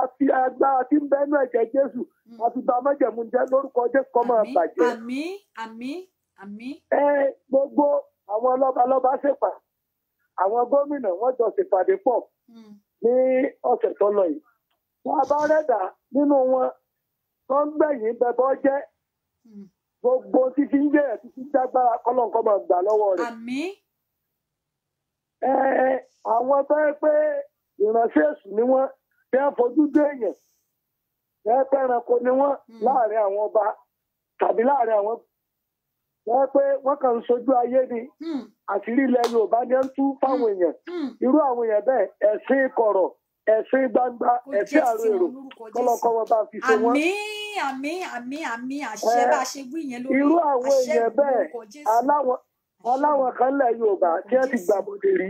C: àfi agbára tí ń bẹ́nu ẹ̀jẹ̀ jésù àfi mm. bá májẹ̀mú jẹ́ lórúkọ jésù kọ́ máa bàjẹ́. àmín àmín àmín. ẹ gbogbo àwọn lọ́balọ́ba ṣèpà àwọn gómìnà wọ́n jọ ṣèpàdé pọ̀ mm. ní ọ̀sẹ̀ tó lọ yìí wọ́n bá rẹ̀dà nínú wọn tó ń gbẹ̀yìn bẹ̀bọ́ jẹ́ mm. gbogbo títí ń bẹ̀rẹ̀ títí dágbára kọlọ nǹkan máa gbà lọ́wọ́ rẹ̀. ẹ ẹ àwọn tó yẹ pé ìránṣẹ́ èṣù ni wọ́n tẹ́ fojú dé èèyàn tẹ́ ni wọ́n hmm. láàrin àwọn ọba tàbí láàrin àwọn tẹ́ pé wọ́n kàn ń sojú ayé ni hmm. ilẹ̀ Yorùbá ni ń tú fáwọn hmm. èèyàn irú ẹ̀sìn gbangba ẹ̀sìn àrùn èrò kọ́lọ́kọ́ wọn bá fi ṣe wọ́n. àmín
B: àmín àmín àmín àṣẹ bá a ṣe wí yẹn lórí irú àwọn èèyàn bẹ́ẹ̀ aláwọn
C: aláwọn kan lẹ̀ Yorùbá tí wọ́n ti gbàbọ̀dé rí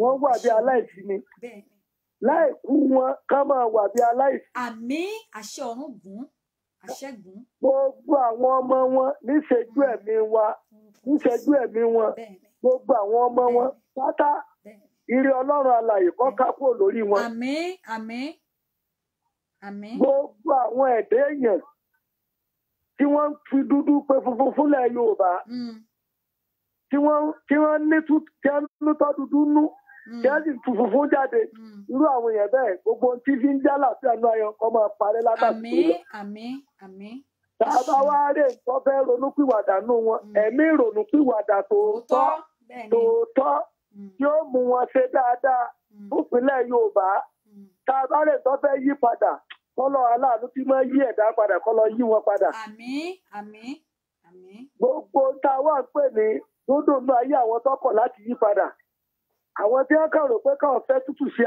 C: wọ́n wà bí aláìsí ni láì kú wọn ká máa wà bí aláìsí. àmín àṣẹ ọ̀run gùn àṣẹ gùn. gbogbo àwọn ọmọ wọn níṣẹ́jú ẹ̀mí wọn gbogbo àwọn ọmọ wọn pátá ire ọlọ́run alààyè kó kápò lórí wọn. gbogbo àwọn ẹ̀dá èèyàn tí wọ́n fi dúdú pé funfun fúnlẹ̀ yorùbá hmm. tí wọ́n tí wọ́n dúdú nú hmm. tí wọ́n sì tu funfun jáde hmm. irú àwọn èèyàn bẹ́ẹ̀ gbogbo tí fi ń jálà sí àánú ayọ̀ kó máa parẹ́ látàkùn lọ. àmín wá rè tó fẹ́ ronúpìwàdà nù wọn ẹ̀mí ìrònúpìwàdà tòótọ́ tòótọ́. Mm. yóò mú wọn ṣe dáadáa mm. fúnpínlẹ̀ Yorùbá mm. tá a bá lè tọ́ fẹ́ yí padà kọ́lọ́ aláàánú tí máa yí ẹ̀dá padà kọ́lọ́ yí wọn padà. gbogbo tá a wà ń pè ní dúndùnú ayé àwọn tọkọ láti yí padà àwọn tí wọn kàn rò pé káwọn tútù ṣe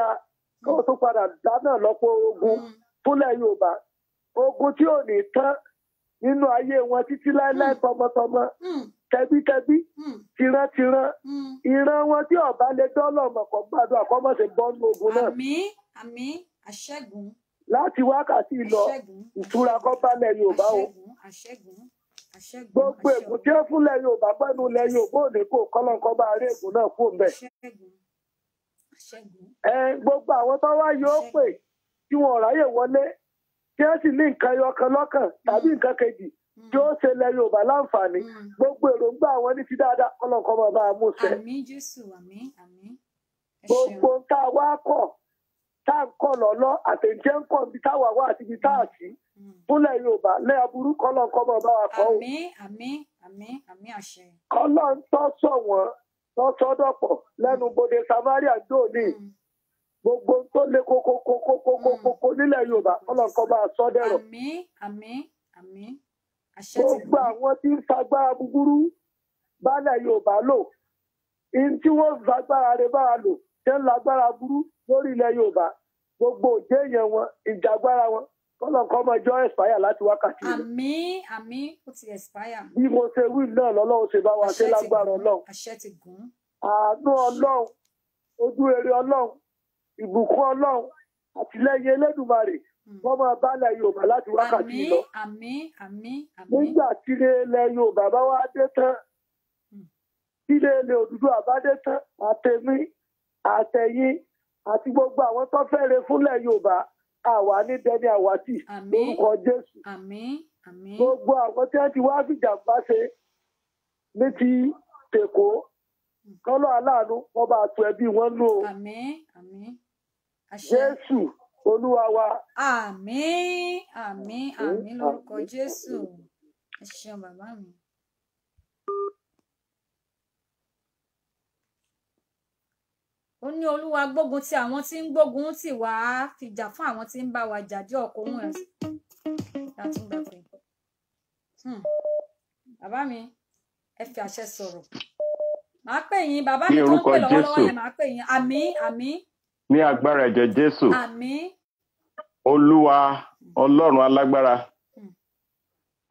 C: káwọn ogun fúnlẹ̀ Yorùbá ogun tí ò ní tán nínú ayé wọn títí láéláé tọmọtọmọ tẹbítẹbí hmm. tìrantìran hmm. ìran wọn tí ọba lè dọ́là ọmọkàn gbàdúrà kọ́ mọ̀ sí bọ́ọ̀nù ogun náà. àmín àmín àṣẹ́gun. láti wákàtí lọ ìtura kọ́ balẹ̀ yorùbá o. gbogbo ègùn tí ó fúnlẹ̀ yorùbá pẹ́nu lẹ̀ yorùbá òní kò kọ́lọ́nkọ́ bá rí ègùn náà fún bẹ́ẹ̀. gbogbo àwọn tó wá yóò pè tí wọn ò ráyè wọlé tí wọ́n sì ní nǹkan ẹyọ kan tàbí nǹkan kejì yóò ṣe lẹ yorùbá láǹfààní mm. gbogbo èròǹgbà àwọn ní ti dáadáa ọlọ́nkọ́ máa bá a mú ṣẹ. àmín jésù àmín àmín. gbogbo tá a wá kọ̀ tá a ń kọ̀ lọ́lọ́ àtẹ̀jẹ́ ń kọ̀ bí táwa wá àti ibi tá a sí mm. Mm. fúnlẹ̀ yorùbá lẹ́ aburú kọ́lọ́nkọ́ máa bá wa kọ́ o. àmín àmín àmín àmín àṣẹ. kọ́lọ́ntọ́ sọ wọ́n wọ́n sọ́dọ̀pọ̀ lẹ́nu bodè samaria dòní gbogbo tó lé kókókókókókó nílẹ̀ yorùbá kọ́lọ́nkọ́ máa sọ́dẹ̀rọ̀. àmín àmín àmín gbogbo àwọn tí ń fagbára búburú bálẹ̀ yorùbá lò ihun tí wọ́n fagbára rẹ̀ bára lò ṣe ń lágbára burú lórí ilẹ̀ yorùbá gbogbo òjé yẹn wọn ìjàgbára wọn kọlọ̀kọ́ ọmọ ẹjọ́ expire láti wákàtí
B: rẹ̀. àmín ó ti expire.
C: bí mo ṣe wí náà lọ́lọ́run ṣe bá wa ṣe lágbára ọlọ́run. àánú ọlọ́run ojú rere ọlọ́run ìbùkún ọlọ́run àtìlẹ́yìn elédùmarè Hmm. wọ́n máa bá ilẹ̀ Yorùbá láti wákàtí lọ.
B: àmín àmín
C: àmín. nígbà tílé ilẹ̀ Yorùbá bá wá dé tán hmm. tílé ilẹ̀ òdúdó àbádé tán àtẹ̀mí àtẹ̀yìn àti gbogbo àwọn tó fẹ́rẹ̀ fúnlẹ̀ Yorùbá àwa ní dẹni àwátì lórúkọ Jésù. àmín àmín. gbogbo àwọn tí wọ́n ti wá fìjàmbá ṣe ní ti tèkó kọ́lọ́ aláàánú wọ́n bá tu ẹbí wọn lò. àmín àmín. Jésù olúwa wa.
B: àmín àmín àmín lórúkọ jésù ẹ ṣeun bàbá mi. ó ní olúwa gbógun ti àwọn tí
A: ń gbógun tì wá fìjà fún àwọn tí ń bá wa jà jẹ́ ọkọ òun ẹsẹ látúndà
B: pé hmm. bàbá mi ẹ fi àṣẹ sọ̀rọ̀ màá pè yín bàbá mi tó ń pè lọ́wọ́lọ́wọ́ yẹn màá pè yín àmín àmín.
D: ní agbára ẹ̀jẹ̀ jésù. àmín olúwa ọlọ́run alágbára hmm.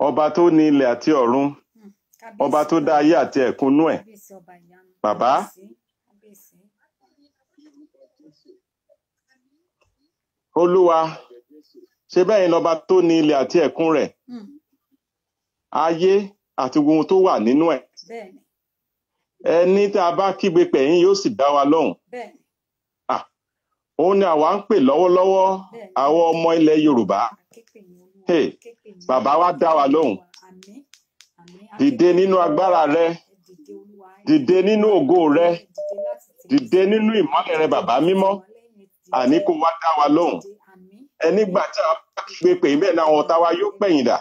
D: ọba tó ní ilẹ̀ àti ọ̀run hmm. ọba tó dá ayé àti ẹ̀kúnnú ẹ̀ bàbá olúwa ṣe bẹ́ẹ̀ lọ́ba tó ní ilẹ̀ àti ẹ̀kún rẹ̀ hmm. ayé àti ohun tó wà nínú ẹ̀ ẹni tá a bá kígbe pẹ̀yìn yóò sì dá wa lóhùn òun ni àwa ń pè lọ́wọ́lọ́wọ́ àwọn ọmọ ilẹ̀ Yorùbá bàbá wa dá wa lóhùn dìde nínú agbára rẹ dìde nínú ògo rẹ dìde nínú ìmọ́lẹ̀ rẹ bàbá mímọ́ àní kó wá dá wa lóhùn ẹnígbà tí a bá kígbe pè é bẹ́ẹ̀ náà àwọn ọ̀tá wa yóò pẹ̀yìn dà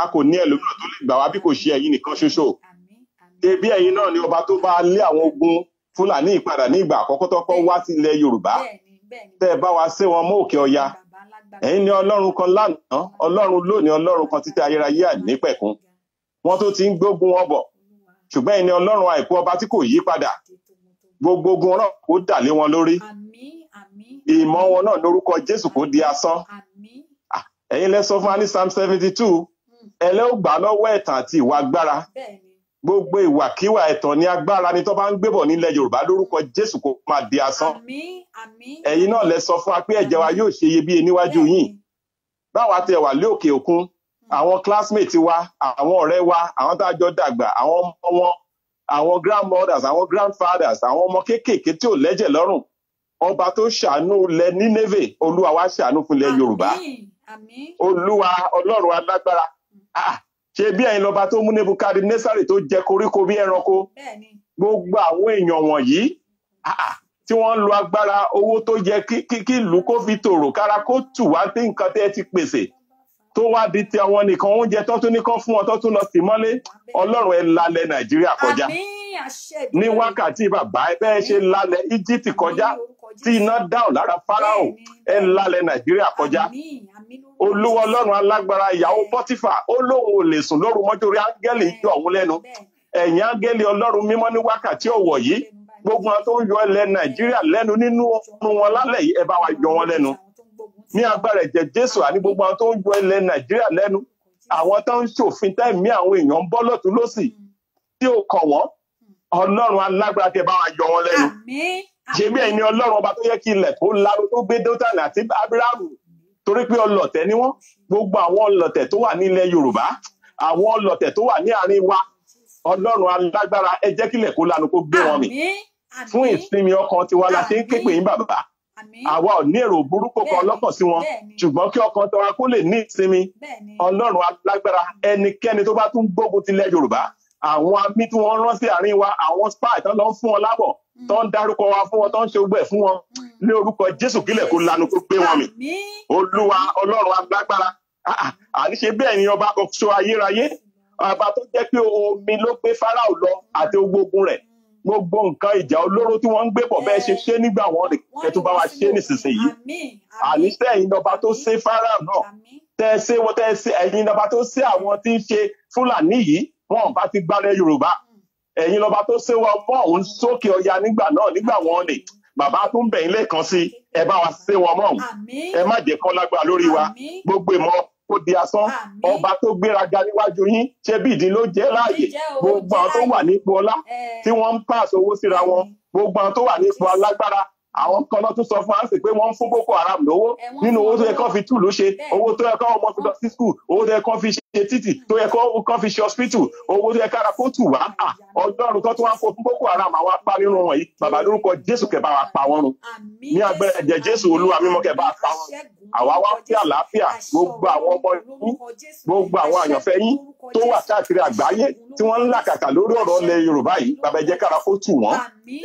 D: a kò ní ẹlòmíràn tó lè gbà wá bí kò ṣe ẹ̀yin nìkan ṣoṣo ebi ẹ̀yin náà ni ọba tó bá lé àwọn ogun Fúlàní ìpadà ní ìgbà àkọ́kọ́ wá sí ilẹ̀ Yorùbá. Yeah tẹ́ ẹ bá wa sé wọn mọ́ òkè ọya ẹ̀yin ni ọlọ́run kan lánàá ọlọ́run lónìí ọlọ́run kan títí ayérayé ànípẹ̀kún wọn tó ti ń gbógun wọn bọ̀ ṣùgbọ́n ẹ̀yin ni ọlọ́run àìkú ọba tí kò yí padà gbogbo ogun ọ̀rọ̀ kó dà lé wọn lórí ìmọ̀ wọn náà lórúkọ jésù kó di asán ah, ẹ̀yin lẹ sọ fún wa ní psalm seventy two hmm. ẹlẹ́ ò gbà lọ́wọ́ ẹ̀tàn àti ìwà agbára gbogbo ìwàkiwà ẹ̀tàn ní agbára ni tó bá ń gbébọ̀ nílẹ̀ yorùbá lórúkọ jésù kò máa di asán ẹ̀yin náà lẹ sọ fún wa pé ẹ̀jẹ̀ wa yóò ṣe iyebíye níwájú yín báwa tẹ wà lé òkun hmm. àwọn classmates wa àwọn ọ̀rẹ́ wa àwọn tá a jọ dàgbà àwọn ọmọ wọn àwọn grandmothers àwọn grandfathers àwọn ọmọ kéékèèké tí ò lẹ́jẹ̀ lọ́rùn ọba tó ṣàánú lẹ ní neve olúwa wa ṣàánú fún ilẹ̀ yorùbá olúwa ọlọ́run alágbára hmm. ah ṣe bí ẹ̀yin lọba tó mú Nebukadnesari tó jẹ koríko bí ẹranko gbogbo àwọn èèyàn wọ̀nyí tí wọ́n ń lo agbára owó tó yẹ kí ìlú kó fi tòrò kára kó tù wá tí nǹkan tẹ́ ti pèsè tó wá di ti àwọn nìkan oúnjẹ tó nìkan fún wọn tó lọ sí mọ́lé ọlọ́run ẹ lálẹ̀ nàìjíríà kọjá
B: ní wákàtí
D: bàbá ẹ bẹ́ẹ̀ ṣe lálẹ̀ Íjíbítì kọjá tí iná dáhùn lára fáráhùn ẹ ń lálẹ̀ nàìjíríà kọjá olúwa ọlọ́run alágbára ìyàwó pọ́tífà ó lóun ò lè sùn lóru mọ́jú rí áńgẹ́lì yọ òun lẹ́nu ẹ̀yìn áńgẹ́lì ọlọ́run mímọ́ ní wákàtí ọ̀wọ̀ yìí gbogbo àwọn tó ń yọ ilẹ̀ nàìjíríà lẹ́nu nínú oorun wọn lálẹ́ yìí ẹ bá wa yọ wọn lẹ́nu ní agbára ẹ̀jẹ̀ jésù àní gbogbo àwọn tó ń yọ ilẹ̀ nàìjíríà lẹ́nu àwọn tó ń ṣòfin tẹ́ẹ̀mí àwọn èèyàn ń bọ́ lọ́tún lọ́sì hmm. tí ò kọ̀ wọ́n hmm. ọlọ́run alágbára tẹ bá wa yọ wọn lẹ́nu. àmín ṣe bí ẹni ọlọ́run ọba tó yẹ kí ilẹ̀ tó láró tó gbé dótàlì àti abrahamu torí pé ọlọ̀tẹ̀ ni wọ́n gbogbo àwọn ọlọ̀tẹ̀ tó wà ní ilẹ̀ yorùbá àwọn ọlọ̀tẹ̀ tó wà ní àárín wa ọlọ́run alágbára ẹ jẹ́ kílẹ̀ kó lanu kó gbé wọn mì fún ìsinmi ọkàn tiwa la ṣe ń képe yín bàbá àwa ò ní èrò burúkú kan lọ́kàn sí wọn ṣùgbọ́n kí ọkàn tiwa kó lè ní ìsinmi ọlọ́run alágbára ẹnikẹ́ni tó bá tún gbógun tilẹ̀ yorùbá àwọn amí tí wọ́n rán sí àárín wa àwọn spy tán lọ fún wọn lábọ̀ tó ń dárúkọ wa fún wọn tó ń ṣe gbẹ fún wọn ní orúkọ jésù kílẹ̀ kó lanu kó gbé wọn mì olúwa ọlọ́run agbágbára àníṣe bẹ́ẹ̀ ni ọba ọṣọ ayérayé ọba tó jẹ́ pé omi ló gbé fáráò lọ àti ogbógun rẹ̀ gbogbo nǹkan ìjà olóró tí wọ́n ń gbé bọ̀ bẹ́ẹ̀ ṣe ṣe nígbà wọn rè kẹtù bá wa ṣe nísinsìnyí àníṣe ẹ̀yin ọba tó ṣe fáráò náà tẹ́ ṣe wọ́n tẹ́ ṣe ẹ̀yin ọba tó ṣe àwọn tí ń ṣe fúlàní yìí wọn bá ti gbálẹ̀ yorùbá ẹ̀yin lọba tó ṣe wa mọ́ òun sókè ọya nígbà náà nígbà wọn ni bàbá tó ń bẹ̀yìn lẹ́ẹ̀kan sí ẹ bá wa ṣe wọn mọ́ òun ẹ má jẹ́ kán lágbára lórí wa gbogbo ìmọ̀ kó di asán ọba tó gbéraga níwájú yín ṣé bí ìdí ló jẹ́ láàyè gbogbo àwọn tó wà nípò ọlá tí wọ́n ń pàṣẹ owó síra wọn gbogbo àwọn tó wà nípò alágbára àwọn kan náà tún sọ fún wa pé wọ́n ń fún Boko Haram lówó nínú owó tó yẹ kán fi túlù ṣe owó tó yẹ kán ọmọ fi lọ sí skul owó tó yẹ kán fi ṣe títì tó yẹ kán fi ṣe hospital owó tó yẹ kára kó tù wá ọlọ́run tó tún wá ń fún Boko Haram àwa pa nínú wọn yìí bàbá lórúkọ Jésù kẹ́ bá wa pa wọ́n run ní agbẹ́ ẹ̀jẹ̀ Jésù Olúwa mímọ́ kẹ́ bá wa pa wọ́n àwa wá fẹ́ àlàáfíà gbogbo àwọn ọmọ yín gbogbo àwọn àyànfẹ́ yín tó wà káàkiri àgbáyé tí wọ́n ń làkàkà lórí ọ̀rọ̀ ilẹ̀ Yorùbá yìí bàbá ẹ jẹ́ kára kó tù wọ́n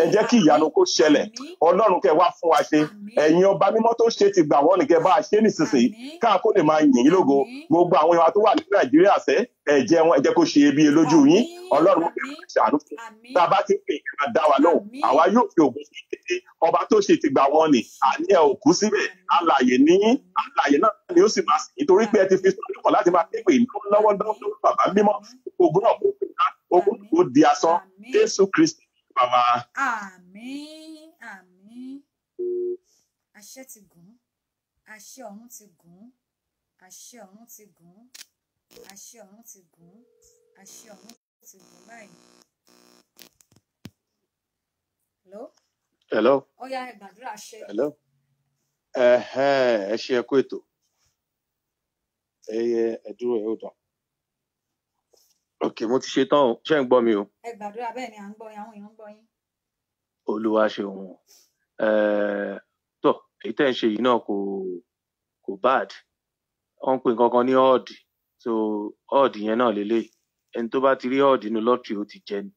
D: ẹ jẹ́ kí ìyanu kó ṣẹlẹ̀ ọlọ́run ọlọ́run wá fún wa ṣe ẹ̀yin ọba mímọ́ tó ṣe ti gbà wọ́n nìkẹ́ bá a ṣe nísinsìnyí káàkó lè máa yìn yín lógo gbogbo àwọn ìwà tó wà ní nàìjíríà sẹ́ ẹ̀jẹ̀ wọn ẹ̀jẹ̀ kó ṣe ebi lójú yín ọlọ́run kẹ́ wá ṣàánú fún tá a bá ti pè é dá wa lóhùn àwa yóò fi ògùn fún kété ọba tó ṣe ti gbà wọ́n ni àní ẹ̀ òkú síbẹ̀ alàyè ní alàyè náà ni ó sì máa sìn nítorí pé ẹ ti fi sọ̀rọ̀ láti máa pépè lọ́wọ́ lọ́wọ́ bàbá mímọ́ ogun náà kò kò ná ogun kò di asán jésù kristi bàbá.
B: àmín àmín àṣẹ ti gùn àṣẹ ọ̀run ti gùn àṣẹ ọ̀run ti gùn àṣẹ ọ̀run ti gùn àṣẹ ọ̀run ti gùn báyìí. hello. hello. ó yá ẹ gbàdúrà àṣẹ. hello.
G: ẹ ṣe ẹ kú ètò ẹ yẹ ẹ dúró ẹ ó dán ok mo ti ṣe tán o ṣé ń gbọ́ mi o.
B: ẹ gbàdúrà bẹ́ẹ̀ ni à ń gbọ́ yín àwọn èèyàn ń gbọ́ yín.
G: olúwa ṣeun èyí tẹ̀ ń ṣe yìí náà kò kò bad wọ́n ń pè nǹkan ní ọ́ọ̀dì so ọ́ọ̀dì yẹn náà lélẹ̀ ẹni tó bá ti rí ọ́ọ̀dì inú lọ́tìrì ó ti jẹ ni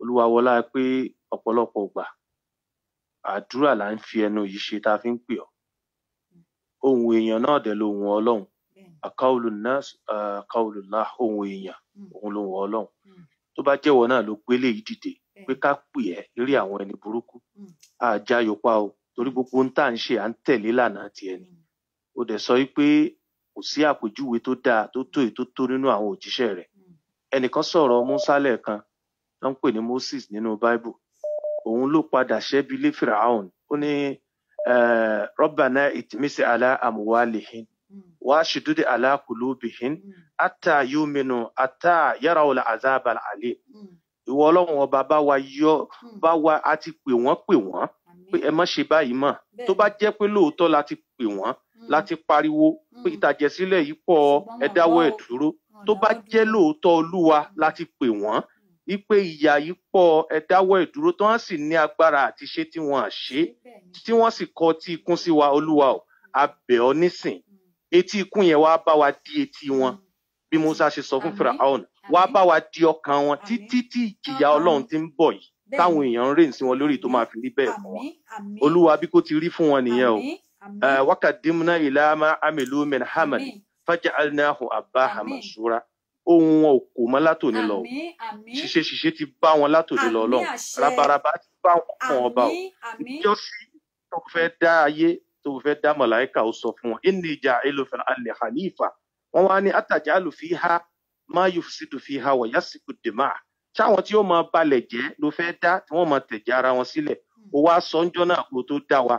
G: olúwawọlá pé ọ̀pọ̀lọpọ̀ gbà àdúrà là ń fi ẹnu yìí ṣe tá a fi ń pè ọ́ ohun èèyàn náà dẹ̀ lohun ọlọ́run àkàwùlù nas àkàwùlù là ohun èèyàn hmm. òun lohun ọlọ́run hmm. tó bá jẹ́wọ́ náà ló gbélé yìí pé ká pè ẹ́ lórí àwọn ẹni burúkú àjàyòpá hmm. o. Mm torí gbogbo ohun tá à ń ṣe à ń tẹ̀lé lànà tiẹ̀ ni ó dẹ̀ sọ pé kò sí àpèjúwe tó dáa tó tó èyí tó tó nínú àwọn òjíṣẹ́ rẹ̀ ẹnìkan sọ̀rọ̀ Mùsá lẹ́ẹ̀kan tó ń pè ní Moses nínú Bible òun ló padà ṣẹ́bi lé Firaun ó ní rọ́bànà ìtìmísí alá àmúwálìhìn wá ṣùdúdì alá kùlúbìhìn àtà yúmínú àtà yàrá òlà àzábàlà àlè ìwọ Ọlọ́run ọba bá wa yọ hmm. bá wa àti pè wọ́n pè wọ́n pé ẹ má ṣe báyìí mọ́ tó bá jẹ́ pé lóòótọ́ la ti pè wọ́n mm. la ti pariwo pé mm. ìtàjẹ̀sílẹ̀ yìí pọ̀ ẹ dáwọ́ ẹ̀ dúró tó bá jẹ́ lóòótọ́ olúwa la ti pè wọ́n mm. wípé ìyà yìí pọ̀ ẹ dáwọ́ ẹ̀ dúró tí wọ́n sì ní agbára àti ṣe tí wọ́n ṣe tí wọ́n sì kọ tí ikún sí wa olúwa o a bẹ̀ ọ́ nísìn etí ikún yẹn wá bá wa di etí wọn bí Musa ṣe sọ fún Firaun wá bá wa di ọkàn wọn títí tí ìjìyà Ọlọ́run ti ń bọ̀ yìí táwọn èèyàn ń rìn sí wọn lórí tó máa fi rí bẹ́ẹ̀ fún wọn olúwa bí kò ti rí fún wọn nìyẹn o wákàdímúná ìlàmà amèlú min hamani fájà alinahu abaha masura ohun wọn ò kò mọ látòní lọ ṣiṣẹ ṣiṣẹ ti bá wọn látòní lọ lọ rabaraba ti bá wọn kàn ọba o ìjọ sí tó fẹ́ dá ayé tó fẹ́ dá màláíkà ó sọ fún wọn inni ja'ilu fil ardi khalifa wọn wá ní atajalu fiha ma yufsidu fiha wa yasfiku dimaa ṣáwọn tí ó mọ balẹ̀ jẹ́ ló fẹ́ dá tí wọ́n mọ tẹ̀jẹ̀ ara wọn sílẹ̀ ó wá sọ ń jọ́nà kó tó dá wa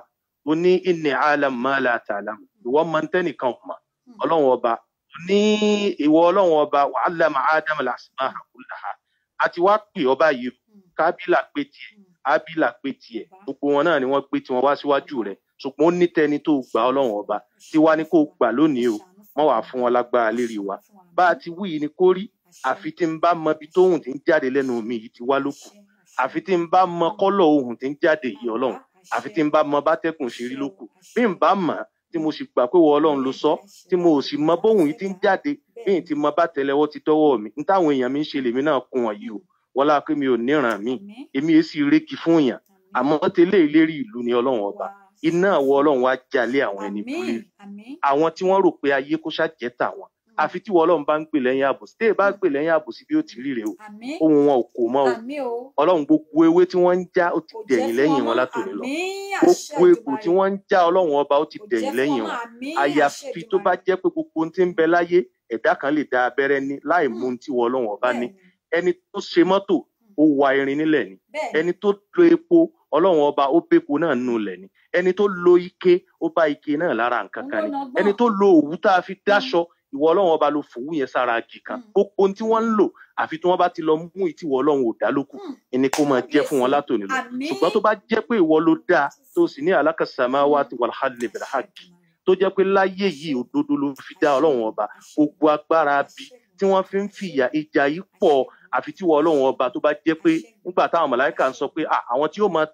G: ó ní inni alam ma la ta'lam ìwọ mọ ń tẹ́nìkan ọ̀mà hmm. ọlọ́run ọba ó ní ìwọ ọlọ́run ọba wa allama adam al-asma'a kullaha àti wá pè ọba yìí hmm. kábílà pé tiẹ̀ hmm. ábílà pé tiẹ̀ gbogbo wọn náà ni wọ́n pé tiwọn wá síwájú rẹ̀ ṣùgbọ́n ó ní tẹni tó gbà ọlọ́run ọba tí wá ní kó gbà lónìí o mọ́ wàá fún wọn lágbára lérí wa bá a ti wí ni kó àfi tí n bá mọ ibi tóhùn tí ń jáde lẹ́nu mi yìí ti wá lókù àfi tí n bá mọ kọ́lọ̀ ohùn tí ń jáde yìí ọlọ́run àfi tí n bá mọ bátẹ́kùn ṣe rí lókù bí n bá mọ̀ tí mo sì gbà pé wọ ọlọ́run ló sọ tí mo sì mọ bóhùn yìí ti ń jáde bí n ti mọ bátẹlẹwọ́ ti dọ́wọ́ mi n táwọn èèyàn mi ń ṣe lèmi náà kun wọ̀nyí o wọlá pé mi ò níran mi èmi yìí sì rékì fún èèyàn àmọ́ tẹ́lẹ̀ ìlérí ìlú ni ọlọ́run ọba iná àwọ ọlọ́run wá jalè àwọn ẹni búrẹ́ àwọn tí wọ́n rò pé ayé kó ṣàjẹ́ tàwọn àfi tí wọn Ọlọ́run bá ń pè lẹ́yìn àbòsí tẹ ẹ bá pè lẹ́yìn àbòsí bí ó ti ríre o ohun wọn ò kò mọ o Ọlọ́run gbogbo ewé tí wọn ń já ó ti dẹ̀yìn lẹ́yìn wọn látòní lọ gbogbo egbò tí wọn ń já Ọlọ́run ọba ó ti dẹ̀yìn lẹ́yìn wọn àyàfi tó bá jẹ́ pé gbogbo ohun tí ń bẹ láyé ẹ̀dá kan lè da abẹ́rẹ́ ní láì mú ohun tí wọn Ọlọ́run ọba ní ẹni tó ṣe mọ́tò hmm. ó wa irin nílẹ̀ ni ẹni tó lo epo ọlọ́run ọba ó bẹ́po náà nù lẹ̀ ni ẹni tó lo ike ó bá ike náà lára nǹkan kan ni ẹni tó lo òwú tá a fi hmm. dáṣọ ìwọ ọlọ́run ọba ló fòwú yẹn sára àgì kan hmm. gbogbo ohun tí wọ́n ń lò àfi tí wọ́n bá ti lọ mú ìtì ìwọ ọlọ́run ò dá lókù hmm. ẹni kó máa jẹ́ fún wọn látòní lọ ṣùgbọ́n tó bá jẹ́ pé ìwọ ló dáa tó sì ní alákàsàmáwá ti wà hàlẹ̀ bẹ̀rẹ̀ hàgì tó jẹ́ pé láyé yìí òdodo ló fi dá ọlọ́run ọba gbogbo agbára bí tí wọ́n fi ń fìyà ìjà yìí pọ̀ àfi tí wọ́n ọlọ́run ọba tó bá jẹ́ pé nígbà táwọn màláíkà ń sọ pé àwọn tí yóò máa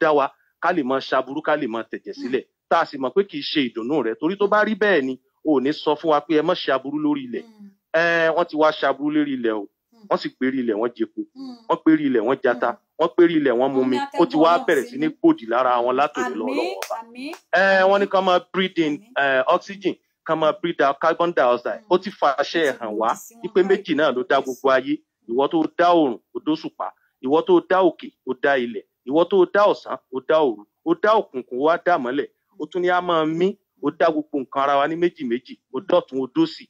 G: ta ká lè mọ ṣaburú ká lè mọ tẹ̀jẹ̀ hmm. sílẹ̀ tá a sì mọ̀ pé kì í ṣe ìdùnnú rẹ̀ torí tó bá rí bẹ́ẹ̀ ni ò ní sọ fún wa pé ẹ mọ̀ ṣaburú lórí ilẹ̀ hmm. ẹ wọ́n ti wá ṣaburú lórí ilẹ̀ o hmm. wọ́n sì pérí ilẹ̀ wọ́n jẹpo wọ́n pérí ilẹ̀ wọ́n jata wọ́n pérí ilẹ̀ wọ́n mumi ó ti wá bẹ̀rẹ̀ sí ní gbòdì lára wọn látòlè lọ́wọ́ ẹ wọ́n ní ká máa oxygen ká máa carbon dioxide ó ti fàṣẹ hàn wá wípé méjì náà ló dá gbogbo ayé ìwọ ìwọ tó dá ọ̀sán ó dá òru ó dá òkùnkùn ó wá dá mọ́lẹ̀ ó tún ní á máa mí ó dá gbogbo nǹkan ara wa ní méjì méjì ó dọ̀tún ó dósì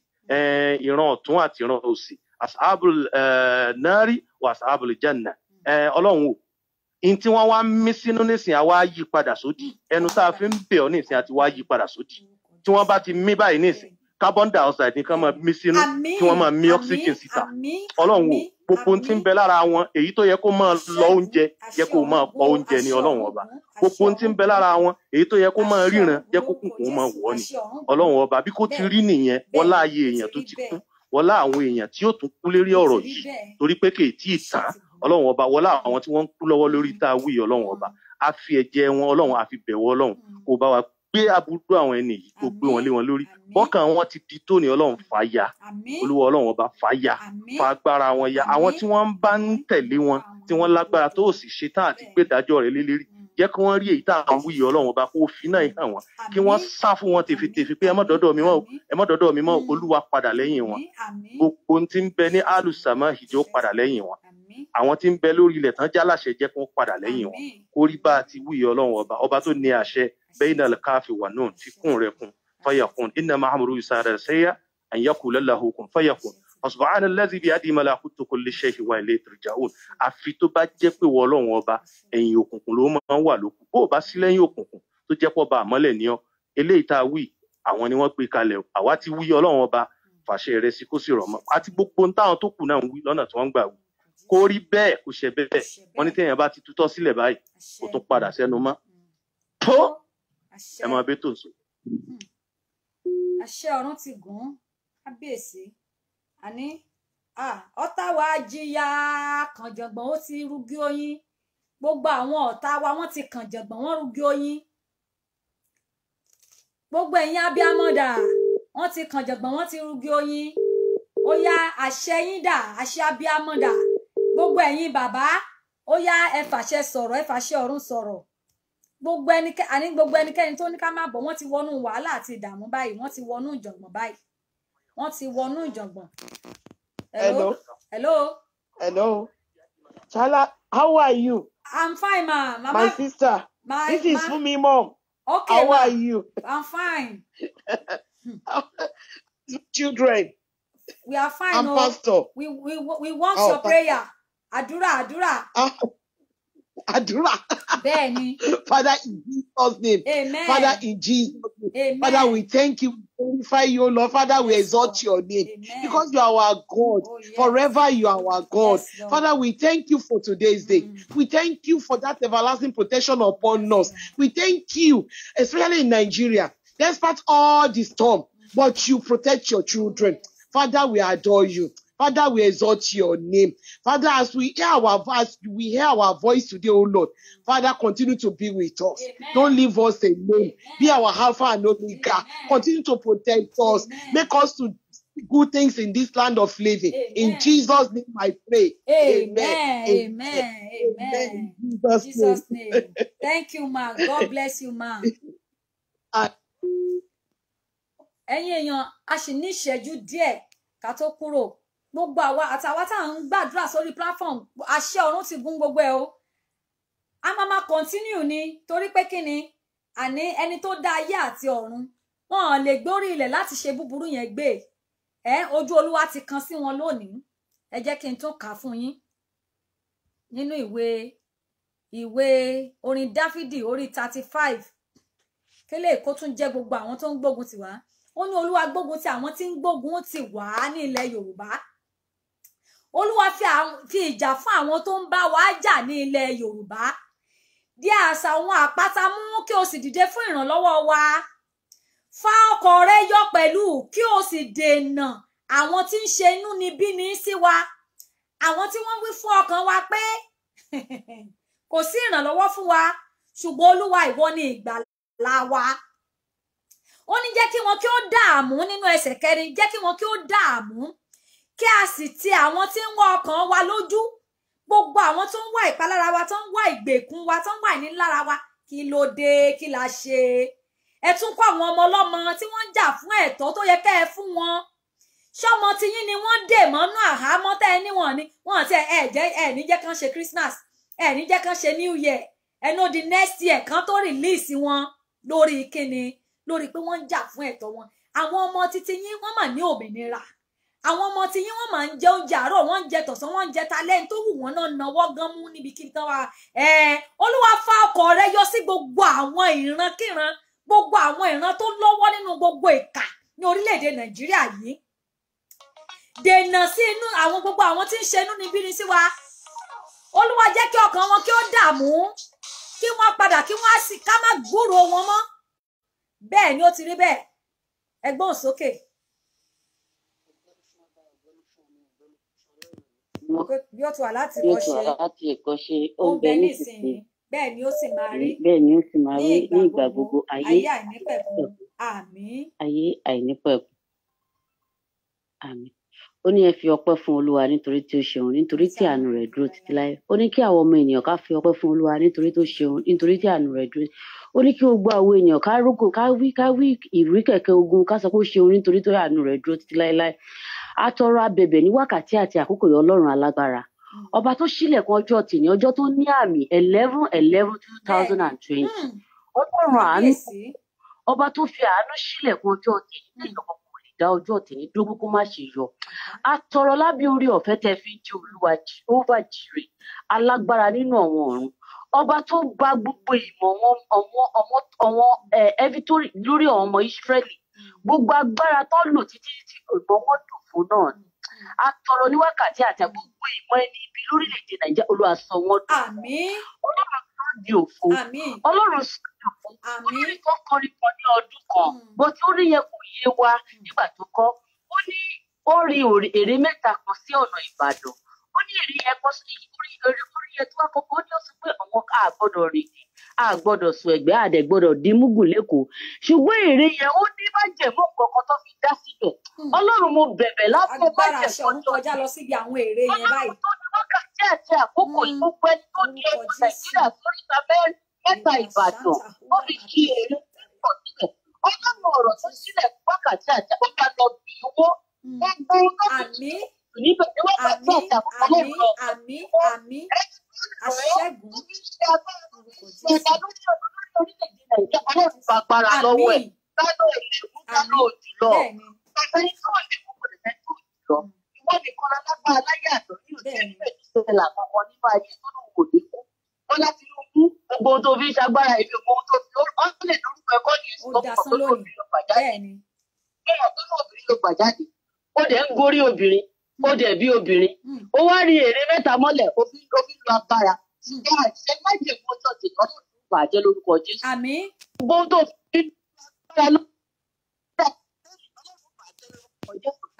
G: ìran ọ̀tún àti ìran òsì ashabul nari wa ashabul janna ọlọ́run o in tí wọ́n wá ń mí sínú nísìnyí àwa yí padà sódì ẹnu tá a fi ń bẹ̀ ọ́ nísìnyí àti wá yí padà sódì tí wọ́n bá ti mí báyìí nísìnyí carbon dioxide nìkan máa mí sínú tí wọ́n máa mí oxygen síta ọlọ́run o gbogbo tí ń bẹ lára wọn èyí tó yẹ kó máa lọ oúnjẹ yẹ kó máa pọ oúnjẹ ní ọlọ́run ọba gbogbo tí ń bẹ lára wọn èyí tó yẹ kó máa ríran yẹ kó kùnkùn máa wọ̀ ni ọlọ́run ọba bí kò ti rí nìyẹn wọ́n láàyè èèyàn tó ti kú wọ́n lá àwọn èèyàn tí yóò tún kú lérí ọ̀rọ̀ yìí torí pé kì í tí ì tán ọlọ́run ọba wọ́n lá tí wọ́n ń kú lọ́wọ́ lórí tá a wí ọlọ́run ọba a fi ẹ̀jẹ̀ wọn ọlọ́run a fi bẹ̀ wọ́ ọlọ́run kó bá wa gbé aburú àwọn ẹni yìí kó gbé wọn lé wọn lórí bọ́kàn wọn ti di tóní ọlọ́run fàyà olúwa ọlọ́run ọba fàyà fa agbára wọn ya àwọn tí wọ́n bá ń tẹ̀lé wọn tí wọ́n lágbára tó sì ṣe tán àti gbé ìdájọ́ rẹ̀ lé lérí mm. jẹ́ kí wọ́n rí èyí tá à ń wúyì ọlọ́run ọba kó fi náà hàn wọ́n kí wọ́n sá fún wọn tèfètèfè pé ẹ má dọ́dọ̀ mi mọ́ ẹ má dọ́dọ̀ mi mọ́ mm. olúwa padà lẹ́yìn wọn gbogbo ohun tí ń bẹ ní alùsàmọ́ ìjọ padà lẹ́yìn wọn àwọn tí ń bẹ lórí ilẹ̀ tán já láṣẹ jẹ́ kó padà lẹ́yìn wọn kó rí bá a ti wúyẹ ọlọ́run ọba ọba tó ní àṣẹ bainal kafi wa nun fi kún rẹ̀ kún fayakun innama amruhu iza arada shay'an an yaqula lahu kun fayakun ọ̀sùnbọ̀n alẹ́zì bíi adi malakutu kulli shay'in wa ilayhi turja'un àfi tó bá jẹ́ pé wọ́n ọlọ́run ọba ẹ̀yìn òkùnkùn ló máa ń wà lókun bó o bá sí lẹ́yìn òkùnkùn tó jẹ́ pọ̀ bá àmọ́lẹ̀ ní ọ eléyìí tá a wí àwọn ni wọ́n gbé kalẹ̀ àwa ti wí ọlọ́run ọba fàṣẹ rẹ sí kó sì rọ̀ mọ́ àti gbogbo táwọn tó kù náà ń wí lọ́nà tí wọ́n ń gbà wí kó rí bẹ́ẹ̀ kó ṣe bẹ́ẹ̀ wọ́n ní téèyàn bá ti tutọ́ sílẹ̀ báyìí kó tún padà sẹ́nu mọ́ mm. tó ẹ máa bẹ tó so.
A: àṣẹ ọ̀run ti gùn kábíyèsí àní ọ̀tá wa jìyà kànjọ̀gbọ̀n ó ti rúgí oyin gbogbo àwọn ọ̀tá wa wọ́n ti kànjọ̀gbọ̀n wọ́n rúgí oyin gbogbo ẹ̀yin abiyamọ́dà wọ́n ti kànjọ̀gbọ̀n wọ́n ti rúgí oyin ó yá àṣẹ yín dà àṣẹ abiyamọ́dà gbogbo ẹ̀yin bàbá ó yá ẹ fàṣẹ sọ̀rọ̀ ẹ fàṣẹ gbogbo ẹnikẹ́ni àní gbogbo ẹnikẹ́ni tó ní ká má bọ̀ wọ́n ti wọnú wàhálà àti ìdààmú báyìí wọ́n ti wọnú ìjọ̀gbọ̀n báyìí wọ́n ti wọnú ìjọ̀gbọ̀n.
C: hello hello. hello. chala how are you.
A: i'm fine ma. Mama, my
C: sister my, this is Funmi mom. okay how ma. are you. i'm
A: fine. children. we are fine o. oh. pastor. we we we want oh, your pastor. prayer. àdúrà àdúrà. Ah,
C: àdúrà. Benny, father in Jesus name. amen. father in Jesus name. amen. father we thank you glorify your Lord. Father, we exalt your name Amen. because you are our God. Oh, yes. Forever you are our God. Yes, Father, we thank you for today's day. Mm. We thank you for that everlasting protection upon us. We thank you, especially in Nigeria, despite all the storm, mm. but you protect your children. Father, we adore you. Father, we exalt your name. Father, as we hear our voice, we hear our voice today, O Lord. Father, continue to be with us. Amen. Don't leave us alone. Be our Alpha and Omega. Continue to protect us. Amen. Make us to good things in this land of living. In Jesus' name, I pray. Amen. Amen. Amen. Jesus, Jesus
B: name. Thank you, ma. God bless you, ma.
A: ẹ̀yin èèyàn a sì ní ìṣẹ́jú díẹ̀ ká tó kúrò gbogbo àwa àtàwa tá à ń gbàdúrà sórí platform àṣẹ ọ̀run ti gún gbogbo ẹ̀ o a máa máa continue ni torí pé kí ni àní ẹni tó dá ayé àti ọ̀run wọn ò lè gbórí ilẹ̀ láti ṣe búburú yẹn gbé ẹ ojú olúwa ti kan sí wọn lónìí ẹ jẹ́ kí n tún kà á fún yín nínú ìwé ìwé orin dáfídì orí thirty five kélé èkó tún jẹ́ gbogbo àwọn tó ń gbógun tiwa ó ní olúwa gbógun ti àwọn tí ń gbógun ti wà á ní ilẹ̀ yorùbá olúwa fi ìjà fún àwọn tó ń bá wa jà ní ilẹ̀ yorùbá di asà òun àpáta mú kí o sì dìde fún ìrànlọ́wọ́ wa fá ọkọ̀ rẹ yọ pẹ̀lú kí o sì dènà àwọn tí ń ṣe inú níbí ní sí wa àwọn tí wọ́n wí fún ọkàn wa pé kò sí ìrànlọ́wọ́ fún wa ṣùgbọ́n olúwa ìwọ ni ìgbàlà wa ó ní jẹ́ kí wọn kí ó dààmú nínú ẹsẹ̀ kẹrin jẹ́ kí wọn kí ó dààmú kí a sì ti àwọn tí ń wá ọkàn wa lójú gbogbo àwọn tó ń wá ìpalára wa tó ń wá ìgbèkùn wa tó ń wá ìnilára wa kí ló dé kí la ṣe ẹ tún kó àwọn ọmọ ọlọ́mọ tí wọ́n ń jà fún ẹ̀tọ́ tó yẹ kẹ́ ẹ fún wọn ṣọmọ tiyín ni wọ́n dè mọ́nú àhámọ́ tẹ́ ẹ níwọ̀n ni wọ́n ti ẹ̀ jẹ́ ẹ̀ ní jẹ́ kán ṣe Christmas ẹ̀ ní jẹ́ ṣe New Year ẹnu no di next year kan tó release wọn lórí kíni lórí pé wọ́n ń jà fún ẹ̀tọ́ wọn àwọn ọmọ titi yín wọ́n mà ní òmìnira àwọn ọmọ tí yín wọ́n máa ń jẹ oúnjẹ àárọ̀ wọ́n ń jẹ tọ̀sán wọ́n ń jẹ talẹ́ǹ tó wù wọ́n náà náwó gan mú níbi kí n tán wa olúwa fa ọkọ̀ rẹ yọ sí gbogbo àwọn ìrankíran gbogbo àwọn ìran tó lọ́wọ́ nínú gbogbo ìkà ní orílẹ̀-èdè nàìjíríà yìí dènà sí inú àwọn gbogbo àwọn tí ń ṣe inú níbí ni sí wa olúwa jẹ́ kí ọkàn wọn kí ó dààmú kí wọ́n padà kí wọ́n á sì ká má gbúròó wọn mọ́ bẹ́ẹ̀ ni ó ti rí bẹ́ẹ̀ ẹgbọ́n sókè. Okay mọ́ yóò tún wà láti kọ́ ṣe yóò tún wà
C: láti ẹ̀kọ́ ṣe ó ń bẹ nísinsìnyí
A: bẹ́ẹ̀ ni ó sì máa rí
C: bẹ́ẹ̀ ni ó sì máa rí ní ìgbà gbogbo ayé
A: àìnípẹ̀kun àmín
C: ayé àìnípẹ̀kun àmín ó ní ẹ
A: fi
E: ọpẹ́ fún olúwa nítorí tí ó ṣeun nítorí tí àánú rẹ̀ dúró títí láé ó ní kí àwọn ọmọ ènìyàn ká fi ọpẹ́ fún olúwa nítorí tó ṣeun nítorí tí àánú rẹ̀ dúró ó ní kí gbogbo àwọn ènìyàn ká rúgùn ká wí ká wí ìrí kẹ̀kẹ́ ogun ká sọ pé ó ṣeun nítorí tó àánú rẹ̀ dúró títí láéláé a tọrọ abẹ̀bẹ̀
A: ní wákàtí àti àkókò yọ ọlọ́run alágbára mm. ọba tó ṣílẹ̀kùn ọjọ́ tìní ọjọ́ tó ní àmì eleven eleven two thousand and twenty mm. ọlọ́run àánú ọba tó fi àánú ṣílẹ̀kùn ọjọ́ tìní mm. lẹ́yìn ìdá ọjọ́ tèmi dógún kó má ṣe yọ mm-hmm. a tọrọ lábí orí ọ̀fẹ́ tẹ fi ń jẹ olúwa jehova jire alágbára nínú àwọn ọ̀run
C: ọba tó gba gbogbo ìmọ̀ wọn ọmọ ẹbí lórí àwọn ọmọ ìsírẹ́lì gbogbo agbára tó lò títí tí ìgbọ̀n wọn dùn fún náà ni a tọrọ ní wákàtí àti gbogbo ìmọ̀ ẹni ibi lórílẹ̀‐èdè nàìjíríà olúwa sọ wọn dùn ọlọ́run sọ di òfo ọlọ́run sọ di òfo ó ní kó kọrin kan ní ọdún kan hmm. bó ti ó rí yẹn kò yé wa hmm. nígbà tó kọ́ ó ní ó rí èrè mẹ́ta kan sí ọ̀nà ìbàdàn ní èrè yẹn kọ́ sí orí yẹn tó wá kọ́kọ́ ó ní ọ̀sùn pé àwọn ká àgbọ́dọ̀ rìn ní àgbọ́dọ̀ sùn ẹ̀gbẹ́ àdẹ̀gbọ́dọ̀ dín múgùn lẹ́kọ̀ọ́ ṣùgbọ́n èrè yẹn ó ní májẹ̀mú kankan tó fi dá síbẹ̀ hmm. ọlọ́run mo bẹ̀bẹ̀ láti májẹ̀mú tó hmm. kọjá ọlọ́run ọ̀rọ̀ tó sílẹ̀ wákàtí àti àkókò àlọ́ bì í wó hmm. gbogbo jésù níbẹ̀ ni wọ́n bá gbọ́ ọ̀tà fún ọlẹ́ ìlú ọ̀tà Kánò ìlẹ̀kùn kánò òjùlọ. Ọ̀sẹ̀ ikọ̀ ìlẹ̀kùn kò lè mẹ́tò òjùlọ. Ìwọ́n nìkan lálábá aláyé àtọ̀ ní òjò ìfẹ́ ìṣẹ̀lẹ̀ àkọ́kọ́ nínú ayé tó lóun kò lè kú. Bọ́lá ti ló kú gbogbo tó fi ṣagbára ìlú ohun tó fi ọ́n lè lórúkọ ẹ̀kọ́ ní ìsọ̀kọ̀ tó lóbìnrin ló gbà Bẹ́ẹ̀ ni. Bẹ́ẹ̀ ni obìnrin ló Ó dẹ̀ ń gorí obìnrin ó dẹ̀ bí obìnrin hmm. ó wá rí èrè mẹ́ta mọ́lẹ̀ omi omi lu agbára ṣùgbọ́n hmm. àìsẹ́ má jẹ̀ wọ́n ṣọ̀tì kan ló ń bàjẹ́ lórúkọ Jésù. àmín. gbogbo tó fi ń bá lọ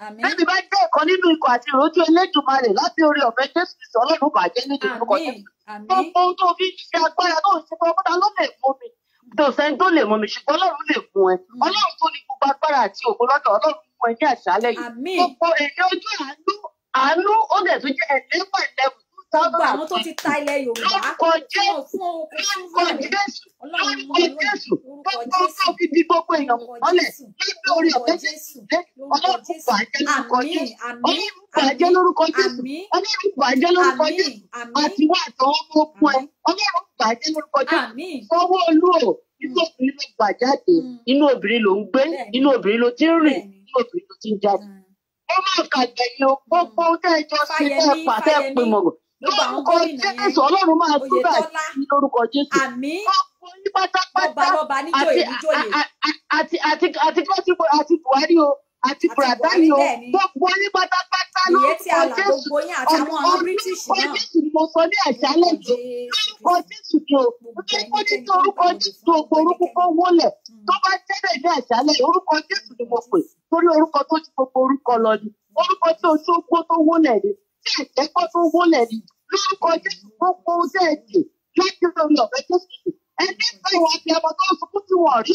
C: bẹ́ẹ̀ni bá jẹ́ ọ̀kan nínú ikọ̀ àti ìrójú Elédùmarè láti orí ọ̀fẹ́ Jésù Kristi Ọlọ́run bàjẹ́ nínú orúkọ Jésù gbogbo ohun tó fi ṣe agbára náà ṣe fún ọkọ́ta ló lè mú mi tòsẹ́ni tó lè mú hmm. agbára àti ògo fún ẹ ní àṣálẹ́ yìí gbogbo ẹ̀yẹ ojú àánú àánú ó dẹ̀ tún jẹ́ eleven eleven two thousand and three lórúkọ Jésù lórúkọ Jésù lórúkọ Jésù gbogbo ọkọ fi di gbogbo èèyàn mọ́lẹ̀ lọ́dọ̀ orí ọ̀fẹ́ Jésù dé ọlọ́run bàjẹ́ lórúkọ Jésù ọlọ́run bàjẹ́ lórúkọ Jésù ọlọ́run bàjẹ́ lórúkọ Jésù àtiwọ́ àtọwọ́ mọ́ fún ẹ ọlọ́run bàjẹ́ lórúkọ Jésù fọwọ́ olú o inú hmm. obìnrin ló gbà jáde hmm. inú obìnrin ló ń gbé inú obìnrin ló ti ń rìn òbínú ti ń jáde. Mm. ó máa kàgbẹ̀ yín o gbogbo tẹ́jọ́ sí tẹ́ pàtẹ́ pinmọ̀rọ̀ lórúkọ jésù ọlọ́run máa túbà ní lórúkọ jésù. gbogbo yín pátápátá àti àti àti àti àti Buhari o àti bùràdá yìí o gbogbo yín pátápátá lórúkọ jésù ọ̀rọ̀ lórúkọ jésù ni mo sọ ní àṣálẹ̀ jù lórúkọ jésù ni o lórúkọ jésù orúkọ jésù ògbó orúkọ wọlẹ̀ tó bá tẹ́lẹ̀ ní àṣálẹ̀ orúkọ jésù ni mo pè torí orúkọ tó ti gbogbo orúkọ lọ ni orúkọ tí o tó gbó tó wọlẹ̀ ni tí ẹ̀jẹ̀kọ́ tó wọlẹ̀ ni lórúkọ jésù gbogbo ọjọ́ ẹ̀jẹ̀ lọ́jọ́ orí ọ̀fẹ́ jésù ẹni fẹ́ ìwà ti ọmọ tó ń sunkún tí wọ́n rí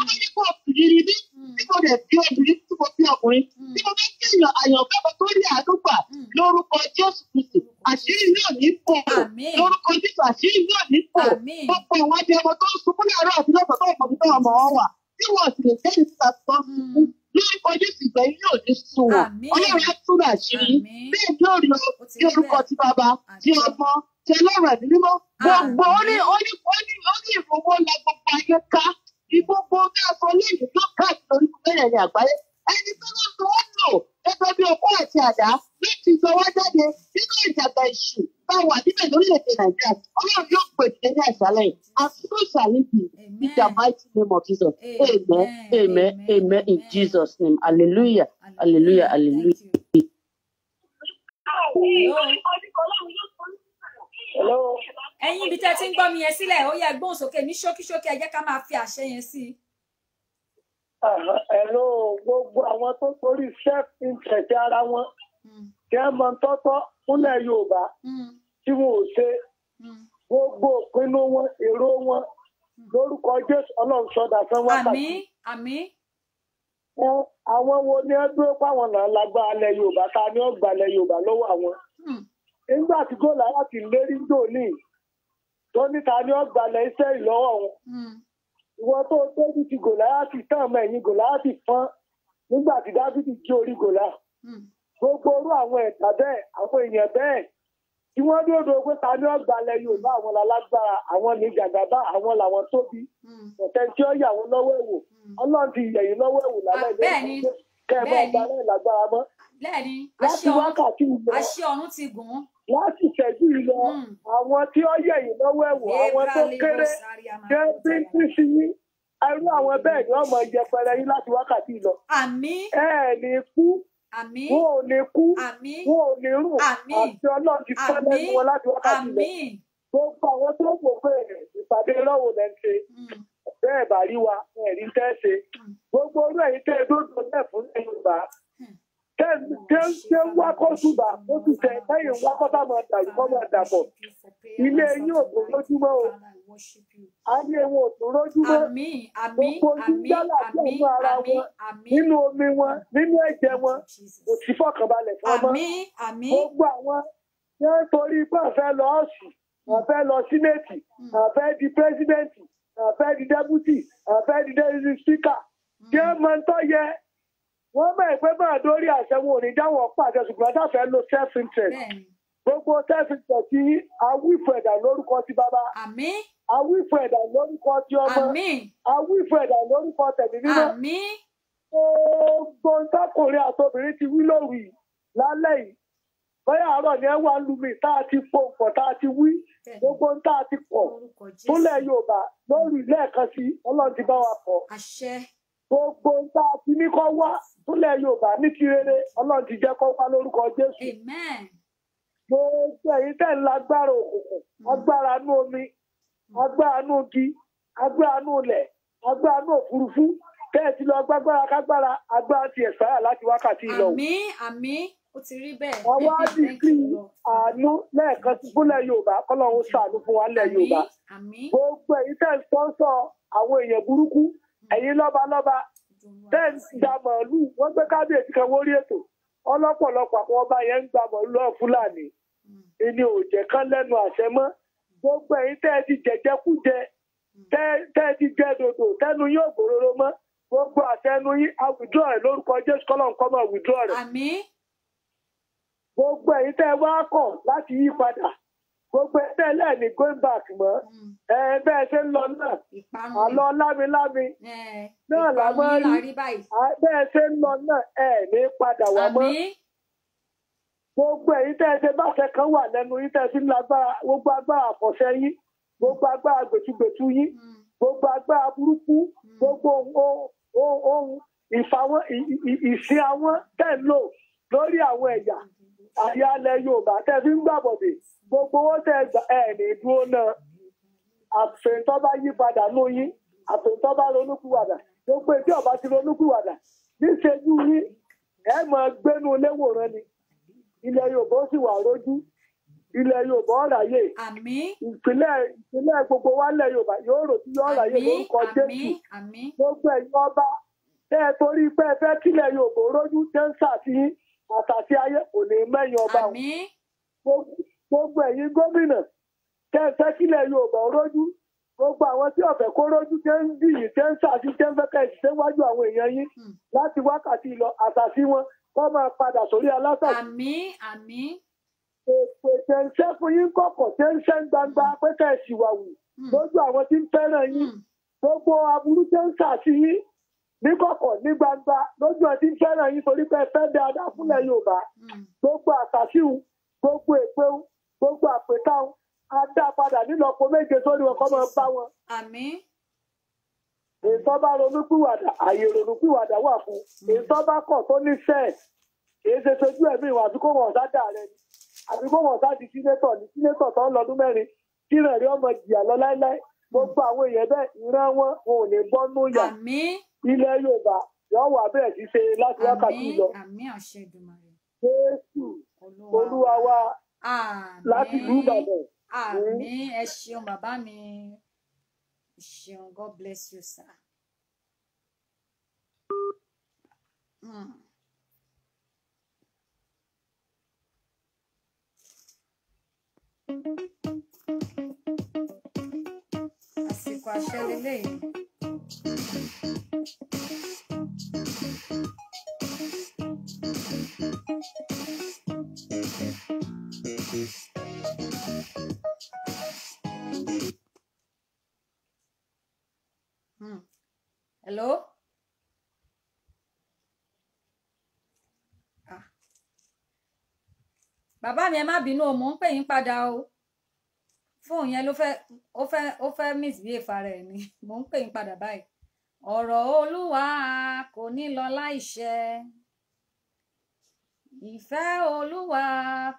C: Mo ní kò fìrírí bí tí mo dẹ̀ fi obìnrin tí mo fi ọkùnrin hmm. tí mo fẹ́ kí èèyàn àyànfẹ́kọ̀ọ́ tó rí àánú gbà hmm. lórúkọ Jésù Kristi àṣírí náà ní pò lórúkọ Jésù àṣírí náà ní pò gbogbo àwọn adé ọmọ tó ń sunkún láàárọ̀ àti lọ́sọ̀ tó ọmọ tó ọmọ wọn wà tí wọn sì lè jẹ́ ìta tó ń sunkún hmm. lórúkọ Jésù ìgbà yìí yóò ní sùn wọn Ọlọ́run á túnú àṣírí bẹ́ẹ̀ ni ó rí ọ ní orúkọ ti bàbá ti ọmọ ti Ọlọ́run àdínnímọ́ gbogbo ó ní ó ní ó ní ìfowó la gbogbo ayé ká ìgbogbo ọgá aṣọ lẹ́yìn ló káàkiri lórí mẹ́rẹ̀ ní àgbáyé ẹni tó bá fi wọ́n lò gẹ́gẹ́ bí ọkọ àti àdá láti yọ wá jáde nínú ìjàgbá ìṣù bá wà níbẹ̀ lórílẹ̀‐èdè nàìjíríà ọlọ́run yóò pè ní ní àṣálẹ̀ àtúntò ṣàlìbì in the mighty name of jesus amen amen amen in jesus name hallelujah hallelujah hallelujah
A: ẹ̀yin ibi tẹ́ ti ń gbọ́ mi yẹn sílẹ̀ ó yẹ gbóhùn sókè ní ṣókíṣókí ẹ
B: jẹ́ ká máa fi àṣẹ yẹn sí i.
C: ẹ̀rọ gbogbo àwọn tó torí self interest ara wọn hmm. kí wọ́n mọ tọ́tọ́ fúnlẹ̀ Yorùbá hmm. tí wọn ò ṣe hmm. gbogbo ìpinnu wọn èrò wọn lórúkọ Jésù Ọlọ́run sọdà fún wọn tàbí. àmín àmín àwọn wo ni ẹ dúró pàwọn náà lágbára ilẹ̀ Yorùbá ta ni ó gbà ilẹ̀ Yorùbá lọ́wọ́ àwọn nígbà tí gòlà láti lérí dòní tó níta ni ó gbalẹ̀ iṣẹ́ ìlọ́wọ́ wọn hmm. ìwọ tó tóbi ti gòlà láti tán ọmọ ẹ̀yìn gòlà láti fọ́n nígbà tí dávidi jí orí gòlà hmm. gbogbo orú àwọn ẹ̀dá bẹ́ẹ̀ àwọn èèyàn bẹ́ẹ̀ tí wọ́n dúró pé ta ni wọ́n gbalẹ̀ yorùbá àwọn lálágbára àwọn ní gàgàbá àwọn làwọn tóbi hmm. ọ̀tẹ̀ tí ó yà wọ́n lọ́wọ́ ẹ̀wò ọlọ́run ti yẹ̀yìn lọ́wọ́ ẹ̀wò lálẹ́ ìgbẹ́ ah, kẹ́ lásìkò yìí lọ hmm. àwọn tí ó yẹ yìí lọ́wọ́ ẹ̀wọ̀ àwọn tó kéré jẹ́ bí tí sí yín irú àwọn hmm. bẹ́ẹ̀ ni ọmọ ìjẹpẹrẹ yín láti wákàtí lọ. àmín. ẹ ẹ ní kú. àmín. wọn ò ní kú. àmín. wọn ò ní rùn. àmín. àti ọlọ́run ti fẹ́ lẹ́nu wọn láti wákàtí lọ. àmín. gbogbo àwọn tó wò pé ìpàdé lọ́wọ́ lẹ́ ń ṣe hmm. bẹ́ẹ̀ bá rí wa ẹ̀rí tẹ́ ṣe gbogbo orú ẹ̀yìn tẹ́ dódò tẹ́ ń wákọ́ ṣùgbà ó ti tẹ̀ lẹ́yìn wákọ́ bá máa dàrú kọ́ máa dàbọ̀ ilé yín ò tó lójúmọ́ o ayé wọn ò tó lójúmọ́ gbogbo yíyálà tó ń ara wọn nínú omi wọn nínú ẹ̀jẹ̀ wọn kò sí fọkànbalẹ̀ fún ọmọ gbogbo àwọn yẹn torí pé àfẹ́ lọ ọ̀sì àfẹ́ lọ sínẹ́tì àfẹ́ hmm. di pírẹ́sídẹ́ǹtì àfẹ́ di dẹ́bùtì àfẹ́ di dẹ́bùtì síkà jẹ́ mọ́tọ́ yẹ wọ́n mọ̀ pé máa dórí àṣẹ wọn ò ní dáwọ̀ pàṣẹ ṣùgbọ́n àtàfẹ́ lo self interest gbogbo self interest tí awífọ̀ ẹ̀dá lórúkọ ti bàbá awífọ̀ ẹ̀dá lórúkọ ti ọmọ awífọ̀ ẹ̀dá lórúkọ tẹ̀mí mímọ́ gbogbo ntakùnrin àtobìnrin ti wí lórí lálẹ́ yìí bóyá àárọ̀ ni ẹ wà lumi tá a ti po nǹkan tá a ti wí gbogbo ń tá a ti pọ̀ fúnlẹ̀ Yorùbá lórí lẹ́ẹ̀kan sí Ọlọ́run ti bá wa pọ̀ gbogbo nta ti ní kọ́ wá fúnlẹ̀ yorùbá ní kí rere ọlọ́run ti jẹ́ kọ́ wá lórúkọ jésù. gbogbo ẹ̀yin tẹ̀ ń lágbára òkùnkùn agbára nú omi agbára nú igi agbára nú ilẹ̀ agbára nú òfurufú bẹ́ẹ̀ ti lọ gbágbára kágbára agbára ti ẹ̀sáyà láti wákàtí ìlọ. àmín
B: àmín ó ti rí bẹ́ẹ̀. wọ́n wá di kí
C: àánú lẹ́ẹ̀kan sí fúnlẹ̀ yorùbá kọ́lọ́run ṣàánú fún wa lẹ̀ yorùbá. gbogbo ẹ̀yin tẹ̀ ń sponsor àwọn èèyàn burúkú ẹ̀yin lọ́balọ́ba tẹ́ ń gba màálù wọ́n gbé kábíyèsí kan wórí ètò ọlọ́pọ̀lọpọ̀ àwọn ọba yẹn ń gba màálù lọ́ọ̀ fúlàní ìní òjẹ̀ kan lẹ́nu àṣẹ mọ́ gbogbo ẹ̀yin tẹ́ ẹ ti jẹjẹkújẹ tẹ ẹ ti jẹ dòdò tẹ́nu yóò gbòòrò mọ́ gbogbo àtẹnu yín àwùjọ rẹ lórúkọ jésù kọlọn kọmọ àwùjọ rẹ. gbogbo ẹ̀yin tẹ́ ẹ wá kọ̀ láti yí padà gbogbo ẹgbẹ́ náà ní going back mọ́ hmm. ẹgbẹ́ ṣe ń lọ náà àlọ́ lámilámi náà la máa rí ẹgbẹ́ ṣe ń lọ náà ẹ̀ ní padà wá mọ́ gbogbo èyí tẹ́ ẹ ṣe báṣẹ kan wà lẹ́nu yìí tẹ́ ẹ ti ń lágbára gbogbo agbára àkọsẹ yìí gbogbo agbára gbètúgbètú yìí hmm. gbogbo agbára burúkú hmm. gbogbo ohun ìfàwọn ìsìn àwọn tẹ́ ń lò lórí àwọn ẹ̀yà àyà alẹ́ Yorùbá tẹ́ fi ń gbàbọ̀dè gbogbo owó tẹ gbà ẹ lè dúró náà àfẹ̀ntọ́ bá yí padà ló yín bá ronúkúwàdà gbogbo èdè ọba ti ronúkúwàdà níṣẹ́jú yín ẹ máa gbénu léwòrán ni ilẹ̀ Yorùbá sì wà rójú ilẹ̀ Yorùbá ìpínlẹ̀ ìpínlẹ̀ gbogbo wa Yorùbá yóò rò sí lórúkọ gbogbo ẹ̀yin ọba ẹ torí pé ẹ fẹ́ kílẹ̀ Yorùbá rójú àtàtì ayé kò gbogbo ẹ̀yin gómìnà kẹfẹ́ kílẹ̀ Yorùbá rójú gbogbo àwọn tí ọ̀fẹ́ kó rójú tẹ́ ń dìyí tẹ́ ń sàṣì tẹ́ ń fẹ́ kẹ́sì wájú àwọn èèyàn yín hmm. láti wákàtí lọ àtàsí wọn kọ́ máa padà sórí alásàtì.
B: àmín àmín.
C: èpè tẹ̀ ń ṣẹ́ fún yín kọ̀kọ̀ tẹ́ ń ṣẹ́ ń gbangba hmm. pé kẹ́sì hmm. lójú àwọn tí ń fẹ́ràn yín gbogbo aburú tẹ́ ń sàṣì yín ní kọ̀kọ̀ ní gbangba lójú ẹ̀ tí ń fẹ́ràn yín torí pé fẹ́ dáadáa fúnlẹ̀ Yorùbá gbogbo àtàṣì gbogbo àpèká a dá padà nílọ́po méje sórí wọn kọ́ máa bá wọn. àmín. èso bá ronúpìwàdà àyè ronúpìwàdà wà fún hmm. èso bá kọ̀ tó níṣẹ́ èyí ṣe sojú ẹ̀mí ìwà àbíkó wọn sádà rẹ ni àbíkó wọn sádi sínétọ̀ ní sínétọ̀ tó ń lọ́dún mẹ́rin kí rẹ̀ rí ọmọ jìyà lọ láéláé gbogbo àwọn èèyàn bẹ́ẹ̀ ìran wọn wọn ò ní bọ́ nú yà ilẹ̀ Yorùbá yọ wà bẹ́ẹ̀ ti ṣe láti wákàtí lọ. Jésù Olúwa wa. Amen. Amen.
B: ìbàdàn. àmín ẹ bàbá mi god bless you sir. Mm.
A: Thank you. hello.
B: Ah. bàbá mi ẹ má bínú o mò ń pè yín padà o fóònù yẹn ló fẹ́ ó fẹ́ ó fẹ́ misbehave fara ẹ̀ ni mò ń pè yín padà báyìí ọ̀rọ̀ olúwa kò ní lọ láìṣẹ ìfẹ́ olúwa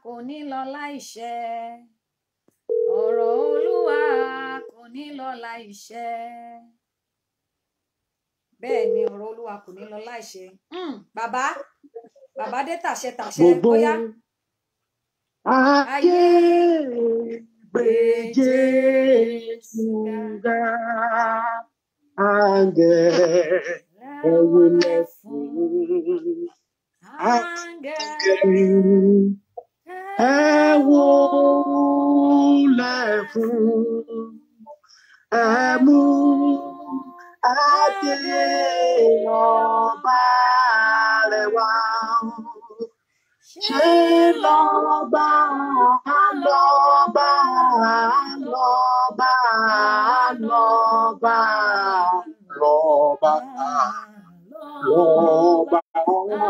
B: kò ní lọ láìṣẹ ọ̀rọ̀ olúwa kò ní lọ láìṣẹ.
A: bẹ́ẹ̀ ni love you, kò ní hmm. bàbá
B: bàbá dé
A: bóyá.
C: Adé ọba rẹwà ṣé lọ́ba àlọ́ba àlọ́ba àlọ́ba lọ́ba lọ́ba lọ́ba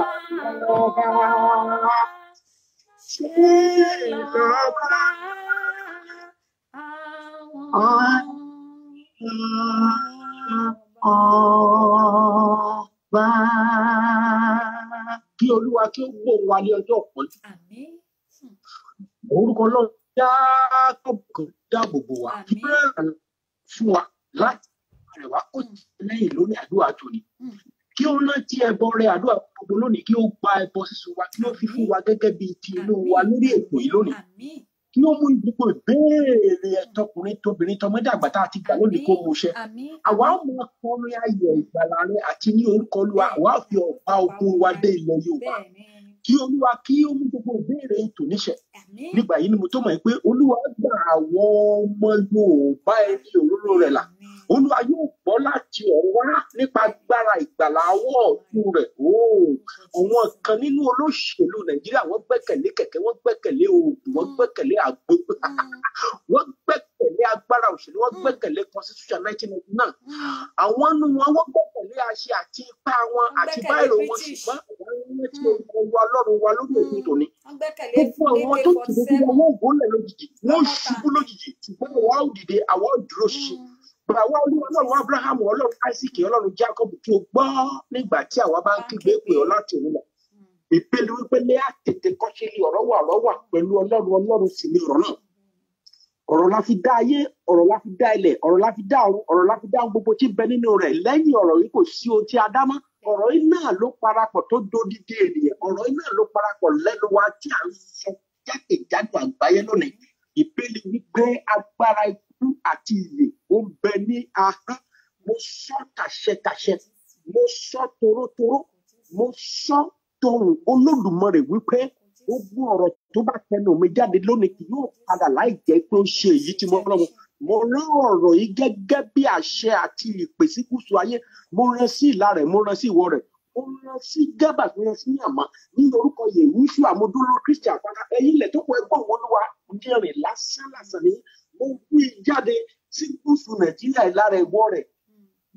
C: ṣé lọ́ba àwọn ọba kí olúwa kí ó gbòòrò alẹ́ ọjọ́ pọ̀jù orúkọ lọ dáàbò dáàbòbò wa bẹ́ẹ̀ fún wa láti rẹ̀ wá kó hmm. lẹ́yìn lórí àdúrà tòní hmm. kí ó rántí ẹbọ rẹ àdúrà gbogbo lónìí kí ó gba ẹbọ sísun wa kí ó fi fún wa gẹ́gẹ́ bíi ti inú wa lórí ètò yìí lónìí kí ó mú gbogbo ìbéèrè ẹtọkùnrin tóbìnrin tọmọdàgbà tá a ti ga lónìí kó mọṣẹ àwa ó máa kọrin ayọ̀ ìgbàlà rẹ àti ní orúkọ Olúwa àwa ó fi ọba ogun wa dé ilẹ̀ Yorùbá kí Olúwa kí ó mú gbogbo ìbéèrè tòníṣẹ nígbà yìí ni mo tó mọ̀ pé Olúwa gbà àwọn ọmọ Yorùbá ẹni òróró rẹ̀ là olúwa yóò gbọ́ láti ọ̀run wá nípa agbára ìgbàlà ọwọ́ ọ̀tún rẹ̀ àwọn kan nínú olóṣèlú nàìjíríà wọ́n gbẹ́kẹ̀lé kẹ̀kẹ́ wọ́n gbẹ́kẹ̀lé oògùn wọ́n gbẹ́kẹ̀lé àgbo wọ́n gbẹ́kẹ̀lé agbára òṣèlú wọ́n gbẹ́kẹ̀lé constitution nineteen ninety nine àwọn nu wọn wọ́n gbẹ́kẹ̀lé àṣẹ àti ipá wọn àti báyìí wọn ṣùgbọ́n àwọn ẹni tí wọn wọ ọlọ́run wa lórí òfin tòní gbogbo àwọn tó ti àwa olúwa ọlọ́run abraham ọlọ́run isaac ọlọ́run jacob tó gbọ́ nígbà tí àwa bá ń kígbe pè ọ́ láti òun lọ ìpele wípé ní àtètè kọ́ṣe lé ọ̀rọ̀ wà ọ̀rọ̀ wà pẹ̀lú ọlọ́run ọlọ́run sì ni ọ̀rọ̀ náà ọ̀rọ̀ la fi dá ayé ọ̀rọ̀ la fi dá ilẹ̀ ọ̀rọ̀ la fi dá ọ̀run ọ̀rọ̀ la fi dá gbogbo tí ń bẹ nínú rẹ̀ lẹ́yìn ọ̀rọ̀ yìí kò sí ohun tí a dá mọ́ ọ̀rọ̀ yìí náà ló parapọ̀ tó dódìdí ènìyàn ọ̀rọ̀ yìí náà ló parapọ̀ lẹ́nu wa tí à ń sọ jákèjádò àgbáyé lónìí ìpele wípé agbára ikú ikú àti ìyè ó ń bẹ ní ahọ́n mo sọ tàṣẹtàṣẹ mo toro, torótoró mo sọ tohùn olódùmarè wípé gbogbo ọ̀rọ̀ tó bá tẹnu mi jáde lónìí kì yóò padà láì jẹ́ pé ó ṣe èyí tí mo rán mo rán ọ̀rọ̀ yìí gẹ́gẹ́ bí àṣẹ àti ìpè sí gúúsù ayé mo rán sí ìlà rẹ̀ mo rán sí ìwọ rẹ̀ mo rán sí gábà mo rán sí yàmá ní orúkọ yẹ̀wúṣù àmọ́dúró kristi àpáta ẹ̀yìn ilẹ̀ tó kọ ẹgbọ́n wọn ló wà jẹ́rìn lásán lásán ní ó wí jáde sí gúúsù nàìjíríà lára ẹ̀wọ́ rẹ̀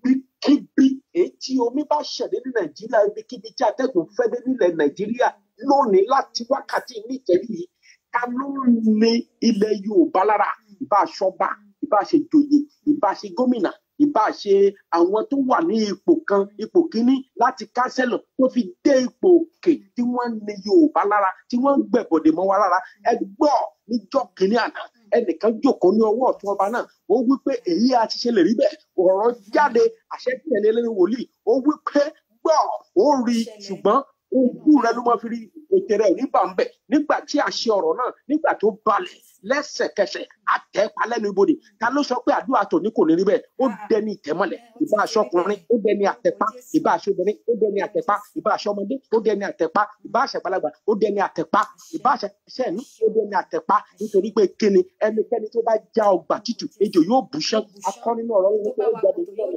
C: níbikíbi ètí omi bá ṣẹ̀dé ní nàìjíríà ibikíbi tí atẹ́gùn fẹ́ dé nílẹ̀ nàìjíríà lónìí láti wákàtí níjẹ̀rí yìí ta ló ń ni ilẹ̀ yorùbá lára ìbá aṣọba ìbá ṣe joyè ìbá ṣe gómìnà ìbá ṣe àwọn tó wà ní ipò kan ipò kíní láti kánsẹ́lọ̀ tó fi dé ipò òkè tí wọ́n ń ni yorùbá lára tí wọ́n ń gbẹ̀bọ̀dẹ̀ mọ́ wa lára ẹ gbọ́ níjọ́ àná ẹnìkan jókòó ní ọwọ́ ọ̀tún ọba náà ó wí pé èyí a ti ṣe lè rí bẹ́ẹ̀ ọ̀rọ̀ jáde àṣẹ tí ẹni ẹlẹ́ni wòlíì ó wí pé gbọ́ ó rí ṣùgbọ́n ojú rẹ ló máa fi rí ètè rẹ nígbà ń bẹ nígbà tí àṣẹ ọ̀rọ̀ náà nígbà tó balẹ̀ lẹ́sẹ̀kẹsẹ̀ àtẹpa lẹ́nu ibodè ta ló sọ pé àdúrà tòní kò ní rí bẹ́ẹ̀ ó dẹni ìtẹ̀mọ́lẹ̀ ìbá aṣọ ọkùnrin ó dẹni àtẹpa ìbá aṣọ obìnrin ó dẹni àtẹpa ìbá aṣọ ọmọdé ó dẹni àtẹpa ìbá aṣọ àgbàlagbà ó dẹni àtẹpa ìbá aṣọ sẹẹnu ó dẹni àtẹpa nítorí pé kíni ẹnikẹ́ni tó bá já ọgbà tútù ejò yóò bù sẹ akọni náà rọrùn nípa ọgbà tó ń bọ̀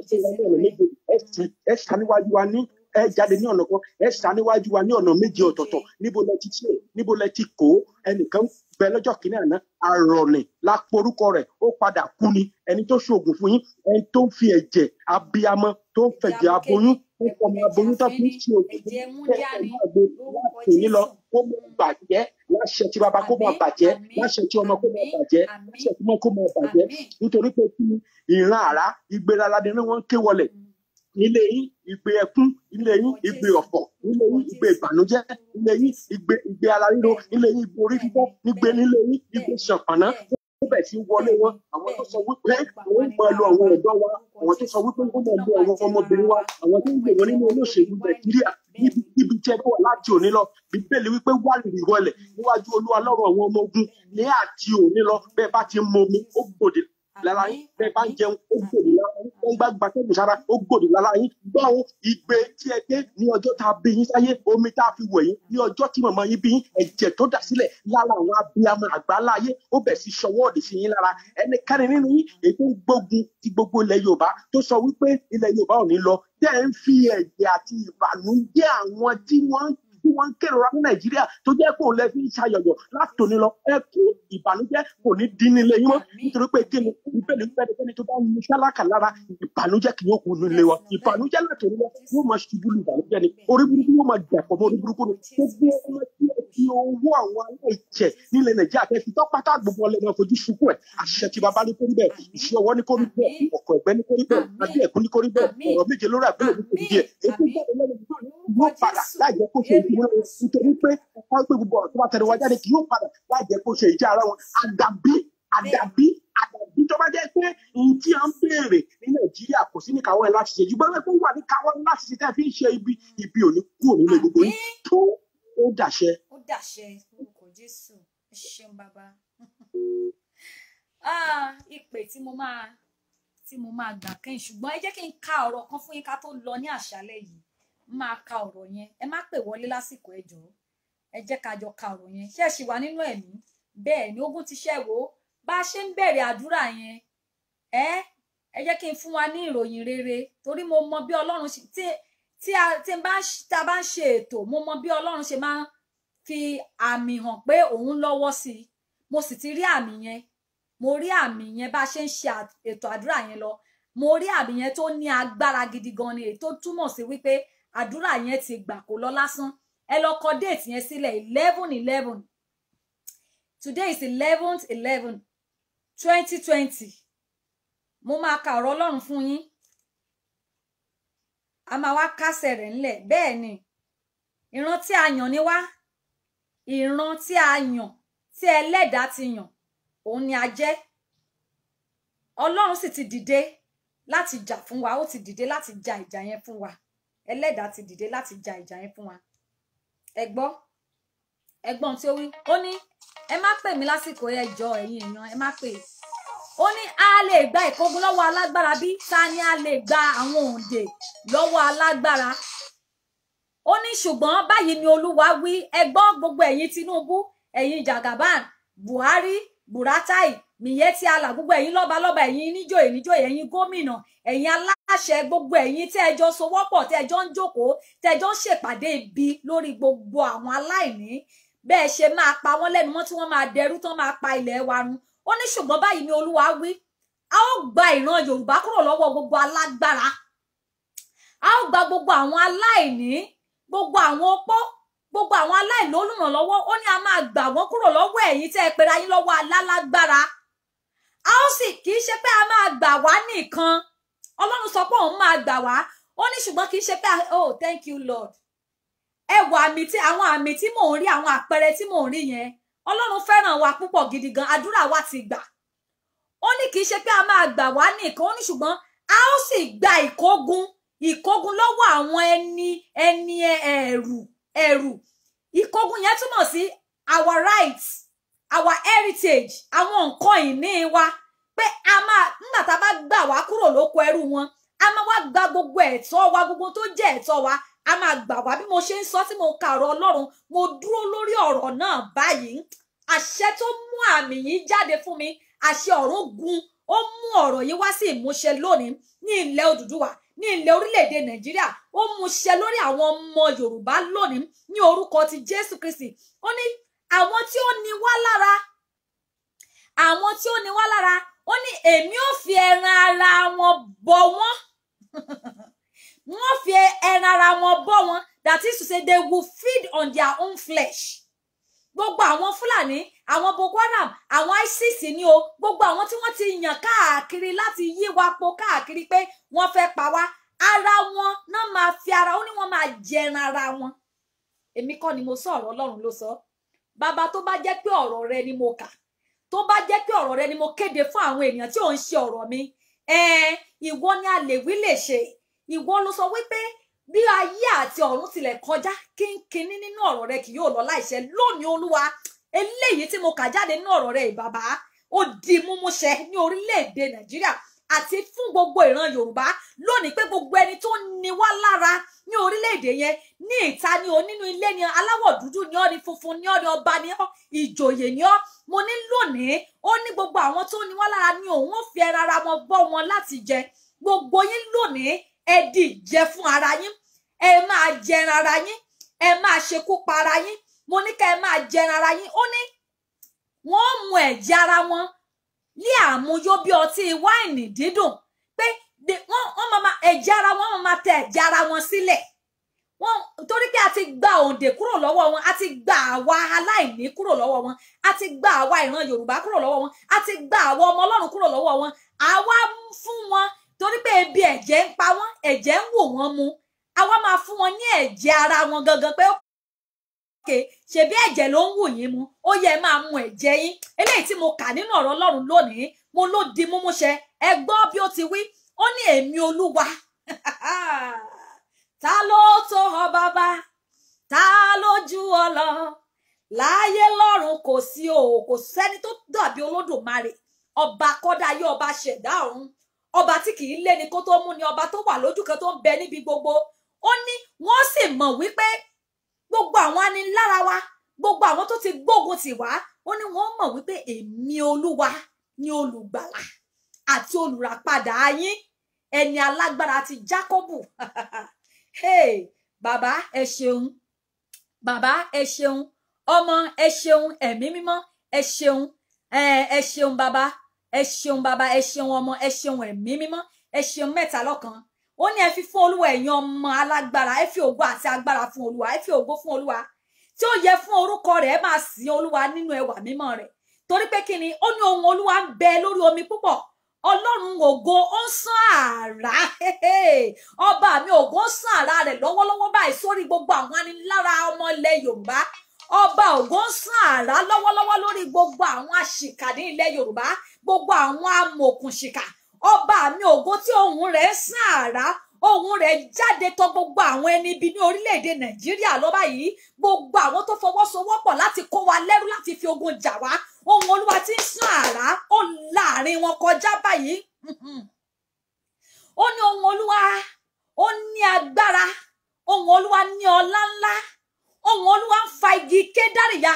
C: ẹsẹ̀ ẹsẹ̀ níwájú wa ní ẹ jáde ní ọ̀nà kan ẹ sá níwájú wa ní ọ̀nà méje ọ̀tọ̀ọ̀tọ̀ níbo lẹ ti tiẹ̀ níbo lẹ ti kó ẹnìkan bẹ lọ́jọ́ kìíní àná àrọ̀lẹ̀ la porúkọ rẹ̀ ó padà kú ni ẹni tó ṣoògùn fún yín ẹni tó ń fi ẹ̀jẹ̀ abiyamọ tó ń fẹ̀jẹ̀ aboyún ó fọ ọmọ aboyún tó fi ń ṣe òògùn tó ń lọ kó mọ bàjẹ́ láṣẹ tí baba kó mọ bàjẹ́ láṣẹ tí ọmọ kó mọ bàjẹ́ láṣẹ tí ọmọ kó mọ bàjẹ́ nítorí pé kí ni ìran àrá ìgbéraladé ni wọ́n ń ké wọlẹ̀ ilé yín igbe ẹkún ilé yín igbe ọ̀fọ̀ ilé yín igbe ìbànújẹ́ ilé yín igbe igbe ara ríro ilé yín igbe orí fífọ́ igbe nílé yín igbe ṣànpàná níbẹ̀ tí ń wọlé wọn àwọn tó sọ wípé àwọn ń máa lo àwọn ọ̀dọ́ wa àwọn tó sọ wípé wọ́n máa lo àwọn ọmọbìnrin wa àwọn tó ń gbè wọ́n nínú olóṣèlú nàìjíríà níbi tí ẹ láti òní lọ bíbélì wípé wà lórí ìwọlẹ̀ níwájú olúwa lọ́rọ̀ àwọn ọmọ ogun ní àti òní lọ bẹ́ẹ̀ bá ti mọ omi ó gbòdì lára yín bẹ́ẹ̀ bá ń jẹun ó gbòdì lára yín wọ́n gbá gbàtẹ́gùn sára ó gbòdì lára yín gbọ́hùn igbe tí ẹ dé ní ọjọ́ tá a bí yín sáyé omi tá a fi wẹ̀ yín ní ọjọ́ tí màmá yín bí yín ẹ̀jẹ̀ tó dà sílẹ̀ lára àwọn abiyamọ àgbáláyé ó bẹ̀ sí ṣọwọ́ òdì sí yín lára ẹnikẹ́ni nínú yín èyí gbógun ti gbogbo ilẹ̀ Yorùbá tó sọ wípé ilẹ̀ Yorùbá ò ní lọ tẹ́ ń fi ẹ̀jẹ̀ àti ìbànújẹ́ àwọn tí wọ́n ń tí wọ́n ń kérora ní nàìjíríà tó jẹ́ kó lẹ fi ń ṣayọ̀yọ̀ látòní lọ ẹkún ìbànújẹ́ kò ní dín nílé yín mọ́ nítorí pé kíni ìbẹ̀lẹ̀ fẹ́nikẹ́ni tó bá ń mu sálákà lára ìbànújẹ́ kì yóò kú nílé wa ìbànújẹ́ látòní lọ yóò máa ṣubú lu ìbànújẹ́ ni orí burúkú yóò máa dàpọ̀ mọ́ orí burúkú ni gbogbo ọmọ tí ẹ fi owó àwọn aláìjẹ nílẹ̀ nàìjíríà fẹ́ fi tọ́pátá gbogbo ọlẹ́ ìwúrẹ́ wọn nítorí pé wọ́n gbé gbogbo ọ̀rọ̀ tó bá tẹnu wá jáde kì yóò padà láì jẹ́ kó ṣe ìjà ara wọn àdàbí àdàbí àdàbí tó bá jẹ́ pé ohun tí a ń béèrè ní nàìjíríà kò sí ní káwọ́ ẹ̀ láti ṣe ṣùgbọ́n pé wà ní káwọ́ láti ṣe tẹ́ fi ń ṣe ibi ibi òní kúrò nínú gbogbo yìí tó ó dàṣẹ.
B: ó dàṣẹ orúkọ jésù ẹ ṣeun bàbá ah, ìpè tí mo máa tí mo máa gbà kẹ́yìn ṣùgbọ́n ẹ jẹ́ kí n
A: ka ọ̀rọ̀ kan fún yín ká tó lọ ní àṣálẹ́ yìí máa ka ọ̀rọ̀ yẹn ẹ má pè wọlé lásìkò
B: ẹ jọ̀ọ́ ẹ
A: jẹ́ ká jọ ka ọ̀rọ̀ yẹn ṣé ẹ ṣì wà nínú ẹ̀mí bẹ́ẹ̀ ni ogun ti ṣẹ́ wo bá a ṣe ń bẹ̀rẹ̀ àdúrà yẹn ẹ ẹ jẹ́ kí n fún wa ní ìròyìn rere torí mo mọ bí ọlọ́run tí a ta bá ń ṣe ètò mo mọ bí ọlọ́run ṣe máa ń fi àmì hàn pé òun lọ́wọ́ sí i mo sì ti rí àmì yẹn mo rí àmì yẹn bá a ṣe ń ṣe ètò àdúrà yẹn lọ mo rí àmì yẹn tó ní agbára gidi gan ni èyí tó túmọ̀ sí wípé àdúrà yẹn ti gbà kó lọ lásán ẹ lọ kọ déètì yẹn sílẹ̀ eleven eleven today is eleven eleven twenty twenty mo máa ka ọ̀rọ̀ ọlọ́run fún yín a máa wá kásẹ̀ rẹ̀ ńlẹ̀ bẹ́ẹ̀ ni ìran tí a yàn ni wá ìran tí a yàn tí ẹlẹ́dàá ti yàn òun ni a jẹ́ ọlọ́run sì ti dìde láti jà fún wa ó ti dìde láti jà ìjà yẹn fún wa ẹlẹ́dàá ti dìde láti ja ìjà yẹn fún wa ẹ gbọ́ ẹ̀gbọ́n tí ó wí ó ní ẹ má pè mí lásìkò ẹjọ́ ẹ̀yin èèyàn ẹ má pè ó ní a lè gba ìkógun lọ́wọ́ alágbára bí ta ni a lè gba àwọn òǹdè lọ́wọ́ alágbára ó ní ṣùgbọ́n báyìí ni olúwa wí ẹ gbọ́ gbogbo ẹ̀yin Tinubu ẹ̀yin Jagaban Buhari Buratai Miyetti Allah gbogbo ẹ̀yin lọ́balọ́ba ẹ̀yin níjòyè níjòyè ẹ̀yin gómìnà ẹ̀yin aláṣẹ gbogbo ẹ̀yin tẹ́ ẹ jọ sowọ́pọ̀ tẹ́ ẹ jọ ń jókòó tẹ́ ẹ jọ ń ṣèpàdé ibi lórí gbogbo àwọn aláìní bẹ́ẹ̀ ṣe máa pa wọ́n lẹ́nu mọ́ tí wọ́n máa dẹrú tán máa pa ilẹ̀ wa run ó ní ṣùgbọ́n báyìí ni olúwa wí a ó gba ìran yorùbá kúrò lọ́wọ́ gbogbo alágbára a ó gba gbogbo àwọn aláìní gbogbo àwọn opó gbogbo àwọn aláìlólùrànlọ́wọ́ ó ní a máa gbà wọ́n kúrò lọ́wọ́ ẹ̀yin tẹ́ ẹ pera yín lọ́wọ́ alálágbára a ó sì kì í ṣe pé a máa gbà wá nìkan ọlọ́run sọ pé òun máa gbà wá ó ní ṣùgbọ́n kì í ṣe pé oh thank you lord ẹwà àmì tí àwọn àmì tí mò ń rí àwọn àpẹẹrẹ tí mò ń rí yẹn ọlọ́run fẹ́ràn wa púpọ̀ gidi gan àdúrà wa ti gbà ó ní kì í ṣe pé a máa gbà wá nìkan ó ní ṣùgbọ́n a ó sì gba ìkógun ìkógun lọ́wọ́ àwọn ẹni ẹni ẹ̀rù ẹ̀rù ìkógun yẹn túmọ̀ sí our rights our heritage àwọn nǹkan ìní wa pé a máa nígbà tá a bá gbà wá kúrò lóko ẹrú wọn a máa wá gba gbogbo ẹ̀tọ́ wa gbogbo tó jẹ́ ẹ̀tọ́ wa a máa gbà wá bí mo ṣe ń sọ tí mo ka ọ̀rọ̀ Ọlọ́run mo dúró lórí ọ̀rọ̀ náà báyìí àṣẹ tó mú àmì yìí jáde fún mi àṣẹ ọ̀run gun ó mú ọ̀rọ̀ yìí wá sí ìmúṣẹ lónìí ní ilẹ̀ Odùduwà ní ilẹ̀ orílẹ̀-èdè Nàìjíríà ó mú ṣẹ lórí àwọn ọmọ Yorùbá lónìí ní orúkọ ti Jésù Kristi ó ní àwọn tí ó ní wá lára àwọn tí ó ní wá lára ó ní èmi ò fi ẹran ara wọn bọ wọn wọn fi ẹran ara wọn bọ wọn that is to say they will feed on their own flesh gbogbo àwọn fúlàní àwọn boko haram àwọn isis ni o gbogbo àwọn tí wọ́n ti yàn káàkiri láti yí wa po káàkiri pé wọ́n fẹ́ pa wá ara wọn náà máa fi ara ó ní wọ́n máa jẹran ara wọn èmi kọ́ ni mo sọ ọ̀rọ̀ Ọlọ́run ló sọ. So bàbá tó bá jẹ́ pé ọ̀rọ̀ rẹ ni mo kà tó bá jẹ́ pé ọ̀rọ̀ rẹ ni mo kéde fún àwọn ènìyàn tí ò ń ṣe ọ̀rọ̀ mi ìwọ ni a lè wí lè ṣe ìwọ ló sọ wípé bí ayé àti ọ̀run tilẹ̀ kọjá kínkínní nínú ọ̀rọ̀ rẹ kì yóò lọ láìṣẹ lónìí olúwa eléyìí tí mo kà jáde nínú ọ̀rọ̀ rẹ ìbàbá ó di múmúṣẹ ní orílẹ̀-èdè nàìjíríà àti fún gbogbo ìran Yorùbá lónìí pé gbogbo ẹni tó ní wá lára ní orílẹ̀-èdè yẹn ní ìta ni o nínú ilé ni aláwọ̀ dúdú ni ọ́ ni funfun ni ọ́ ni ọba ni ọ́ ìjòyè ni ọ́ mo ní lónìí ó ní gbogbo àwọn tó ní wá lára ni òun ò fi ẹran ara wọn bọ́ wọn láti jẹ gbogbo yín lónìí ẹ dìjẹ fún ara yín ẹ máa jẹran ara yín ẹ máa ṣekú para yín mo ní ká ẹ máa jẹran ara yín ó ní wọ́n mú ẹ̀jẹ̀ ara wọn lé àmúyó bí ọtí wáìnì dídùn pé wọ́n máa ẹ̀jẹ̀ ara wọn máa tẹ ẹ̀jẹ̀ ara wọn sílẹ̀ wọ́n torí pé a ti gba òǹdè kúrò lọ́wọ́ wọn a ti gba àwa aláìní kúrò lọ́wọ́ wọn a ti gba àwa ìran Yorùbá kúrò lọ́wọ́ wọn a ti gba àwa ọmọ Ọlọ́run kúrò lọ́wọ́ wọn àwa fún wọn torí pé ebi ẹ̀jẹ̀ ń pa wọ́n ẹ̀jẹ̀ ń wò wọ́n mu àwa máa fún wọn ní ẹ̀jẹ̀ ara wọn gangan pé okay ṣebí ẹ̀jẹ̀ ló ń wù yín mu ó yẹ máa mu ẹ̀jẹ̀ yín eléyìí tí mo kà nínú ọ̀rọ̀ Ọlọ́run lónìí mo ló di múmúṣẹ ẹ gbọ́ bí ó ti wí ó ní èmi Olúwa ta ló tó ọ bàbá ta ló jù ọ lọ láyé kò sí o kò sẹ́ni tó dàbí Olódùmarè ọba kọ́dáyé ọba ṣẹ̀dá ọ̀run ọba tí kì í lé ni kó tó mú ni ọba tó wà lójú kan tó ń bẹ níbi gbogbo ó ní wọ́n sì mọ̀ wípé gbogbo àwọn anilára wa gbogbo àwọn tó ti gbógun tì wá ó ní wọ́n mọ̀ wípé èmi olúwa ni olùgbàlà àti olùràpadà ayín ẹni alágbára ti Jákọ́bù hey bàbá ẹ ṣeun bàbá ẹ ṣeun ọmọ ẹ ṣeun ẹ̀mí mímọ́ ẹ ṣeun ẹ ṣeun bàbá ẹ ṣeun bàbá ẹ ṣeun ọmọ ẹ ṣeun ẹ̀mí mímọ́ ẹ ṣeun mẹ́ta lọ́kan ó ní ẹ fi fún olúwa ẹ̀yin ọmọ alágbára ẹ fi ògo àti agbára fún olúwa ẹ fi ògo fún olúwa tí ó yẹ fún orúkọ rẹ̀ ẹ máa sìn olúwa nínú ẹwà mímọ́ rẹ̀ torí pé kí ni ó ní ohun olúwa ń bẹ lórí omi púpọ̀ ọlọ́run ògo ó ń sán àrá ọba mi ògo ń sán àrá rẹ̀ lọ́wọ́lọ́wọ́ báyìí sórí gbogbo àwọn anilára ọmọ ilẹ̀ yorùbá ọba ògo ń sán àrá lọ́wọ́lọ́wọ́ lórí gbogbo àwọn àṣìkà ní ilẹ̀ yorùbá gbogbo àwọn amòòkùnṣìkà ọba mi ògo tí ohùn rẹ̀ sàn àrá ohùn rẹ̀ jáde tọ̀ gbogbo àwọn ẹni ibi ní orílẹ̀-èdè nàìjíríà lọ́ba yìí gbogbo àwọn tó fọwọ́sowọ́pọ̀ láti kó wa lẹ́rú láti fi ogun jà wá ohùn olúwa tí ń sàn àrá ó láàrin wọn kọjá báyìí ó ní ohùn olúwa ó ní agbára ohùn olúwa ní ọlá ńlá ohùn olúwa ń fa igi kédárìyá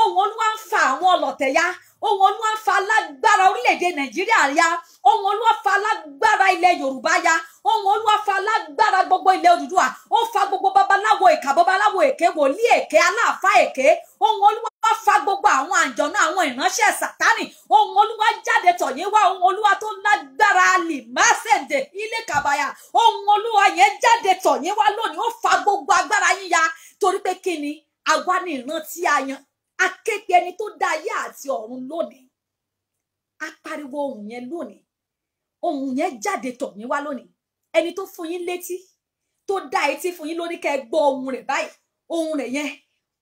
A: ohùn olúwa ń fa àwọn ọlọ̀tẹ̀ ya ohun olúwa fa alágbára orílẹ̀-èdè nàìjíríà ya ohun olúwa fa alágbára ilẹ̀ yorùbá ya ohun olúwa fa alágbára gbogbo ilẹ̀ odùduwà ó fa gbogbo babaláwo ìkà babaláwo èké wòlíì èké aláàfá èké ohun olúwa fa gbogbo àwọn àjọ̀nà àwọn ìránṣẹ́ sátánì ohun olúwa jáde tọ̀yìn wá ohun olúwa tó lágbára lè má sẹ̀dẹ̀ ilé kàbáyà ohun olúwa yẹn jáde tọ̀yìn wá lónìí ó fa gbogbo agbára yín torí pé kí ni ìran tí a yan aképe ẹni tó dá ayé àti ọ̀run lónìí a pariwo ohun yẹn lónìí ohun yẹn jáde tọ̀ mí wá lónìí ẹni tó fún yín létí tó dá etí fún yín lónìí kẹ́ ẹ gbọ́ ohun rẹ̀ báyìí ohun rẹ̀ yẹn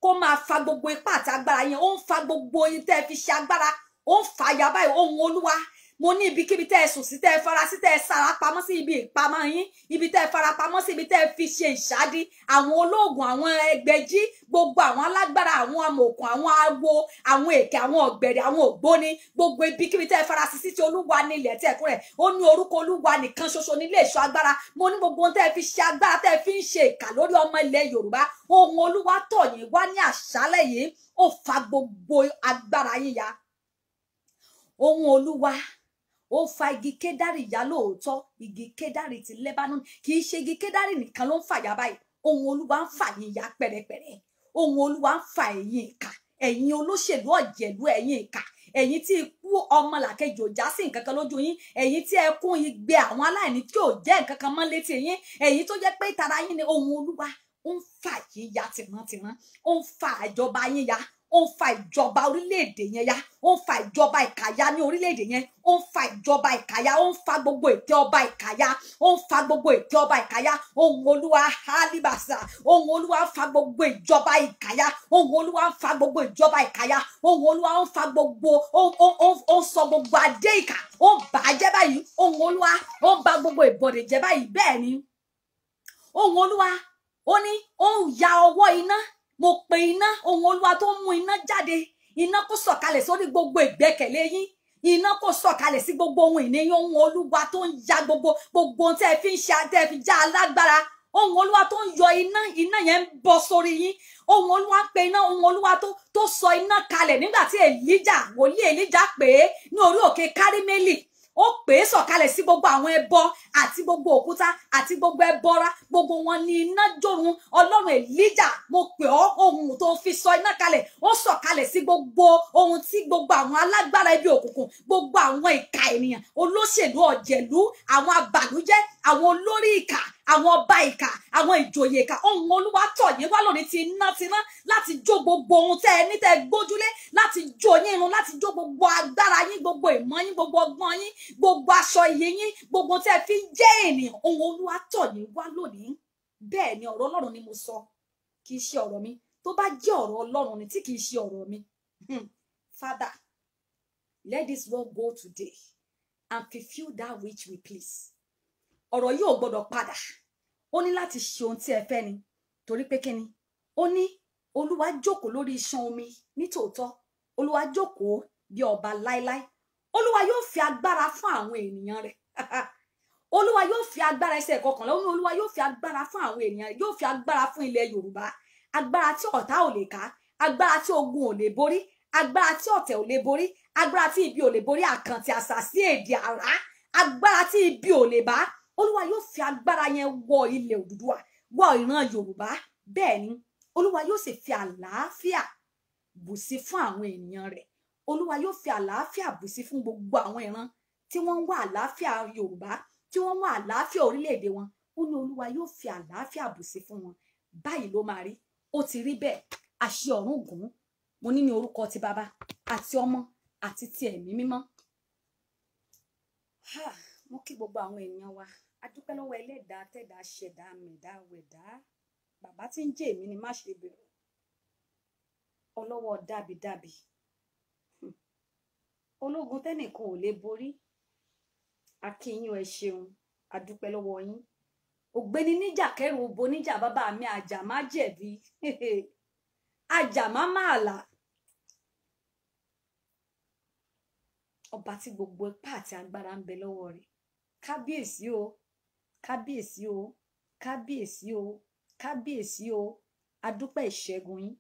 A: kó máa fa gbogbo ipá àti agbára yẹn ó ń fa gbogbo oyin tẹ́ fi ṣe agbára ó ń fa ya báyìí ohun olúwa mo ní ibikíbi tẹ́ ẹ sùn sí tẹ́ ẹ fara sí tẹ́ sara pamọ́ sí ibi ìpamọ́ yín ibi tẹ́ fara pamọ́ sí ibi tẹ́ ẹ fi ṣe ìṣádi àwọn olóògùn àwọn ẹgbẹ́jí gbogbo àwọn alágbára àwọn amòòkùn àwọn awo àwọn èké àwọn ọ̀gbẹ̀rẹ̀ àwọn ògbóni gbogbo ibikíbi tẹ́ ẹ fara sí sí ti olúwa ní ilẹ̀ tí ẹ̀kún rẹ̀ ó ní orúkọ olúwa nìkan ṣoṣo nílé ìṣọ́ agbára mo ní gbogbo ohun tẹ́ fi ṣe agbára tẹ́ fi ń ṣe ìkà lórí ọmọ ilẹ̀ yorùbá ohun olúwa tọ̀ yín wá ní àṣálẹ̀ yìí fa gbogbo agbára yín ya ohun olúwa ó fa igi kédárì ya lóòótọ́ igi kédárì ti Lebanon kì í ṣe igi kédárì nìkan ló ń fàyà báyìí ohun olúwa ń fà yín ya pẹ̀rẹ̀pẹ̀rẹ̀ ohun olúwa ń fà ẹ̀yin ìka ẹ̀yin olóṣèlú ọ̀jẹ̀lú ẹ̀yin ìka ẹ̀yin tí ikú ọmọ làkejì ò já sí nǹkan kan lójú yín ẹ̀yin tí ẹkún igbe àwọn aláìní tí ò jẹ́ nǹkan kan mọ́ létí yín ẹ̀yin tó jẹ́ pé ìtara yín ni ohun olúwa ń fà yín ya tìrántìrán ó ń fà ìjọba yín ya ó ń fa ìjọba orílẹ̀-èdè yẹn ya ó ń fa ìjọba ìkàyà ní orílẹ̀-èdè yẹn ó ń fa ìjọba ìkàyà ó ń fa gbogbo ète ọba ìkàyà ó ń fa gbogbo ète ọba ìkàyà ohun olúwa alibasa ohun olúwa ń fa gbogbo ìjọba ìkàyà ohun olúwa ń fa gbogbo ìjọba ìkàyà ohun olúwa ń fa gbogbo ó ń sọ gbogbo adé ìkà ó ń bà á jẹ́ báyìí ohun olúwa ó ń bà gbogbo ìbọ̀dè jẹ́ báyìí bẹ́ẹ̀ ni ohun olúwa ó ní ó ń ya ọwọ́ iná mo pe iná ohun olúwa tó ń mú iná jáde iná kó sọ̀kalẹ̀ sórí gbogbo ìgbẹ́kẹ̀lé yín iná kò sọ̀kalẹ̀ sí gbogbo ohun ìní yín ohun olúwa tó ń ya gbogbo gbogbo ohun tẹ́ ẹ fi ń ṣe tẹ́ ẹ fi já alágbára ohun olúwa tó ń yọ iná iná yẹn ń bọ sórí yín ohun olúwa pe iná ohun olúwa tó sọ iná kalẹ̀ nígbà tí èlíjà wòlíì èlíjà pè é ní orí òkè kárímélì ó pè é sọ̀kalẹ̀ sí gbogbo àwọn ẹbọ àti gbogbo òkúta àti gbogbo ẹbọra gbogbo wọn ní iná jòrun ọlọ́run èlíjà mo pè ọ́ ohun tó fi sọ iná kalẹ̀ ó sọ̀kalẹ̀ sí gbogbo ohun tí gbogbo àwọn alágbára ibi òkùnkùn gbogbo àwọn ìka ènìyàn olóṣèlú ọ̀jẹ̀lú àwọn abàlújẹ́ àwọn olórí ìka àwọn ọba ìkà àwọn ìjòyè ìkà ohun olúwa tọ̀ yín wá lónìí ti iná tiná láti jó gbogbo ohun tẹ́ ẹ ní tẹ́ ẹ gbójúlé láti jó yín irun láti jó gbogbo agbára yín gbogbo ìmọ̀ yín gbogbo ọgbọ́n yín gbogbo aṣọ iye yín gbogbo tẹ́ ẹ fi ń jẹ́ ènìyàn ohun olúwa tọ̀ yín wá lónìí bẹ́ẹ̀ ni ọ̀rọ̀ ọlọ́run ni mo sọ kì í ṣe ọ̀rọ̀ mi tó bá jẹ́ ọ̀rọ̀ ọlọ́run ni tí kì í ṣe ọ̀rọ̀ mi hmm. Father let this word go today and fulfil that which we please ọ̀rọ̀ yìí ò gbọ́dọ̀ padà ó ní láti ṣe ohun tí ẹ fẹ́ ni torí pé kíni ó ní olúwa jókòó lórí iṣan omi nítòótọ́ olúwa jókòó bí ọba láéláé olúwa yóò fi agbára fún àwọn ènìyàn rẹ̀ olúwa yóò fi agbára ẹsẹ̀ kọkànlá òun olúwa yóò fi agbára fún àwọn ènìyàn rẹ̀ yóò fi agbára fún ilẹ̀ yorùbá agbára tí ọ̀tá ò lè ká agbára tí ogun ò lè borí agbára tí ọ̀tẹ̀ ò lè borí agbára tí ibi ò lè borí àkàntì àṣàsí èdè àrá agbára tí ibi ò lè bá olúwa yóò fi agbára yẹn wọ ilẹ̀ Odùduwà wọ ìran Yorùbá bẹ́ẹ̀ ni olúwa yóò sì fi àlàáfíà bù sí fún àwọn ènìyàn rẹ̀ olúwa yóò fi àlàáfíà bù sí fún gbogbo àwọn ìran tí wọ́n ń wá àlàáfíà Yorùbá tí wọ́n ń wá àlàáfíà orílẹ̀-èdè wọn ó ní olúwa yóò fi àlàáfíà bù sí fún wọn báyìí ló máa rí ó ti rí bẹ́ẹ̀ àṣẹ ọ̀run gùn mo ní ní orúkọ ti bàbá àti ọmọ àti ti ẹ̀mí mímọ́ mo kí gbogbo àwọn ènìyàn wa adúpẹ́ lọ́wọ́ ẹlẹ́dàá tẹ̀dá ṣẹ̀dá mẹ̀dá wẹ̀dá bàbá tí ń jẹ́ èmi ni má ṣe bẹ̀rù ọlọ́wọ́ dábidábi hmm. ológun tẹ́nìkan ò lè borí akínyìn ẹ ṣeun adúpẹ́ lọ́wọ́ yín ògbéni níjà kẹrù obo níjà bàbá mi àjà má jẹ̀bi àjà má máa là ọba tí gbogbo ipá àti agbára ń bẹ lọ́wọ́ rẹ̀ kábíyèsí o kábíyèsí o kábíyèsí o kábíyèsí o adúpẹ́ ìṣẹ́gun yín